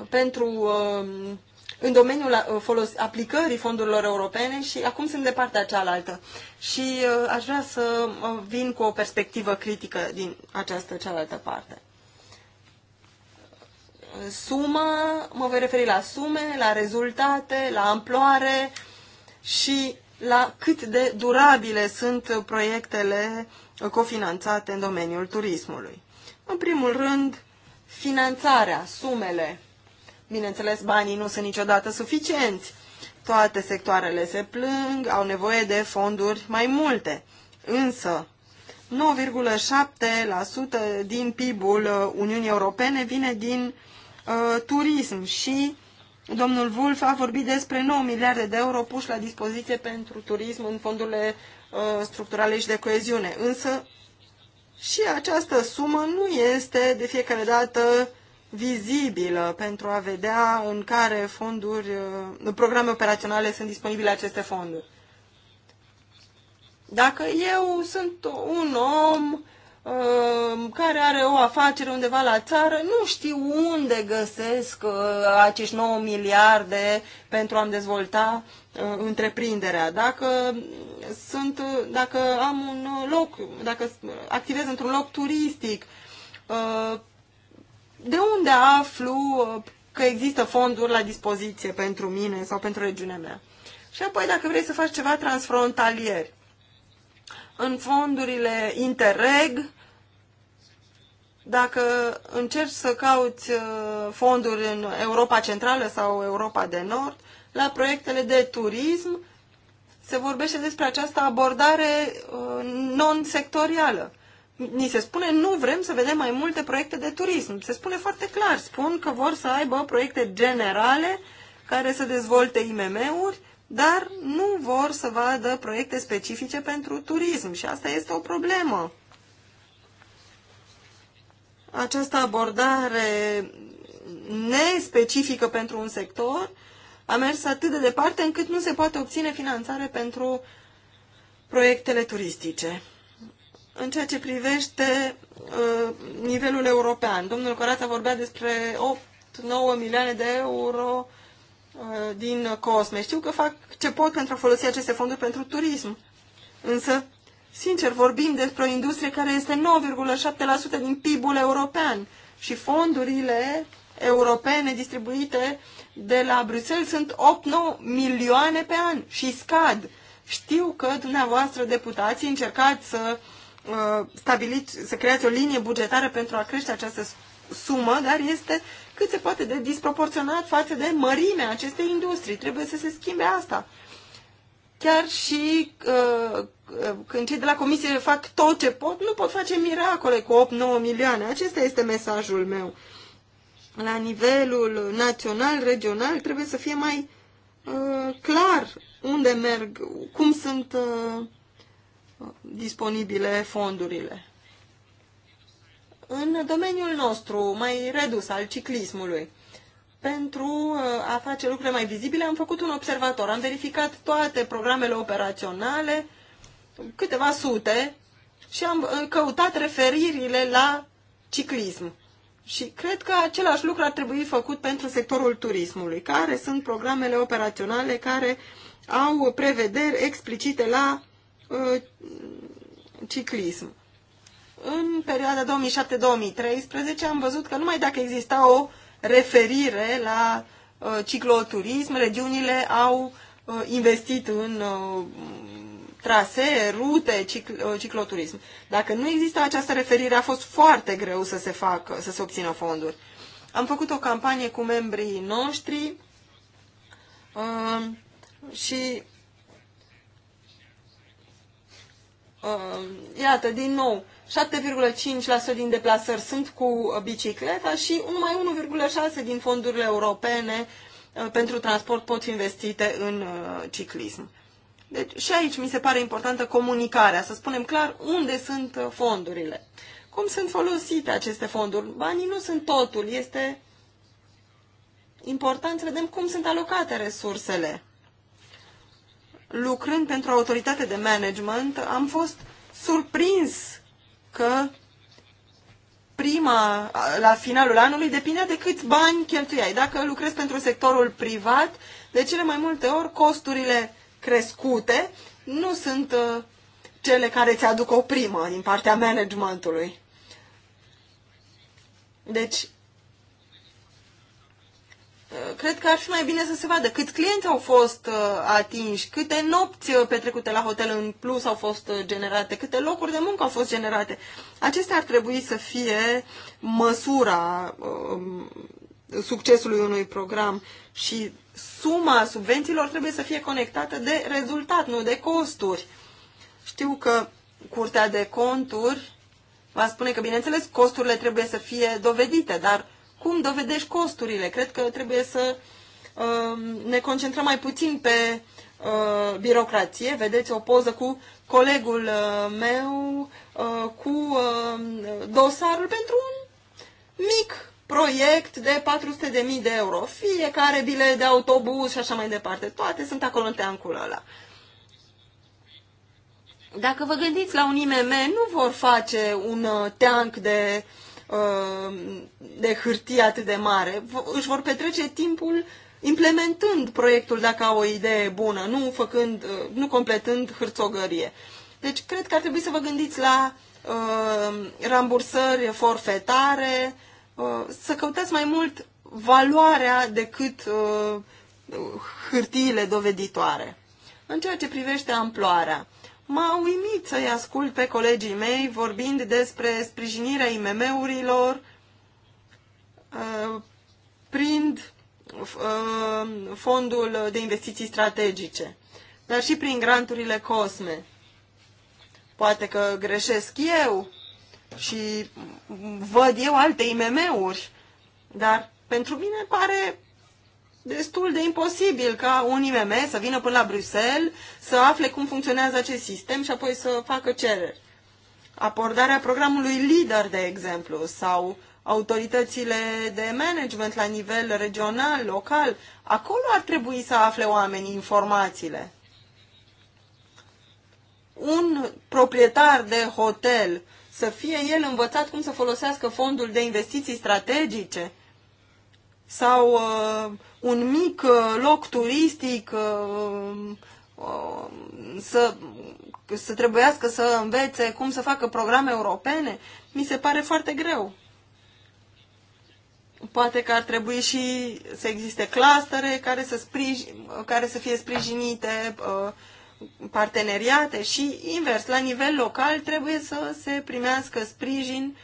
Speaker 5: pentru în domeniul folos, aplicării fondurilor europene și acum sunt de partea cealaltă. Și aș vrea să vin cu o perspectivă critică din această cealaltă parte sumă, mă voi referi la sume, la rezultate, la amploare și la cât de durabile sunt proiectele cofinanțate în domeniul turismului. În primul rând, finanțarea, sumele. Bineînțeles, banii nu sunt niciodată suficienți. Toate sectoarele se plâng, au nevoie de fonduri mai multe. Însă, 9,7% din PIB-ul Uniunii Europene vine din Uh, turism și domnul Wolf a vorbit despre 9 miliarde de euro puși la dispoziție pentru turism în fondurile uh, structurale și de coeziune. Însă și această sumă nu este de fiecare dată vizibilă pentru a vedea în care fonduri, uh, programe operaționale sunt disponibile aceste fonduri. Dacă eu sunt un om Um, care are o afacere undeva la țară, nu știu unde găsesc uh, acești 9 miliarde pentru a-mi dezvolta uh, întreprinderea. Dacă sunt, uh, dacă am un loc, dacă activez într-un loc turistic, de unde aflu că există fonduri la dispoziție pentru mine sau pentru regiunea mea? Și apoi dacă vrei să faci ceva transfrontalier, în fondurile Interreg dacă încerci să cauți uh, fonduri în Europa Centrală sau Europa de Nord, la proiectele de turism se vorbește despre această abordare uh, non-sectorială. Ni se spune nu vrem să vedem mai multe proiecte de turism. Se spune foarte clar, spun că vor să aibă proiecte generale care să dezvolte IMM-uri, dar nu vor să vadă proiecte specifice pentru turism și asta este o problemă această abordare nespecifică pentru un sector a mers atât de departe încât nu se poate obține finanțare pentru proiectele turistice. În ceea ce privește uh, nivelul european, domnul Corața vorbea despre 8-9 milioane de euro uh, din COSME. Știu că fac ce pot pentru a folosi aceste fonduri pentru turism, însă Sincer, vorbim despre o industrie care este 9,7% din PIB-ul european și fondurile europene distribuite de la Bruxelles sunt 8-9 milioane pe an și scad. Știu că dumneavoastră, deputații, încercați să uh, stabiliți, să creați o linie bugetară pentru a crește această sumă, dar este cât se poate de disproporționat față de mărimea acestei industrii. Trebuie să se schimbe asta. Chiar și uh, uh, când cei de la comisie fac tot ce pot, nu pot face miracole cu 8-9 milioane. Acesta este mesajul meu. La nivelul național, regional, trebuie să fie mai uh, clar unde merg, cum sunt disponibile fondurile. În domeniul nostru, mai redus al ciclismului, pentru uh, a face lucrurile mai vizibile, am făcut un observator. Am verificat toate programele operaționale, câteva sute, și am uh, căutat referirile la ciclism. Și cred că același lucru ar trebui făcut pentru sectorul turismului, care sunt programele operaționale care au prevederi explicite la uh, ciclism. În perioada 2007-2013 am văzut că numai dacă exista o uh, referire la uh, cicloturism, regiunile au uh, investit în uh, trasee, rute, cicloturism. Dacă nu există această referire, a fost foarte greu să se facă, să se obțină fonduri. Am făcut o campanie cu membrii noștri și iată, din nou, 7,5% din deplasări sunt cu uh, bicicleta și numai 1,6% din fondurile europene uh, pentru transport pot fi investite în uh, ciclism. Deci și aici mi se pare importantă comunicarea, să spunem clar unde sunt fondurile. Cum sunt folosite aceste fonduri? Banii nu sunt totul, este important să vedem cum sunt alocate resursele. Lucrând pentru autoritate de management, am fost surprins că prima, la finalul anului, depinde de câți bani cheltuiai. Dacă lucrezi pentru sectorul privat, de cele mai multe ori costurile crescute nu sunt uh, cele care ți aduc o primă din partea managementului. Deci, Eh, cred că ar fi mai bine să se vadă câți clienți au fost eh, atinși, câte nopți eh, petrecute la hotel în plus au fost generate, câte locuri de muncă au fost generate. Acestea ar trebui să fie măsura succesului unui program și suma subvențiilor trebuie să fie conectată de rezultat, nu de costuri. Știu că Curtea de Conturi va spune că, bineînțeles, costurile trebuie să fie dovedite, dar cum dovedești costurile. Cred că trebuie să um, ne concentrăm mai puțin pe uh, birocrație. Vedeți o poză cu colegul uh, meu uh, cu um, dosarul pentru un mic proiect de 400.000 de euro. Fiecare bilet de autobuz și așa mai departe. Toate sunt acolo în teancul ăla. Dacă vă gândiți la un IMM, nu vor face un teanc de uh, Uh, de hârtie atât de mare. Își vor petrece timpul implementând proiectul dacă au o idee bună, nu, făcând, uh, nu completând hârțogărie. Deci cred că ar trebui să vă gândiți la uh, rambursări forfetare, uh, să căutați mai mult valoarea decât uh, hârtiile doveditoare. În ceea ce privește amploarea, m au uimit să-i ascult pe colegii mei vorbind despre sprijinirea IMM-urilor uh, prin uh, fondul de investiții strategice, dar și prin granturile COSME. Poate că greșesc eu și văd eu alte IMM-uri, dar pentru mine pare destul de imposibil ca un IMM să vină până la Bruxelles, să afle cum funcționează acest sistem și apoi să facă cereri. Abordarea programului LEADER, de exemplu, sau autoritățile de management la nivel regional, local, acolo ar trebui să afle oamenii informațiile. Un proprietar de hotel să fie el învățat cum să folosească fondul de investiții strategice – sau uh, un mic uh, loc turistic uh, uh, să, să trebuiască să învețe cum să facă programe europene, mi se pare foarte greu. Poate că ar trebui și să existe clustere care să, sprij- care să fie sprijinite, uh, parteneriate și invers, la nivel local trebuie să se primească sprijin uh,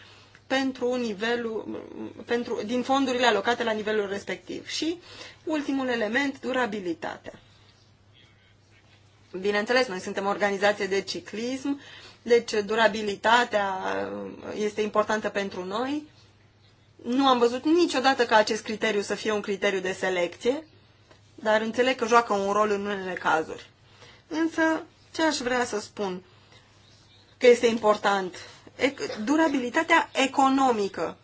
Speaker 5: pentru nivelul, pentru, din fondurile alocate la nivelul respectiv. Și ultimul element, durabilitatea. Bineînțeles, noi suntem o organizație de ciclism, deci durabilitatea este importantă pentru noi. Nu am văzut niciodată ca acest criteriu să fie un criteriu de selecție, dar înțeleg că joacă un rol în unele cazuri. Însă, ce aș vrea să spun? Că este important durabilitatea economică.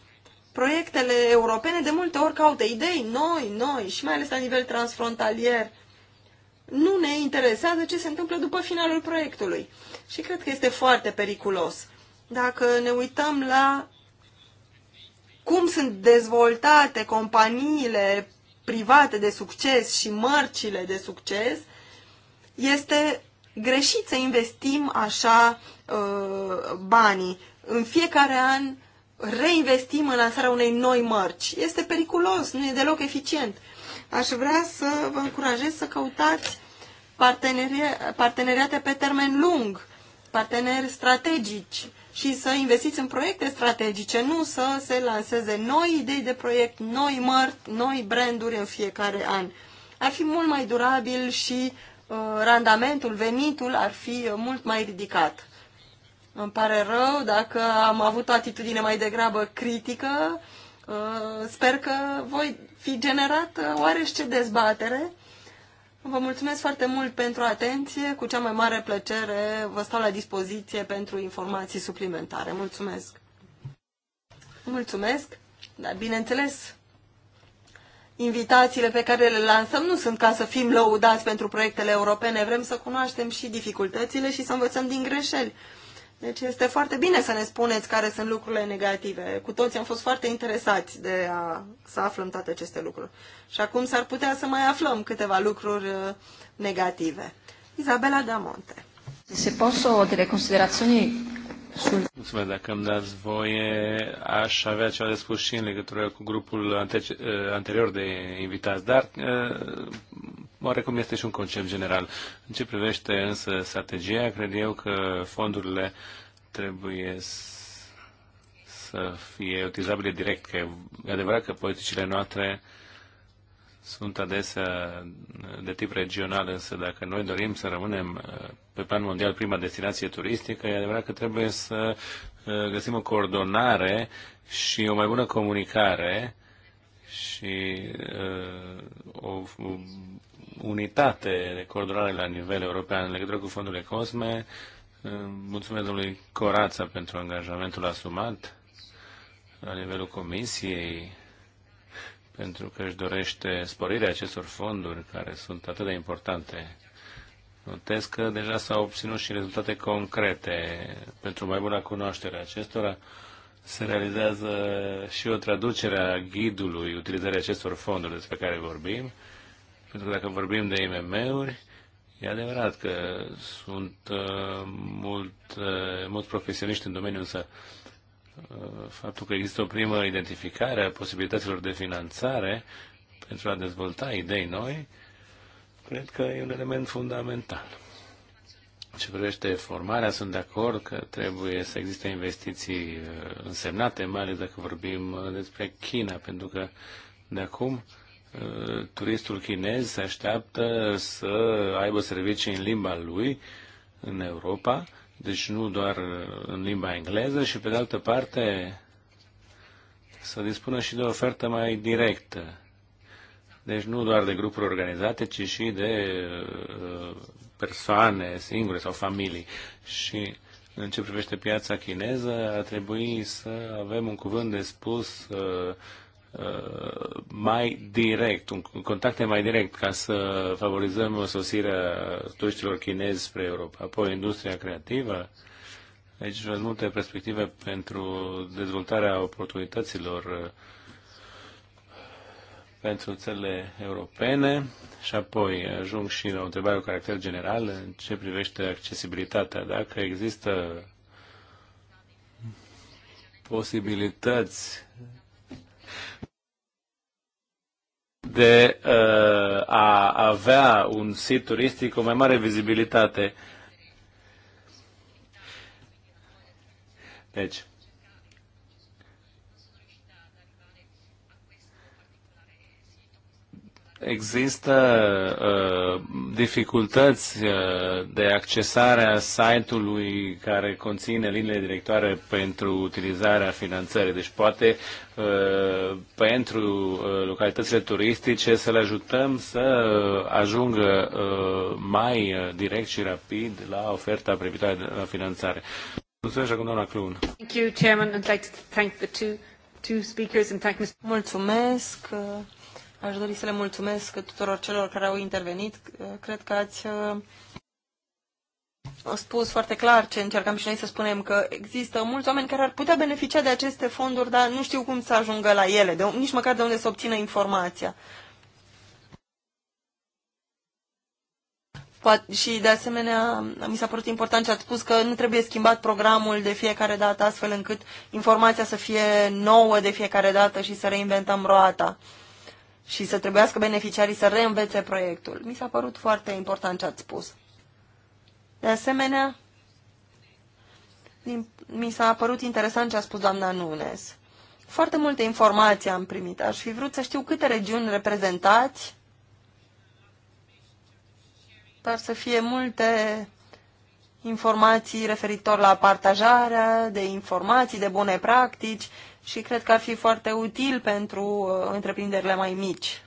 Speaker 5: Proiectele europene de multe ori caută idei noi, noi și mai ales la nivel transfrontalier. Nu ne interesează ce se întâmplă după finalul proiectului. Și cred că este foarte periculos. Dacă ne uităm la cum sunt dezvoltate companiile private de succes și mărcile de succes, este greșit să investim așa Uh, banii. În fiecare an reinvestim în lansarea unei noi mărci. Este periculos, nu e deloc eficient. Aș vrea să vă încurajez să căutați parteneria, parteneriate pe termen lung, parteneri strategici și să investiți în proiecte strategice, nu să se lanseze noi idei de proiect, noi mărți, noi branduri în fiecare an. Ar fi mult mai durabil și uh, randamentul, venitul ar fi uh, mult mai ridicat. Îmi pare rău dacă am avut o atitudine mai degrabă critică. Uh, sper că voi fi generat uh, oareși ce dezbatere. Vă mulțumesc foarte mult pentru atenție. Cu cea mai mare plăcere vă stau la dispoziție pentru informații suplimentare. Mulțumesc! Mulțumesc! Dar bineînțeles, invitațiile pe care le lansăm nu sunt ca să fim lăudați pentru proiectele europene. Vrem să cunoaștem și dificultățile și să învățăm din greșeli. Deci este foarte bine să ne spuneți care sunt lucrurile negative. Cu toți am fost foarte interesați de a, să aflăm toate aceste lucruri. Și acum s-ar putea să mai aflăm câteva lucruri uh, negative. Isabela Damonte. Se posso delle considerazioni
Speaker 4: sul... Mulțumesc, dacă îmi dați voie, aș avea ceva de spus și în legătură cu grupul uh, anterior de invitați, dar uh, oarecum este și un concept general. În ce privește însă strategia, cred eu că fondurile trebuie să fie utilizabile direct, că e adevărat că politicile noastre sunt adesea de tip regional, însă dacă noi dorim să rămânem uh, pe plan mondial prima destinație turistică, e adevărat că trebuie să uh, găsim o coordonare și o mai bună comunicare și uh, o, o unitate de coordonare la nivel european în legătură cu fondurile COSME. Mulțumesc domnului Corața pentru angajamentul asumat la nivelul Comisiei, pentru că își dorește sporirea acestor fonduri care sunt atât de importante. Notez că deja s-au obținut și rezultate concrete pentru mai bună cunoaștere a acestora. Se realizează și o traducere a ghidului utilizării acestor fonduri despre care vorbim pentru că dacă vorbim de IMM-uri, e adevărat că sunt uh, mult, uh, mulți profesioniști în domeniu, însă uh, faptul că există o primă identificare a posibilităților de finanțare pentru a dezvolta idei noi, cred că e un element fundamental. Ce privește formarea, sunt de acord că trebuie să existe investiții însemnate, mai ales dacă vorbim despre China, pentru că de acum Uh, turistul chinez se așteaptă să aibă servicii în limba lui, în Europa, deci nu doar uh, în limba engleză și pe de altă parte să dispună și de o ofertă mai directă. Deci nu doar de grupuri organizate, ci și de uh, persoane singure sau familii. Și în ce privește piața chineză, ar trebui să avem un cuvânt de spus uh, Uh, mai direct, un contact mai direct ca să favorizăm sosirea turiștilor chinezi spre Europa. Apoi, industria creativă, aici sunt multe perspective pentru dezvoltarea oportunităților uh, pentru țările europene și apoi ajung și la o întrebare cu caracter general în ce privește accesibilitatea. Dacă există posibilități de uh, a avea un sit turistic cu mai mare vizibilitate. Deci, există uh, dificultăți uh, de accesare a site-ului care conține linile directoare pentru utilizarea finanțării. Deci poate uh, pentru uh, localitățile turistice să le ajutăm să ajungă uh, mai uh, direct și rapid la oferta privitoare la finanțare. Mulțumesc acum doamna Clun.
Speaker 5: Thank you, Chairman. I'd like to thank the two, two speakers and thank Mr. Mulțumesc. Uh Aș dori să le mulțumesc tuturor celor care au intervenit. Cred că ați uh, spus foarte clar ce încercam și noi să spunem, că există mulți oameni care ar putea beneficia de aceste fonduri, dar nu știu cum să ajungă la ele, de, nici măcar de unde să obțină informația. Poate, și de asemenea, mi s-a părut important ce ați spus că nu trebuie schimbat programul de fiecare dată astfel încât informația să fie nouă de fiecare dată și să reinventăm roata și să trebuiască beneficiarii să reînvețe proiectul. Mi s-a părut foarte important ce ați spus. De asemenea, mi s-a părut interesant ce a spus doamna Nunes. Foarte multe informații am primit. Aș fi vrut să știu câte regiuni reprezentați. Par să fie multe informații referitor la partajarea de informații, de bune practici și cred că ar fi foarte util pentru uh, întreprinderile mai mici.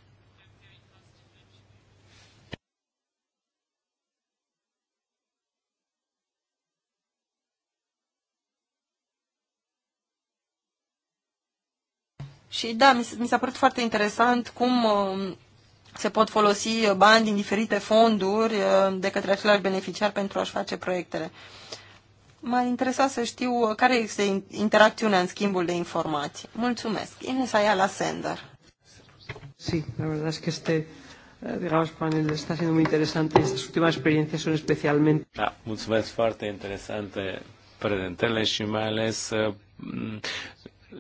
Speaker 5: Și da, mi s-a părut foarte interesant cum uh, se pot folosi uh, bani din diferite fonduri de către același beneficiar pentru a-și face proiectele m a interesa să știu care este interacțiunea în schimbul de informații. Mulțumesc. Ines la Sender. Sí, la verdad es que este eh, digamos, panel está siendo muy interesante y estas últimas experiencias son especialmente...
Speaker 4: Da, mulțumesc foarte interesante prezentele și mai ales eh,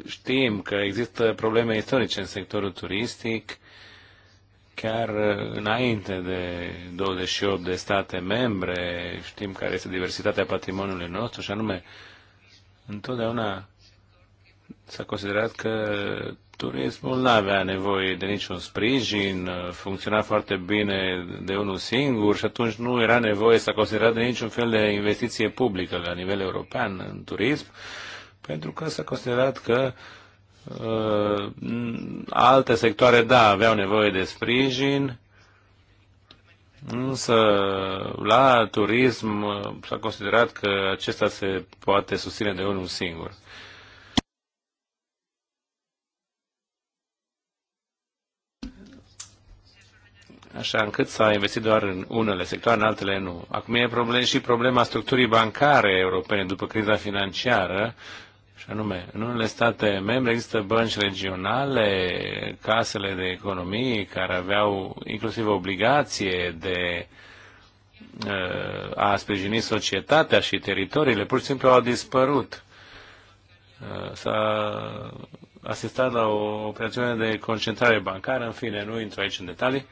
Speaker 4: știm că există probleme istorice în sectorul turistic chiar uh, înainte de 28 de state membre, știm care este diversitatea patrimoniului nostru și anume întotdeauna s-a considerat că turismul nu avea nevoie de niciun sprijin, uh, funcționa foarte bine de unul singur și atunci nu era nevoie să considerat de niciun fel de investiție publică la nivel european în turism, pentru că s-a considerat că uh, Uh, alte sectoare, da, aveau nevoie de sprijin, însă la turism uh, s-a considerat că acesta se poate susține de unul singur. așa încât s-a investit doar în unele sectoare, în altele nu. Acum e problem, și problema structurii bancare europene după criza financiară, și anume, în unele state membre există bănci regionale, casele de economii care aveau inclusiv obligație de uh, a sprijini societatea și teritoriile, pur și simplu au dispărut. Uh, s-a asistat la o operațiune de concentrare bancară, în fine, nu intru aici în detalii.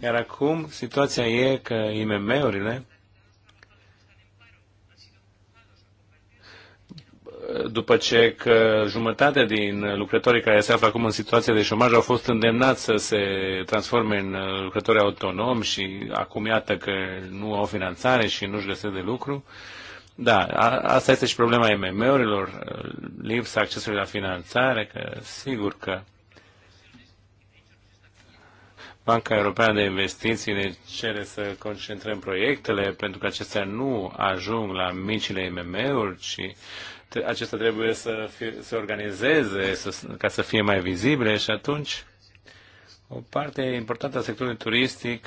Speaker 4: Iar acum situația e că IMM-urile după ce că jumătate din lucrătorii care se află acum în situație de șomaj au fost îndemnați să se transforme în uh, lucrători autonomi și acum iată că nu au finanțare și nu-și găsesc de lucru. Da, a, asta este și problema IMM-urilor, uh, lipsa accesului la finanțare, că sigur că Banca Europeană de Investiții ne cere să concentrăm proiectele pentru că acestea nu ajung la micile IMM-uri, ci uh, acesta trebuie să se organizeze să, ca să fie mai vizibile și atunci o parte importantă a sectorului turistic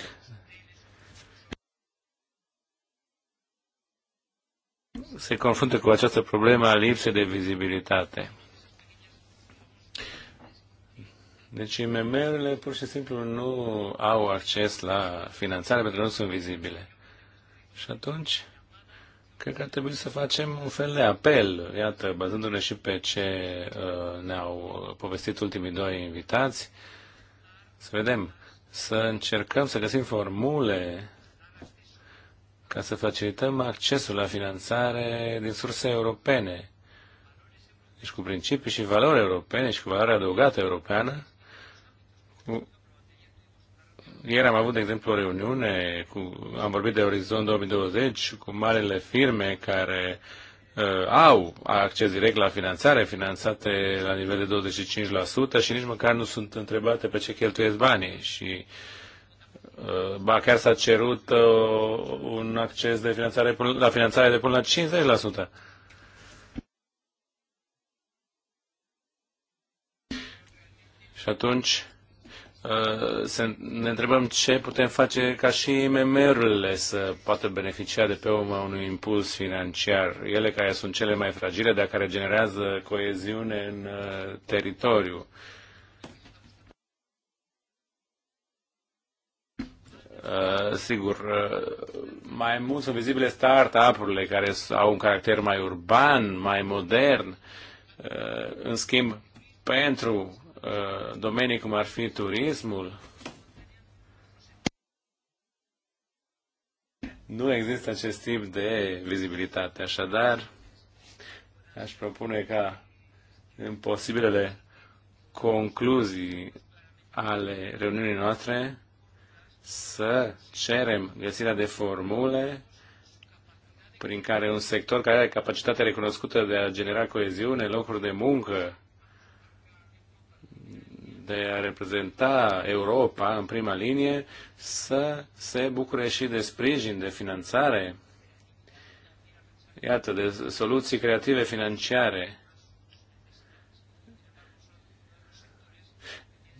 Speaker 4: se confruntă cu această problemă a lipsei de vizibilitate. Deci IMM-urile pur și simplu nu au acces la finanțare pentru că nu sunt vizibile. Și atunci Cred că ar trebui să facem un fel de apel, iată, bazându-ne și pe ce uh, ne-au povestit ultimii doi invitați, să vedem, să încercăm să găsim formule ca să facilităm accesul la finanțare din surse europene. Deci cu principii și valori europene și cu valoare adăugată europeană, ieri am avut, de exemplu, o reuniune, cu, am vorbit de Orizont 2020 cu marele firme care uh, au acces direct la finanțare, finanțate la nivel de 25% și nici măcar nu sunt întrebate pe ce cheltuiesc banii. Și uh, ba chiar s-a cerut uh, un acces de finanțare, la finanțare de până la 50%. Și atunci, Uh, ne întrebăm ce putem face ca și mmr urile să poată beneficia de pe urma unui impuls financiar. Ele care sunt cele mai fragile, dar care generează coeziune în uh, teritoriu. Uh, sigur, uh, mai mult sunt vizibile start-up-urile care au un caracter mai urban, mai modern. Uh, în schimb, pentru Uh, domenii cum ar fi turismul, nu există acest tip de vizibilitate. Așadar, aș propune ca în posibilele concluzii ale reuniunii noastre să cerem găsirea de formule prin care un sector care are capacitatea recunoscută de a genera coeziune, locuri de muncă de a reprezenta Europa în prima linie să se bucure și de sprijin, de finanțare, iată, de soluții creative financiare.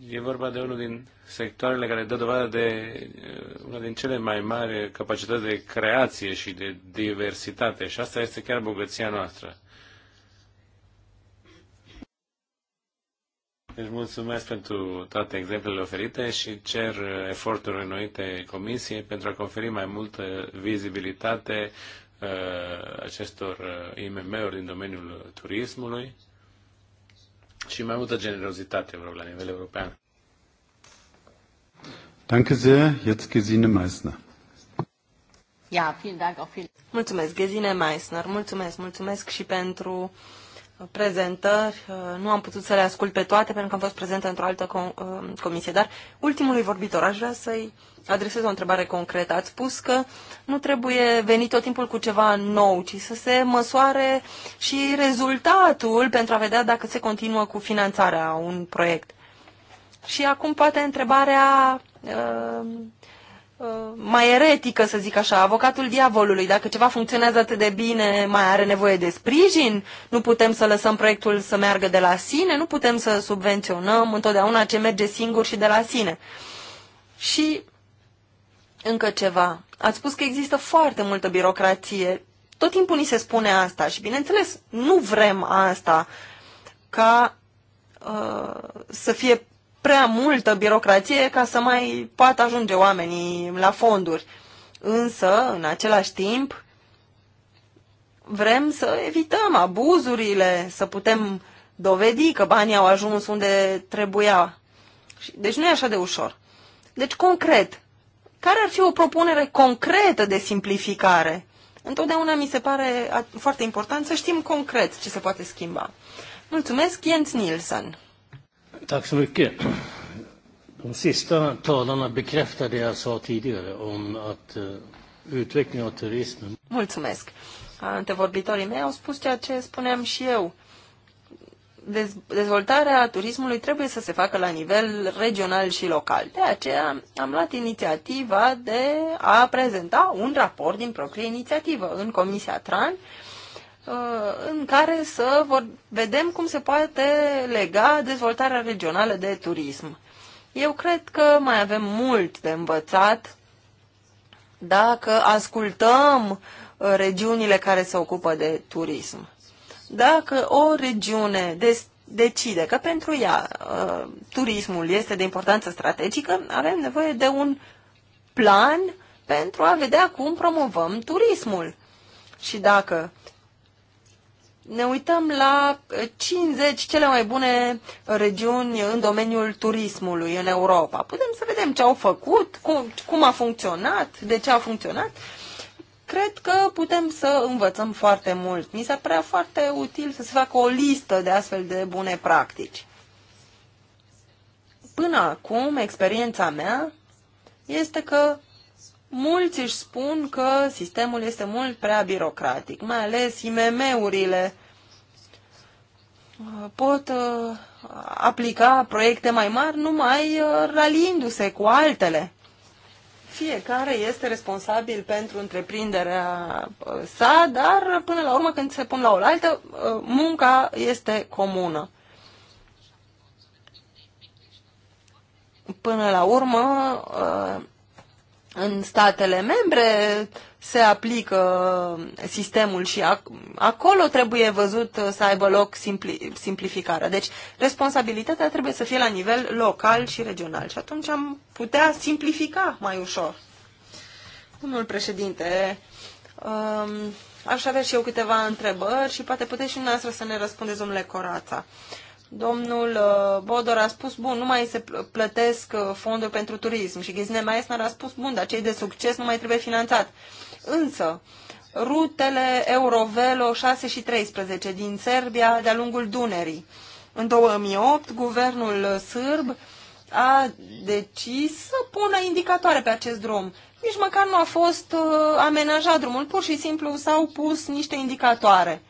Speaker 4: E vorba de unul din sectoarele care dă dovadă de uh, una din cele mai mari capacități de creație și de diversitate și asta este chiar bogăția noastră. Deci mulțumesc pentru toate exemplele oferite și cer eforturi renoite Comisiei pentru a conferi mai multă vizibilitate uh, acestor uh, IMM-uri din domeniul turismului și mai multă generozitate, vreau, la nivel european.
Speaker 1: Danke sehr. Jetzt Gesine
Speaker 5: Ja, vielen Dank auch Mulțumesc, Gesine Meissner. Mulțumesc, mulțumesc și pentru prezentări. Uh, nu am putut să le ascult pe toate pentru că am fost prezentă într-o altă uh, comisie, dar ultimului vorbitor aș vrea să-i adresez o întrebare concretă. Ați spus că nu trebuie venit tot timpul cu ceva nou, ci să se măsoare și rezultatul pentru a vedea dacă se continuă cu finanțarea un proiect. Și acum poate întrebarea uh, Uh, mai eretică, să zic așa, avocatul diavolului. Dacă ceva funcționează atât de bine, mai are nevoie de sprijin, nu putem să lăsăm proiectul să meargă de la sine, nu putem să subvenționăm întotdeauna ce merge singur și de la sine. Și încă ceva. Ați spus că există foarte multă birocrație. Tot timpul ni se spune asta și, bineînțeles, nu vrem asta ca uh, să fie prea multă birocrație ca să mai poată ajunge oamenii la fonduri. Însă, în același timp, vrem să evităm abuzurile, să putem dovedi că banii au ajuns unde trebuia. Deci nu e așa de ușor. Deci, concret, care ar fi o propunere concretă de simplificare? Întotdeauna mi se pare foarte important să știm concret ce se poate schimba. Mulțumesc, Jens Nielsen.
Speaker 4: Tack så mycket. De sista talarna bekräftar det jag sa tidigare om att eh, utvecklingen av turismen... Mulțumesc.
Speaker 5: Antevorbitorii mei au spus ceea ce spuneam și eu. Dez dezvoltarea turismului trebuie să se facă la nivel regional și local. De aceea am luat inițiativa de a prezenta un raport din proprie inițiativă în Comisia Tran uh, Uh, în care să vor, vedem cum se poate lega dezvoltarea regională de turism. Eu cred că mai avem mult de învățat dacă ascultăm uh, regiunile care se ocupă de turism. Dacă o regiune des, decide că pentru ea uh, turismul este de importanță strategică, avem nevoie de un plan pentru a vedea cum promovăm turismul. Și dacă ne uităm la 50 eh, cele mai bune regiuni în domeniul turismului în Europa. Putem să vedem ce au făcut, cum, cum a funcționat, de ce a funcționat. Cred că putem să învățăm foarte mult. Mi s-a părea foarte util să se facă o listă de astfel de bune practici. Până acum, experiența mea este că Mulți își spun că sistemul este mult prea birocratic, mai ales IMM-urile pot uh, aplica proiecte mai mari numai uh, raliindu-se cu altele. Fiecare este responsabil pentru întreprinderea uh, sa, dar până la urmă când se pun la oaltă, munca este comună. Până la urmă, în statele membre se aplică sistemul și acolo trebuie văzut să aibă loc simpli, simplificarea. Deci responsabilitatea trebuie să fie la nivel local și regional și atunci am putea simplifica mai ușor. Domnul președinte, um, aș avea și eu câteva întrebări și poate puteți și dumneavoastră să ne răspundeți, domnule Corața. Uh, Domnul uh, Bodor a spus, bun, nu mai se plătesc uh, fonduri pentru turism și Ghizne Maesnar a spus, bun, dar cei de succes nu mai trebuie finanțat. Însă, rutele Eurovelo 6 și 13 din Serbia de-a lungul Dunării. În 2008, guvernul uh, sârb a decis să pună indicatoare pe acest drum. Nici măcar nu a fost amenajat drumul, pur și simplu s-au pus niște indicatoare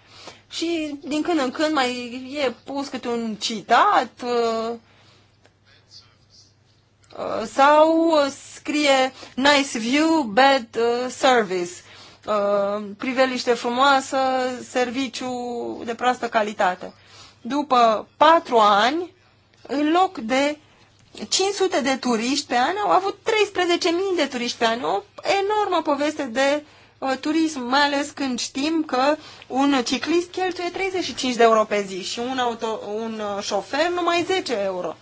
Speaker 5: și din când în când mai e pus câte un citat uh, uh, sau scrie nice view, bad uh, service, priveliște frumoasă, serviciu de proastă calitate. După patru ani, în loc de 500 de turiști pe an, au avut 13.000 de turiști pe an. O enormă poveste de uh, Uh, turism, mai ales când știm că un ciclist cheltuie 35 de euro pe zi și un, auto, un uh, șofer numai 10 euro.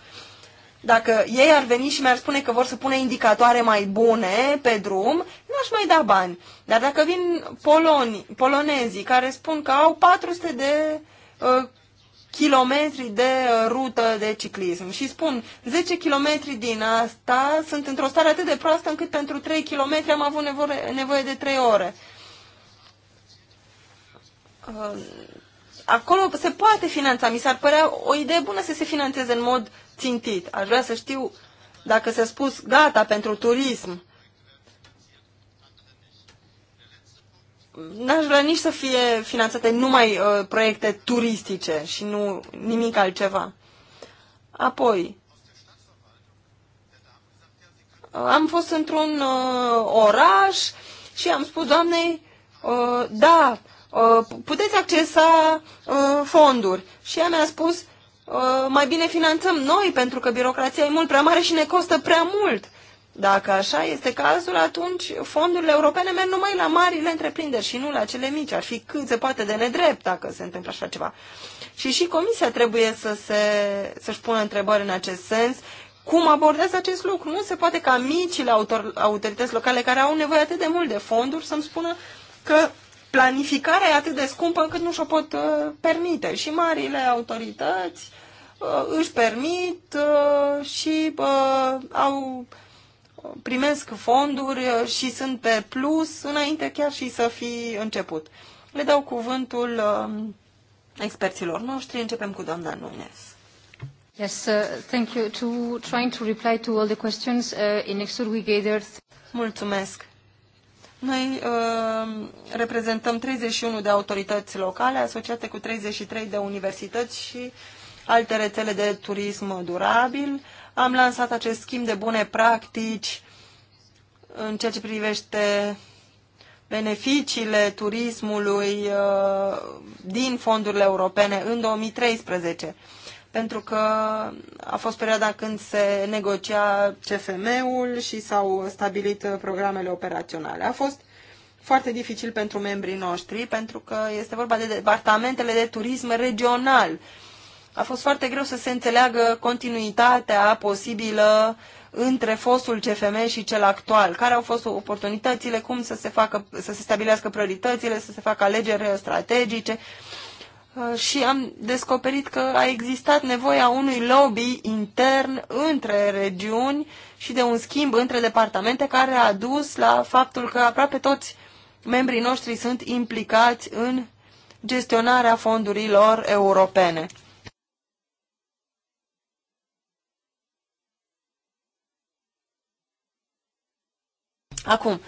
Speaker 5: Dacă ei ar veni și mi-ar spune că vor să pună indicatoare mai bune pe drum, n-aș mai da bani. Dar dacă vin poloni, polonezii care spun că au 400 de uh, kilometri de uh, rută de ciclism și spun 10 kilometri din asta sunt într-o stare atât de proastă încât pentru 3 kilometri am avut nevoie, de 3 ore. Uh, acolo se poate finanța. Mi s-ar părea o idee bună să se finanțeze în mod țintit. Aș vrea să știu dacă s-a spus gata pentru turism, n-aș vrea nici să fie finanțate numai uh, proiecte turistice și nu nimic altceva. Apoi, uh, am fost într-un uh, oraș și am spus doamnei, uh, da, uh, puteți accesa uh, fonduri. Și ea mi-a spus, uh, mai bine finanțăm noi, pentru că birocrația e mult prea mare și ne costă prea mult. Dacă așa este cazul, atunci fondurile europene merg numai la marile întreprinderi și nu la cele mici. Ar fi cât se poate de nedrept dacă se întâmplă așa ceva. Și și Comisia trebuie să se, să-și pună întrebări în acest sens. Cum abordează acest lucru? Nu se poate ca micile autor, autorități locale care au nevoie atât de mult de fonduri să-mi spună că planificarea e atât de scumpă încât nu și-o pot uh, permite. Și marile autorități uh, își permit uh, și uh, au primesc fonduri uh, și sunt pe plus înainte chiar și să fi început. Le dau cuvântul uh, experților noștri. Începem cu doamna Nunes.
Speaker 2: Yes, uh, thank you. To trying to reply to all the questions uh, in Exur we gathered.
Speaker 5: Mulțumesc. Noi uh, reprezentăm 31 de autorități locale asociate cu 33 de universități și alte rețele de turism durabil. Am lansat acest schimb de bune practici în ceea ce privește beneficiile turismului uh, din fondurile europene în 2013, pentru că a fost perioada când se negocia CFM-ul și s-au stabilit programele operaționale. A fost foarte dificil pentru membrii noștri, pentru că este vorba de departamentele de turism regional. Uh, a fost foarte greu să se înțeleagă continuitatea posibilă între fostul CFM și cel actual. Care au fost oportunitățile, cum să se, facă, să se stabilească prioritățile, să se facă alegeri strategice. Uh, și am descoperit că a existat nevoia unui lobby intern între regiuni și de un schimb între departamente care a dus la faptul că aproape toți membrii noștri sunt implicați în gestionarea fondurilor europene. Acum,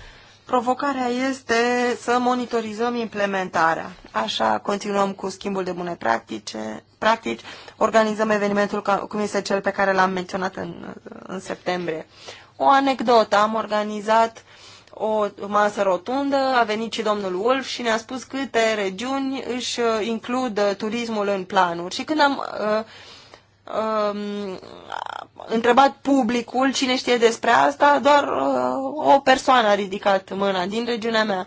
Speaker 5: provocarea este să monitorizăm implementarea. Așa continuăm cu schimbul de bune practice, practici, organizăm evenimentul ca, cum este cel pe care l-am menționat în, în septembrie. O anecdotă, am organizat o masă rotundă, a venit și domnul Wolf și ne-a spus câte regiuni își uh, includ uh, turismul în planuri. Și când am uh, Um, întrebat publicul cine știe despre asta, doar uh, o persoană a ridicat mâna din regiunea mea.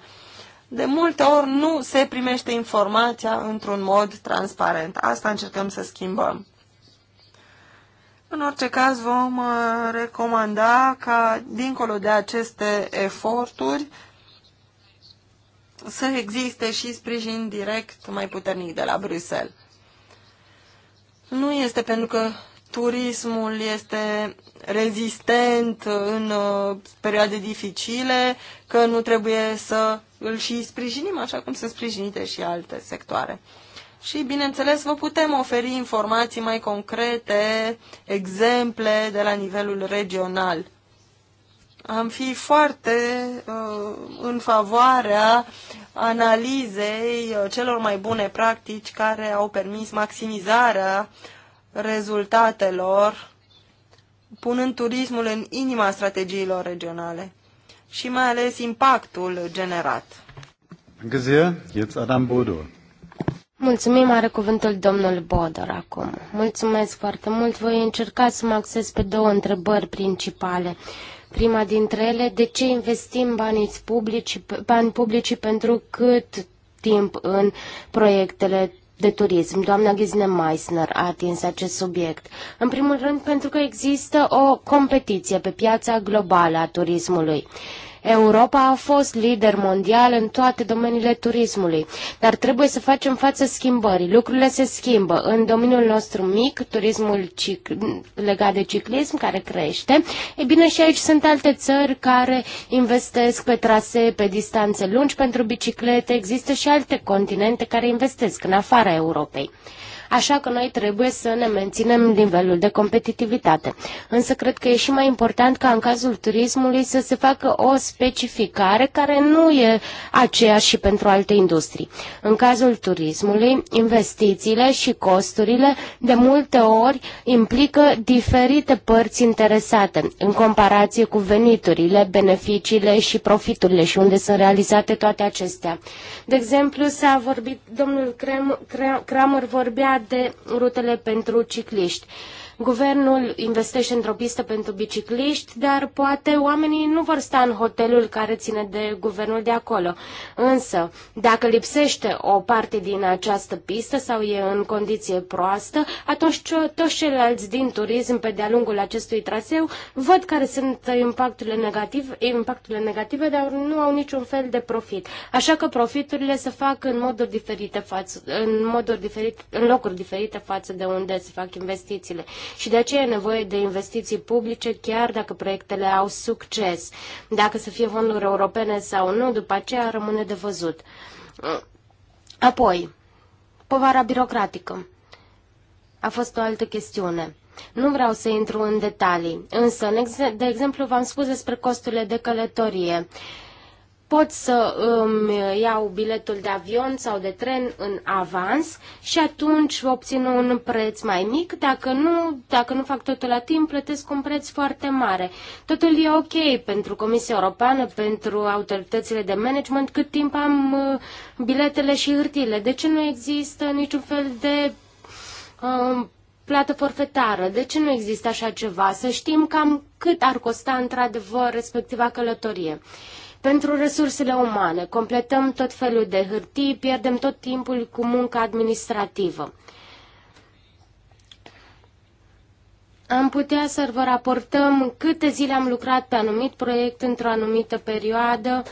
Speaker 5: De multe ori nu se primește informația într-un mod transparent. Asta încercăm să schimbăm. În orice caz, vom uh, recomanda ca, dincolo de aceste eforturi, să existe și sprijin direct mai puternic de la Bruxelles nu este pentru că turismul este rezistent în uh, perioade dificile, că nu trebuie să îl și sprijinim așa cum sunt sprijinite și alte sectoare. Și, bineînțeles, vă putem oferi informații mai concrete, exemple de la nivelul regional. Am fi foarte uh, în favoarea analizei celor mai bune practici care au permis maximizarea rezultatelor, punând turismul în inima strategiilor regionale
Speaker 2: și mai ales impactul generat. Mulțumim, are cuvântul domnul Bodor acum. Mulțumesc foarte mult. Voi încerca să mă acces pe două întrebări principale. Prima dintre ele, de ce investim banii publici, bani publici pentru cât timp în proiectele de turism. Doamna Ghizne Meissner a atins acest subiect. În primul rând pentru că există o competiție pe piața globală a turismului. Europa a fost lider mondial în toate domeniile turismului, dar trebuie să facem față schimbării. Lucrurile se schimbă. În domeniul nostru mic, turismul legat de ciclism, care crește, e bine și aici sunt alte țări care investesc pe trasee, pe distanțe lungi pentru biciclete. Există și alte continente care investesc în afara Europei. Așa că noi trebuie să ne menținem nivelul de competitivitate. Însă cred că e și mai important ca în cazul turismului să se facă o specificare care nu e aceeași și pentru alte industrii. În cazul turismului, investițiile și costurile de multe ori implică diferite părți interesate în comparație cu veniturile, beneficiile și profiturile și unde sunt realizate toate acestea. De exemplu, s-a vorbit, domnul Kramer vorbea de rutele pentru cicliști. Guvernul investește într-o pistă pentru bicicliști, dar poate oamenii nu vor sta în hotelul care ține de guvernul de acolo. Însă, dacă lipsește o parte din această pistă sau e în condiție proastă, atunci toți ceilalți din turism pe de-a lungul acestui traseu văd care sunt impacturile negative, impacturile negative, dar nu au niciun fel de profit. Așa că profiturile se fac în moduri diferite față, în moduri diferite, în locuri diferite față de unde se fac investițiile și de aceea e nevoie de investiții publice chiar dacă proiectele au succes. Dacă să fie fonduri europene sau nu, după aceea rămâne de văzut. Apoi, povara birocratică a fost o altă chestiune. Nu vreau să intru în detalii, însă, de exemplu, v-am spus despre costurile de călătorie. Uh, pot să îmi iau biletul de avion sau de tren în avans și atunci obțin un preț mai mic. Dacă nu, dacă nu fac totul la timp, plătesc un preț foarte mare. Totul e ok pentru Comisia Europeană, pentru autoritățile de management, cât timp am uh, biletele și hârtile. De ce nu există niciun fel de um, plată forfetară? De ce nu există așa ceva? Să știm cam cât ar costa într-adevăr respectiva călătorie. Pentru resursele umane, completăm tot felul de hârtii, pierdem tot timpul cu munca administrativă. Am putea să vă raportăm câte zile am lucrat pe anumit proiect într-o anumită perioadă,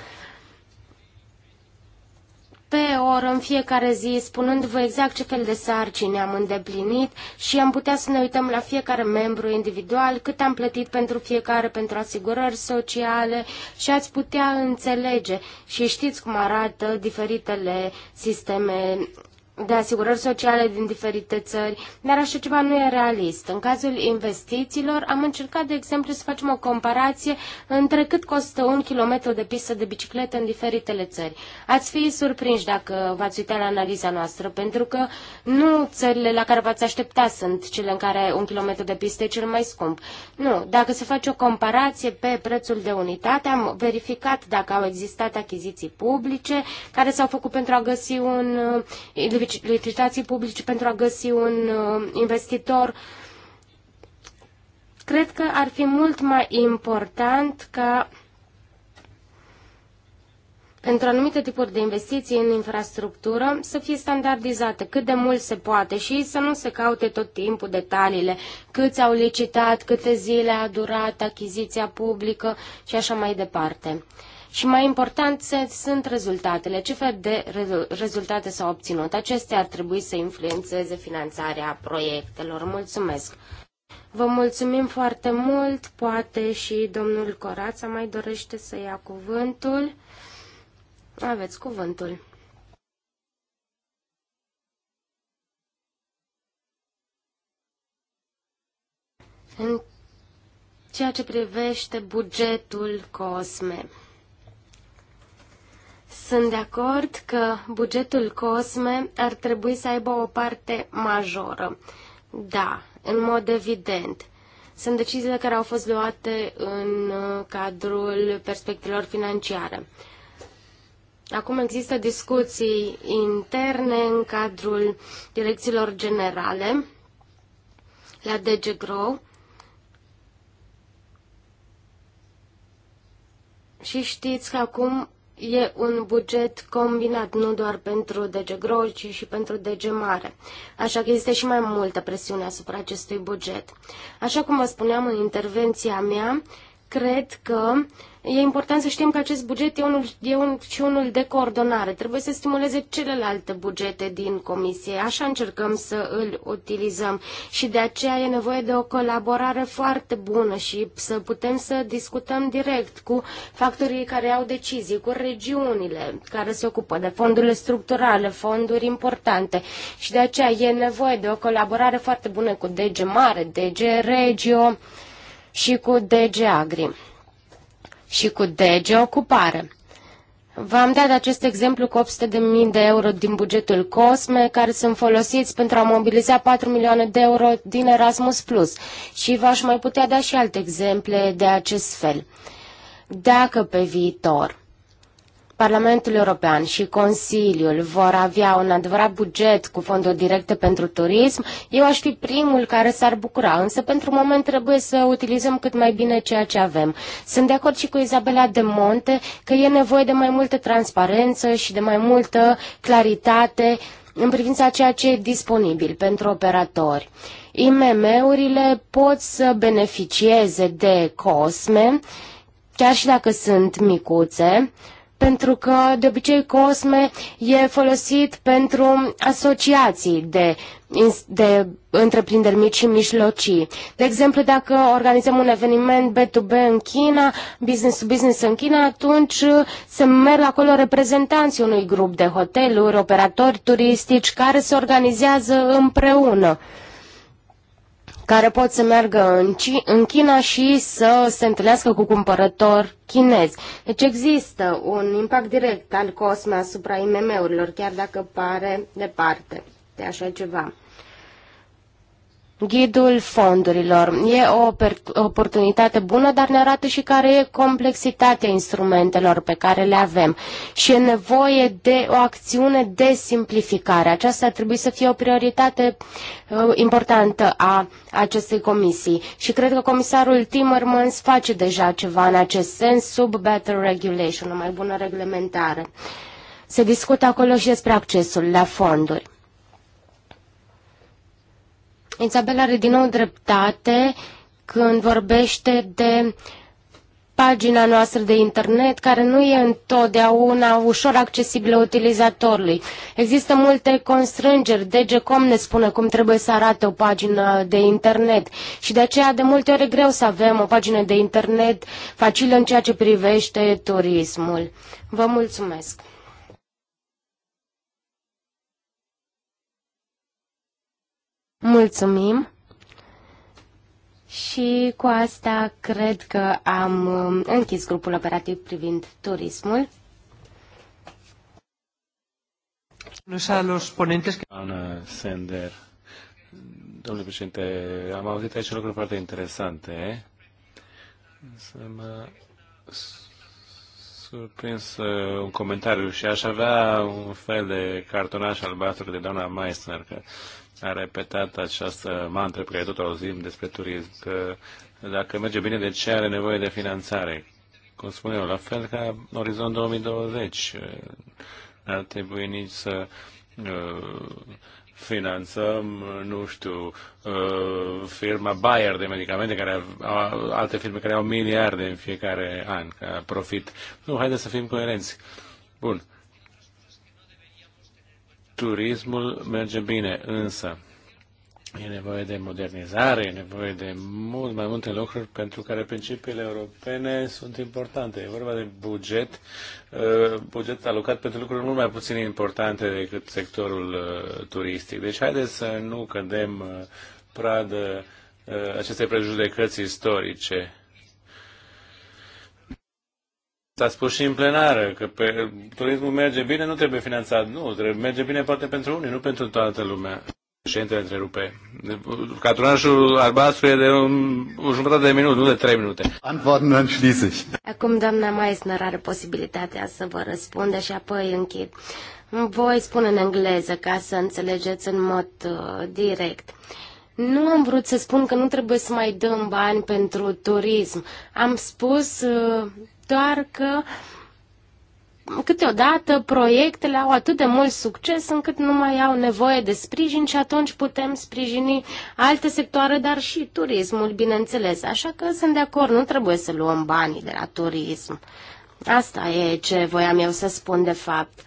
Speaker 2: pe oră în fiecare zi, spunându-vă exact ce fel de sarcini am îndeplinit și am putea să ne uităm la fiecare membru individual, cât am plătit pentru fiecare, pentru asigurări sociale și ați putea înțelege și știți cum arată diferitele sisteme de asigurări sociale din diferite țări, dar așa ceva nu e realist. În cazul investițiilor am încercat, de exemplu, să facem o comparație între cât costă un kilometru de pistă de bicicletă în diferitele țări. Ați fi surprinși dacă v-ați uitat la analiza noastră, pentru că nu țările la care v-ați aștepta sunt cele în care un kilometru de pistă e cel mai scump. Nu, dacă se face o comparație pe prețul de unitate, am verificat dacă au existat achiziții publice care s-au făcut pentru a găsi un uh, deci licitații publice pentru a găsi un uh, investitor. Cred că ar fi mult mai important ca pentru anumite tipuri de investiții în infrastructură să fie standardizate cât de mult se poate și să nu se caute tot timpul detaliile, câți au licitat, câte zile a durat achiziția publică și așa mai departe. Și mai important sunt rezultatele. Ce fel de rezultate s-au obținut? Acestea ar trebui să influențeze finanțarea proiectelor. Mulțumesc! Vă mulțumim foarte mult. Poate și domnul Corața mai dorește să ia cuvântul. Aveți cuvântul. În ceea ce privește bugetul COSME. Sunt de acord că bugetul COSME ar trebui să aibă o parte majoră. Da, în mod evident. Sunt deciziile care au fost luate în uh, cadrul perspectivelor financiare. Acum există discuții interne în cadrul direcțiilor generale la DG Grow și știți că acum E un buget combinat nu doar pentru DG Grow, ci și pentru DG Mare. Așa că există și mai multă presiune asupra acestui buget. Așa cum vă spuneam în intervenția mea, cred că uh, E important să știm că acest buget e unul, e un, și unul de coordonare. Trebuie să stimuleze celelalte bugete din comisie. Așa încercăm să îl utilizăm și de aceea e nevoie de o colaborare foarte bună și să putem să discutăm direct cu factorii care au decizii, cu regiunile care se ocupă de fondurile structurale, fonduri importante. Și de aceea e nevoie de o colaborare foarte bună cu DG Mare, DG Regio și cu DG Agri și cu dege Ocupare. V-am dat acest exemplu cu 800.000 de, de euro din bugetul COSME, care sunt folosiți pentru a mobiliza 4 milioane de euro din Erasmus+. plus. Și v-aș mai putea da și alte exemple de acest fel. Dacă pe viitor Parlamentul European și Consiliul vor avea un adevărat buget cu fonduri directe pentru turism, eu aș fi primul care s-ar bucura, însă pentru moment trebuie să utilizăm cât mai bine ceea ce avem. Sunt de acord și cu Izabela de Monte că e nevoie de mai multă transparență și de mai multă claritate în privința ceea ce e disponibil pentru operatori. IMM-urile pot să beneficieze de COSME, chiar și dacă sunt micuțe, pentru că de obicei COSME e folosit pentru asociații de, de întreprinderi mici și mijlocii. De exemplu, dacă organizăm un eveniment B2B în China, business to business în China, atunci uh, se merg acolo reprezentanții unui grup de hoteluri, operatori turistici care se organizează împreună care pot să meargă în, în China și să se întâlnească cu cumpărători chinezi. Deci există un impact direct al COSME asupra IMM-urilor, chiar dacă pare departe de așa ceva. Ghidul fondurilor e o oportunitate bună, dar ne arată și care e complexitatea instrumentelor pe care le avem și e nevoie de o acțiune de simplificare. Aceasta ar trebui să fie o prioritate uh, importantă a acestei comisii și cred că comisarul Timmermans face deja ceva în acest sens sub Better Regulation, o mai bună reglementare. Se discută acolo și despre accesul la fonduri. Isabel are din nou dreptate când vorbește de pagina noastră de internet care nu e întotdeauna ușor accesibilă utilizatorului. Există multe constrângeri, DGCOM ne spune cum trebuie să arate o pagină de internet și de aceea de multe ori e greu să avem o pagină de internet facilă în ceea ce privește turismul. Vă mulțumesc! Mulțumim! Și cu asta cred că am um, închis grupul operativ privind turismul.
Speaker 4: Ana Sender, domnule președinte, am auzit aici lucruri foarte interesante. Să mă surprins uh, un comentariu și aș avea un fel de cartonaș albastru de doamna Meissner, că a repetat această mantră pe care tot auzim despre turism, că dacă merge bine, de ce are nevoie de finanțare? Cum spun eu, la fel ca Orizont 2020. N-ar trebui nici să uh, finanțăm, nu știu, uh, firma Bayer de medicamente, care au, alte firme care au miliarde în fiecare an ca profit. Nu, haideți să fim coerenți. Bun turismul merge bine, însă e nevoie de modernizare, e nevoie de mult mai multe lucruri pentru care principiile europene sunt importante. E vorba de buget, uh, buget alocat pentru lucruri mult mai puțin importante decât sectorul uh, turistic. Deci haideți să nu cădem uh, pradă acestei prejudecăți istorice S-a spus și în plenară că pe, turismul merge bine, nu trebuie finanțat. Nu, trebuie, merge bine poate pentru unii, nu pentru toată lumea. între întrerupe. Catronașul albastru e de un, o jumătate de minut, nu de trei minute. Antworten dann schließe
Speaker 2: Acum doamna Meisner are posibilitatea să vă răspundă și apoi închid. Voi spune în engleză ca să înțelegeți în mod uh, direct. Nu am vrut să spun că nu trebuie să mai dăm bani pentru turism. Am spus uh, doar că câteodată proiectele au atât de mult succes încât nu mai au nevoie de sprijin și atunci putem sprijini alte sectoare, dar și turismul, bineînțeles. Așa că sunt de acord, nu trebuie să luăm banii de la turism. Asta e ce voiam eu să spun de fapt.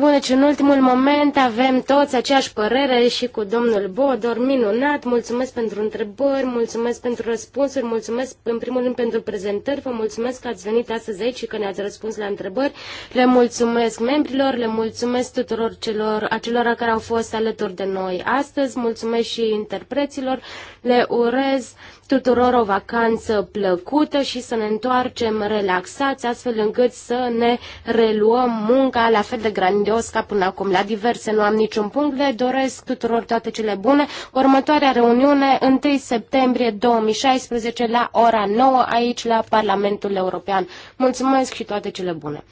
Speaker 2: Bun, deci în ultimul moment avem toți aceeași părere și cu domnul Bodor, minunat, mulțumesc pentru întrebări, mulțumesc pentru răspunsuri, mulțumesc în primul rând pentru prezentări, vă mulțumesc că ați venit astăzi aici și că ne-ați răspuns la întrebări, le mulțumesc membrilor, le mulțumesc tuturor celor, acelora care au fost alături de noi astăzi, mulțumesc și interpreților, le urez tuturor o vacanță plăcută și să ne întoarcem relaxați, astfel încât să ne reluăm munca la fel de grandios ca până acum. La diverse nu am niciun punct, le doresc tuturor toate cele bune. Următoarea reuniune, 1 septembrie 2016, la ora 9, aici la Parlamentul European. Mulțumesc și toate cele bune!